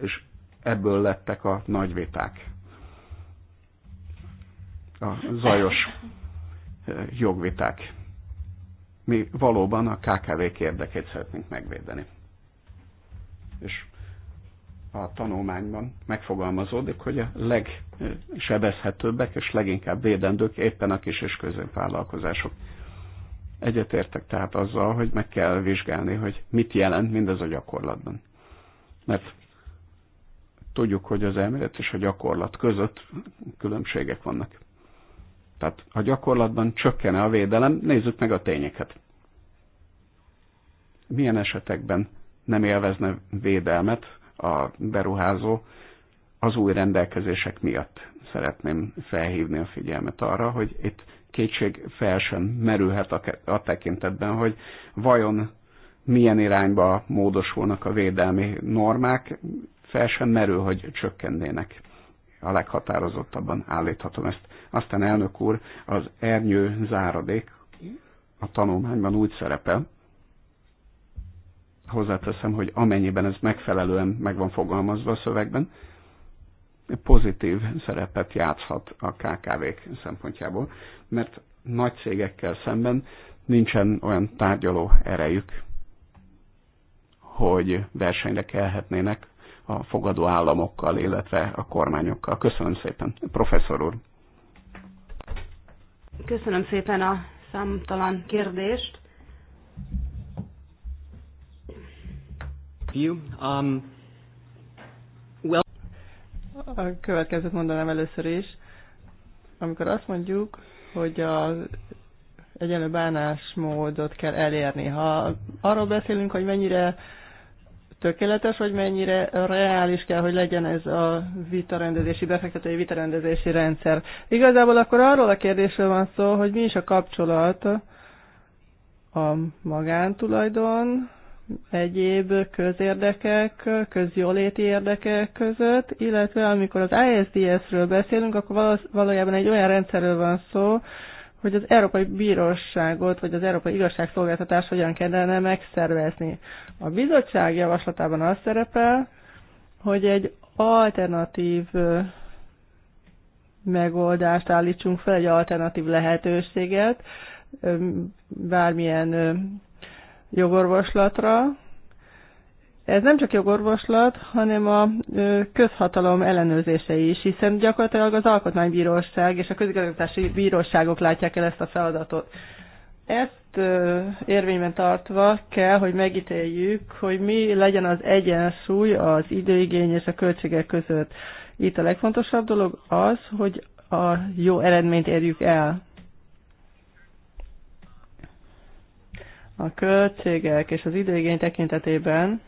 és ebből lettek a nagy viták a zajos jogviták. Mi valóban a KKV-k érdekét szeretnénk megvédeni. És a tanulmányban megfogalmazódik, hogy a legsebezhetőbbek és leginkább védendők éppen a kis és középvállalkozások. Egyetértek tehát azzal, hogy meg kell vizsgálni, hogy mit jelent mindez a gyakorlatban. Mert tudjuk, hogy az elmélet és a gyakorlat között különbségek vannak. Tehát a gyakorlatban csökkene a védelem, nézzük meg a tényeket. Milyen esetekben nem élvezne védelmet a beruházó az új rendelkezések miatt? Szeretném felhívni a figyelmet arra, hogy itt kétség fel sem merülhet a tekintetben, hogy vajon milyen irányba módosulnak a védelmi normák, fel sem merül, hogy csökkennének. A leghatározottabban állíthatom ezt. Aztán elnök úr, az ernyő záradék a tanulmányban úgy szerepel, hozzáteszem, hogy amennyiben ez megfelelően meg van fogalmazva a szövegben, pozitív szerepet játszhat a KKV-k szempontjából, mert nagy cégekkel szemben nincsen olyan tárgyaló erejük, hogy versenyre kelhetnének a fogadó államokkal, illetve a kormányokkal. Köszönöm szépen, professzor úr! Köszönöm szépen a számtalan kérdést. You, um, well... A következőt mondanám először is. Amikor azt mondjuk, hogy az egyenlő bánásmódot kell elérni. Ha arról beszélünk, hogy mennyire tökéletes, hogy mennyire reális kell, hogy legyen ez a vitarendezési, befektetői vitarendezési rendszer. Igazából akkor arról a kérdésről van szó, hogy mi is a kapcsolat a magántulajdon, egyéb közérdekek, közjóléti érdekek között, illetve amikor az ISDS-ről beszélünk, akkor valójában egy olyan rendszerről van szó, hogy az Európai Bíróságot, vagy az Európai Igazságszolgáltatás hogyan kellene megszervezni. A bizottság javaslatában az szerepel, hogy egy alternatív megoldást állítsunk fel, egy alternatív lehetőséget bármilyen jogorvoslatra, ez nem csak jogorvoslat, hanem a közhatalom ellenőrzése is, hiszen gyakorlatilag az Alkotmánybíróság és a közigazgatási bíróságok látják el ezt a feladatot. Ezt érvényben tartva kell, hogy megítéljük, hogy mi legyen az egyensúly az időigény és a költségek között. Itt a legfontosabb dolog az, hogy a jó eredményt érjük el. A költségek és az időigény tekintetében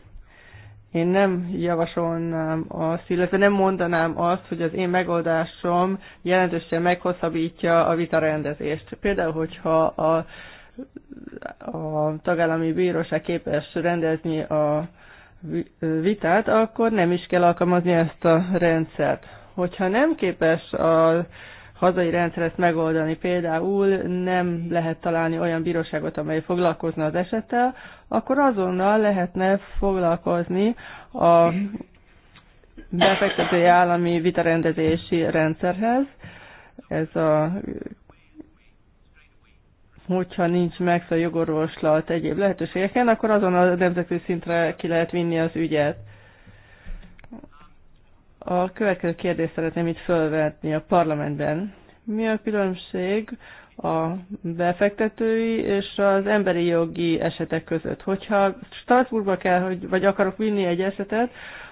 én nem javasolnám azt, illetve nem mondanám azt, hogy az én megoldásom jelentősen meghosszabbítja a vitarendezést. Például, hogyha a, a tagállami bíróság képes rendezni a vitát, akkor nem is kell alkalmazni ezt a rendszert. Hogyha nem képes a hazai rendszer ezt megoldani. Például nem lehet találni olyan bíróságot, amely foglalkozna az esettel, akkor azonnal lehetne foglalkozni a befektetői állami vitarendezési rendszerhez. Ez a hogyha nincs a jogorvoslat egyéb lehetőségeken, akkor azon a nemzetközi szintre ki lehet vinni az ügyet. A következő kérdést szeretném itt felvetni a parlamentben. Mi a különbség a befektetői és az emberi jogi esetek között? Hogyha Strasbourgba kell, hogy, vagy akarok vinni egy esetet,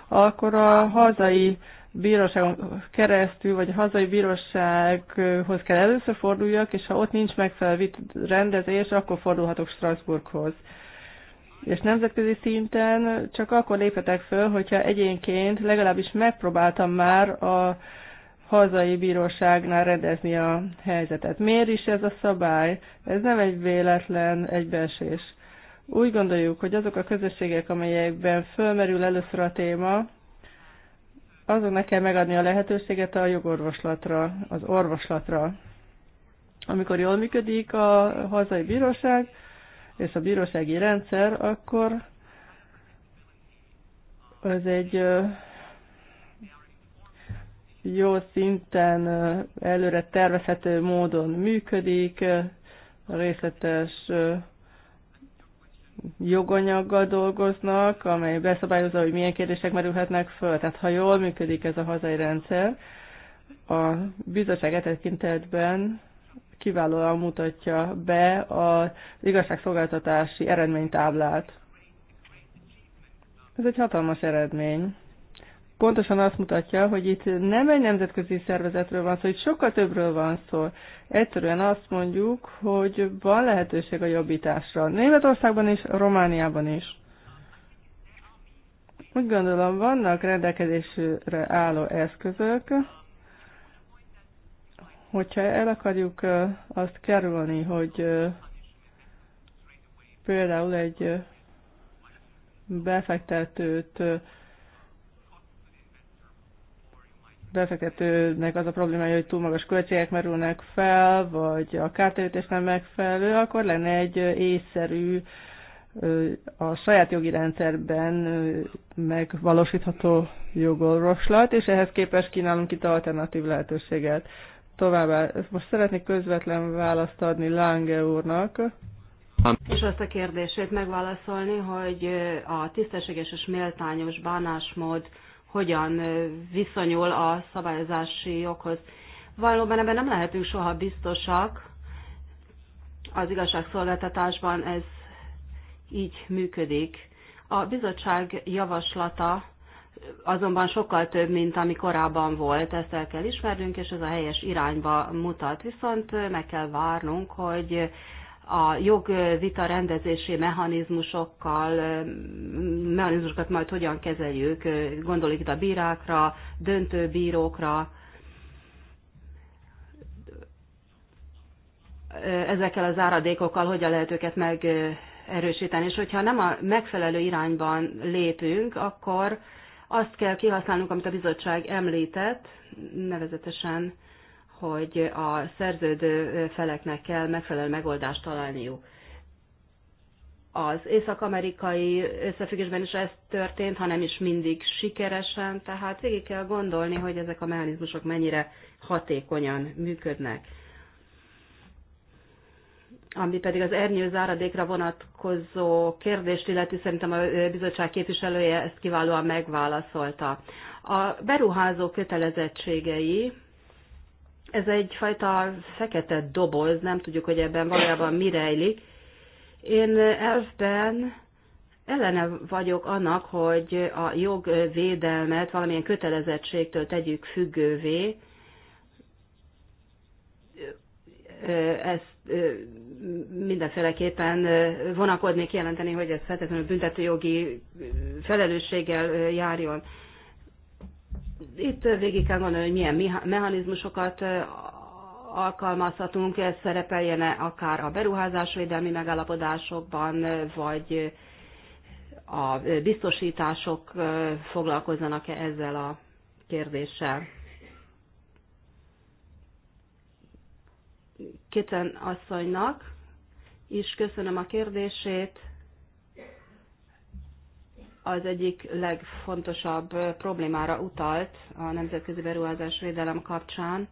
akkor a hazai bíróságon keresztül, vagy a hazai bírósághoz kell először forduljak, és ha ott nincs megfelelő rendezés, akkor fordulhatok Strasbourghoz és nemzetközi szinten csak akkor léphetek föl, hogyha egyénként legalábbis megpróbáltam már a hazai bíróságnál rendezni a helyzetet. Miért is ez a szabály? Ez nem egy véletlen egybeesés. Úgy gondoljuk, hogy azok a közösségek, amelyekben fölmerül először a téma, azoknak kell megadni a lehetőséget a jogorvoslatra, az orvoslatra. Amikor jól működik a hazai bíróság, és a bírósági rendszer, akkor az egy jó szinten előre tervezhető módon működik, részletes joganyaggal dolgoznak, amely beszabályozza, hogy milyen kérdések merülhetnek föl. Tehát ha jól működik ez a hazai rendszer, a bizottság e tekintetben kiválóan mutatja be az igazságszolgáltatási eredménytáblát. Ez egy hatalmas eredmény. Pontosan azt mutatja, hogy itt nem egy nemzetközi szervezetről van szó, itt sokkal többről van szó. Egyszerűen azt mondjuk, hogy van lehetőség a jobbításra. Németországban is, Romániában is. Úgy gondolom, vannak rendelkezésre álló eszközök, Hogyha el akarjuk azt kerülni, hogy például egy befektetőt befektetőnek az a problémája, hogy túl magas költségek merülnek fel, vagy a kártérítés nem megfelelő, akkor lenne egy észszerű, a saját jogi rendszerben megvalósítható jogorvoslat, és ehhez képest kínálunk itt alternatív lehetőséget. Továbbá, most szeretnék közvetlen választ adni Lange úrnak. És azt a kérdését megválaszolni, hogy a tisztességes és méltányos bánásmód hogyan viszonyul a szabályozási joghoz. Valóban ebben nem lehetünk soha biztosak. Az igazságszolgáltatásban ez így működik. A bizottság javaslata azonban sokkal több, mint ami korábban volt, ezt el kell ismernünk, és ez a helyes irányba mutat. Viszont meg kell várnunk, hogy a jogvita rendezési mechanizmusokkal, mechanizmusokat majd hogyan kezeljük, gondoljuk itt a bírákra, döntőbírókra, ezekkel az áradékokkal hogyan lehet őket megerősíteni. És hogyha nem a megfelelő irányban lépünk, akkor azt kell kihasználnunk, amit a bizottság említett, nevezetesen, hogy a szerződő feleknek kell megfelelő megoldást találniuk. Az észak-amerikai összefüggésben is ez történt, hanem is mindig sikeresen, tehát végig kell gondolni, hogy ezek a mechanizmusok mennyire hatékonyan működnek ami pedig az ernyő záradékra vonatkozó kérdést illeti, szerintem a bizottság képviselője ezt kiválóan megválaszolta. A beruházó kötelezettségei, ez egyfajta fekete doboz, nem tudjuk, hogy ebben valójában mi rejlik. Én elfben ellene vagyok annak, hogy a jogvédelmet valamilyen kötelezettségtől tegyük függővé, ezt mindenféleképpen vonakodnék jelenteni, hogy ez feltétlenül büntetőjogi felelősséggel járjon. Itt végig kell gondolni, hogy milyen mechanizmusokat alkalmazhatunk, ez szerepeljene akár a beruházásvédelmi megállapodásokban, vagy a biztosítások foglalkozzanak -e ezzel a kérdéssel. Kitten asszonynak, és köszönöm a kérdését. Az egyik legfontosabb problémára utalt a nemzetközi beruházás védelem kapcsán,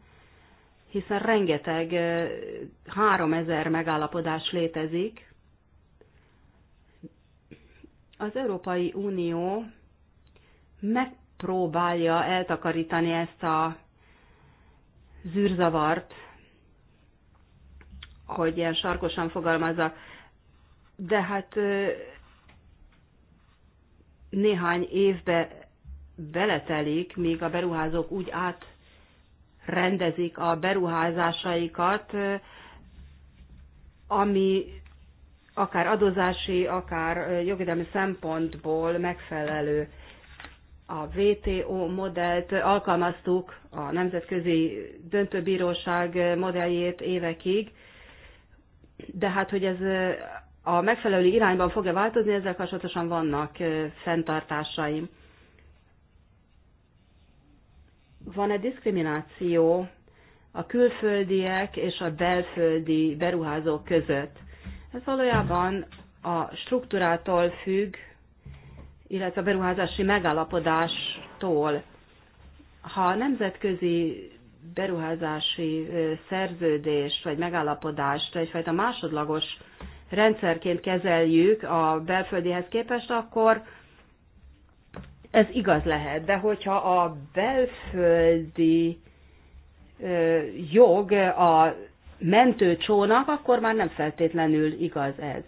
hiszen rengeteg 3000 megállapodás létezik. Az Európai Unió megpróbálja eltakarítani ezt a zűrzavart, hogy ilyen sarkosan fogalmazza, de hát néhány évbe beletelik, míg a beruházók úgy átrendezik a beruházásaikat, ami akár adózási, akár jogvédelmi szempontból megfelelő. A WTO modellt alkalmaztuk, a Nemzetközi Döntőbíróság modelljét évekig, de hát, hogy ez a megfelelő irányban fog-e változni, ezzel kapcsolatosan vannak fenntartásaim. Van-e diszkrimináció a külföldiek és a belföldi beruházók között? Ez valójában a struktúrától függ, illetve a beruházási megállapodástól. Ha nemzetközi beruházási szerződést vagy megállapodást egyfajta másodlagos rendszerként kezeljük a belföldihez képest, akkor ez igaz lehet. De hogyha a belföldi jog a mentőcsónak, akkor már nem feltétlenül igaz ez.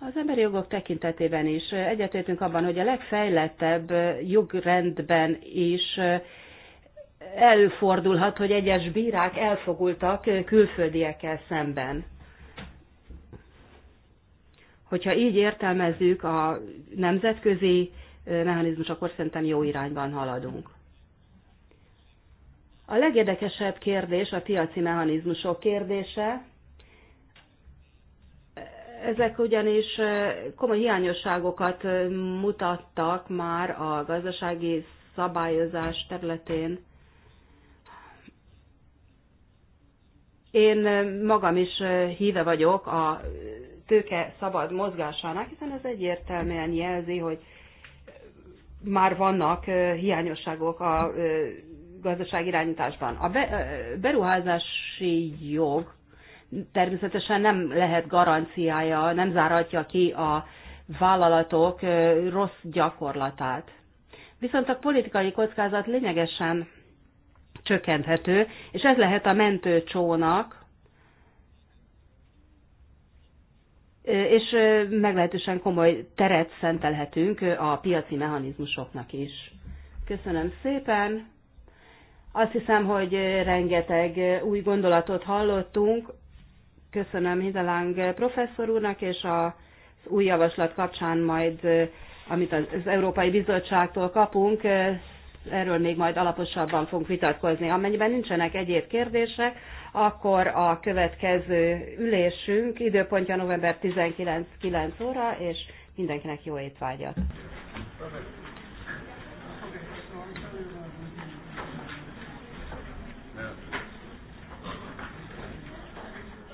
Az emberi jogok tekintetében is egyetértünk abban, hogy a legfejlettebb jogrendben is előfordulhat, hogy egyes bírák elfogultak külföldiekkel szemben. Hogyha így értelmezzük a nemzetközi mechanizmus, akkor szerintem jó irányban haladunk. A legérdekesebb kérdés a piaci mechanizmusok kérdése. Ezek ugyanis komoly hiányosságokat mutattak már a gazdasági szabályozás területén. Én magam is híve vagyok a tőke szabad mozgásának, hiszen ez egyértelműen jelzi, hogy már vannak hiányosságok a gazdaság irányításban. A beruházási jog természetesen nem lehet garanciája, nem záratja ki a vállalatok rossz gyakorlatát. Viszont a politikai kockázat lényegesen csökkenthető, és ez lehet a mentőcsónak, és meglehetősen komoly teret szentelhetünk a piaci mechanizmusoknak is. Köszönöm szépen! Azt hiszem, hogy rengeteg új gondolatot hallottunk. Köszönöm Hideláng professzor úrnak, és az új javaslat kapcsán majd, amit az Európai Bizottságtól kapunk, erről még majd alaposabban fogunk vitatkozni. Amennyiben nincsenek egyéb kérdések, akkor a következő ülésünk időpontja november 19 9 óra, és mindenkinek jó étvágyat! Perfect.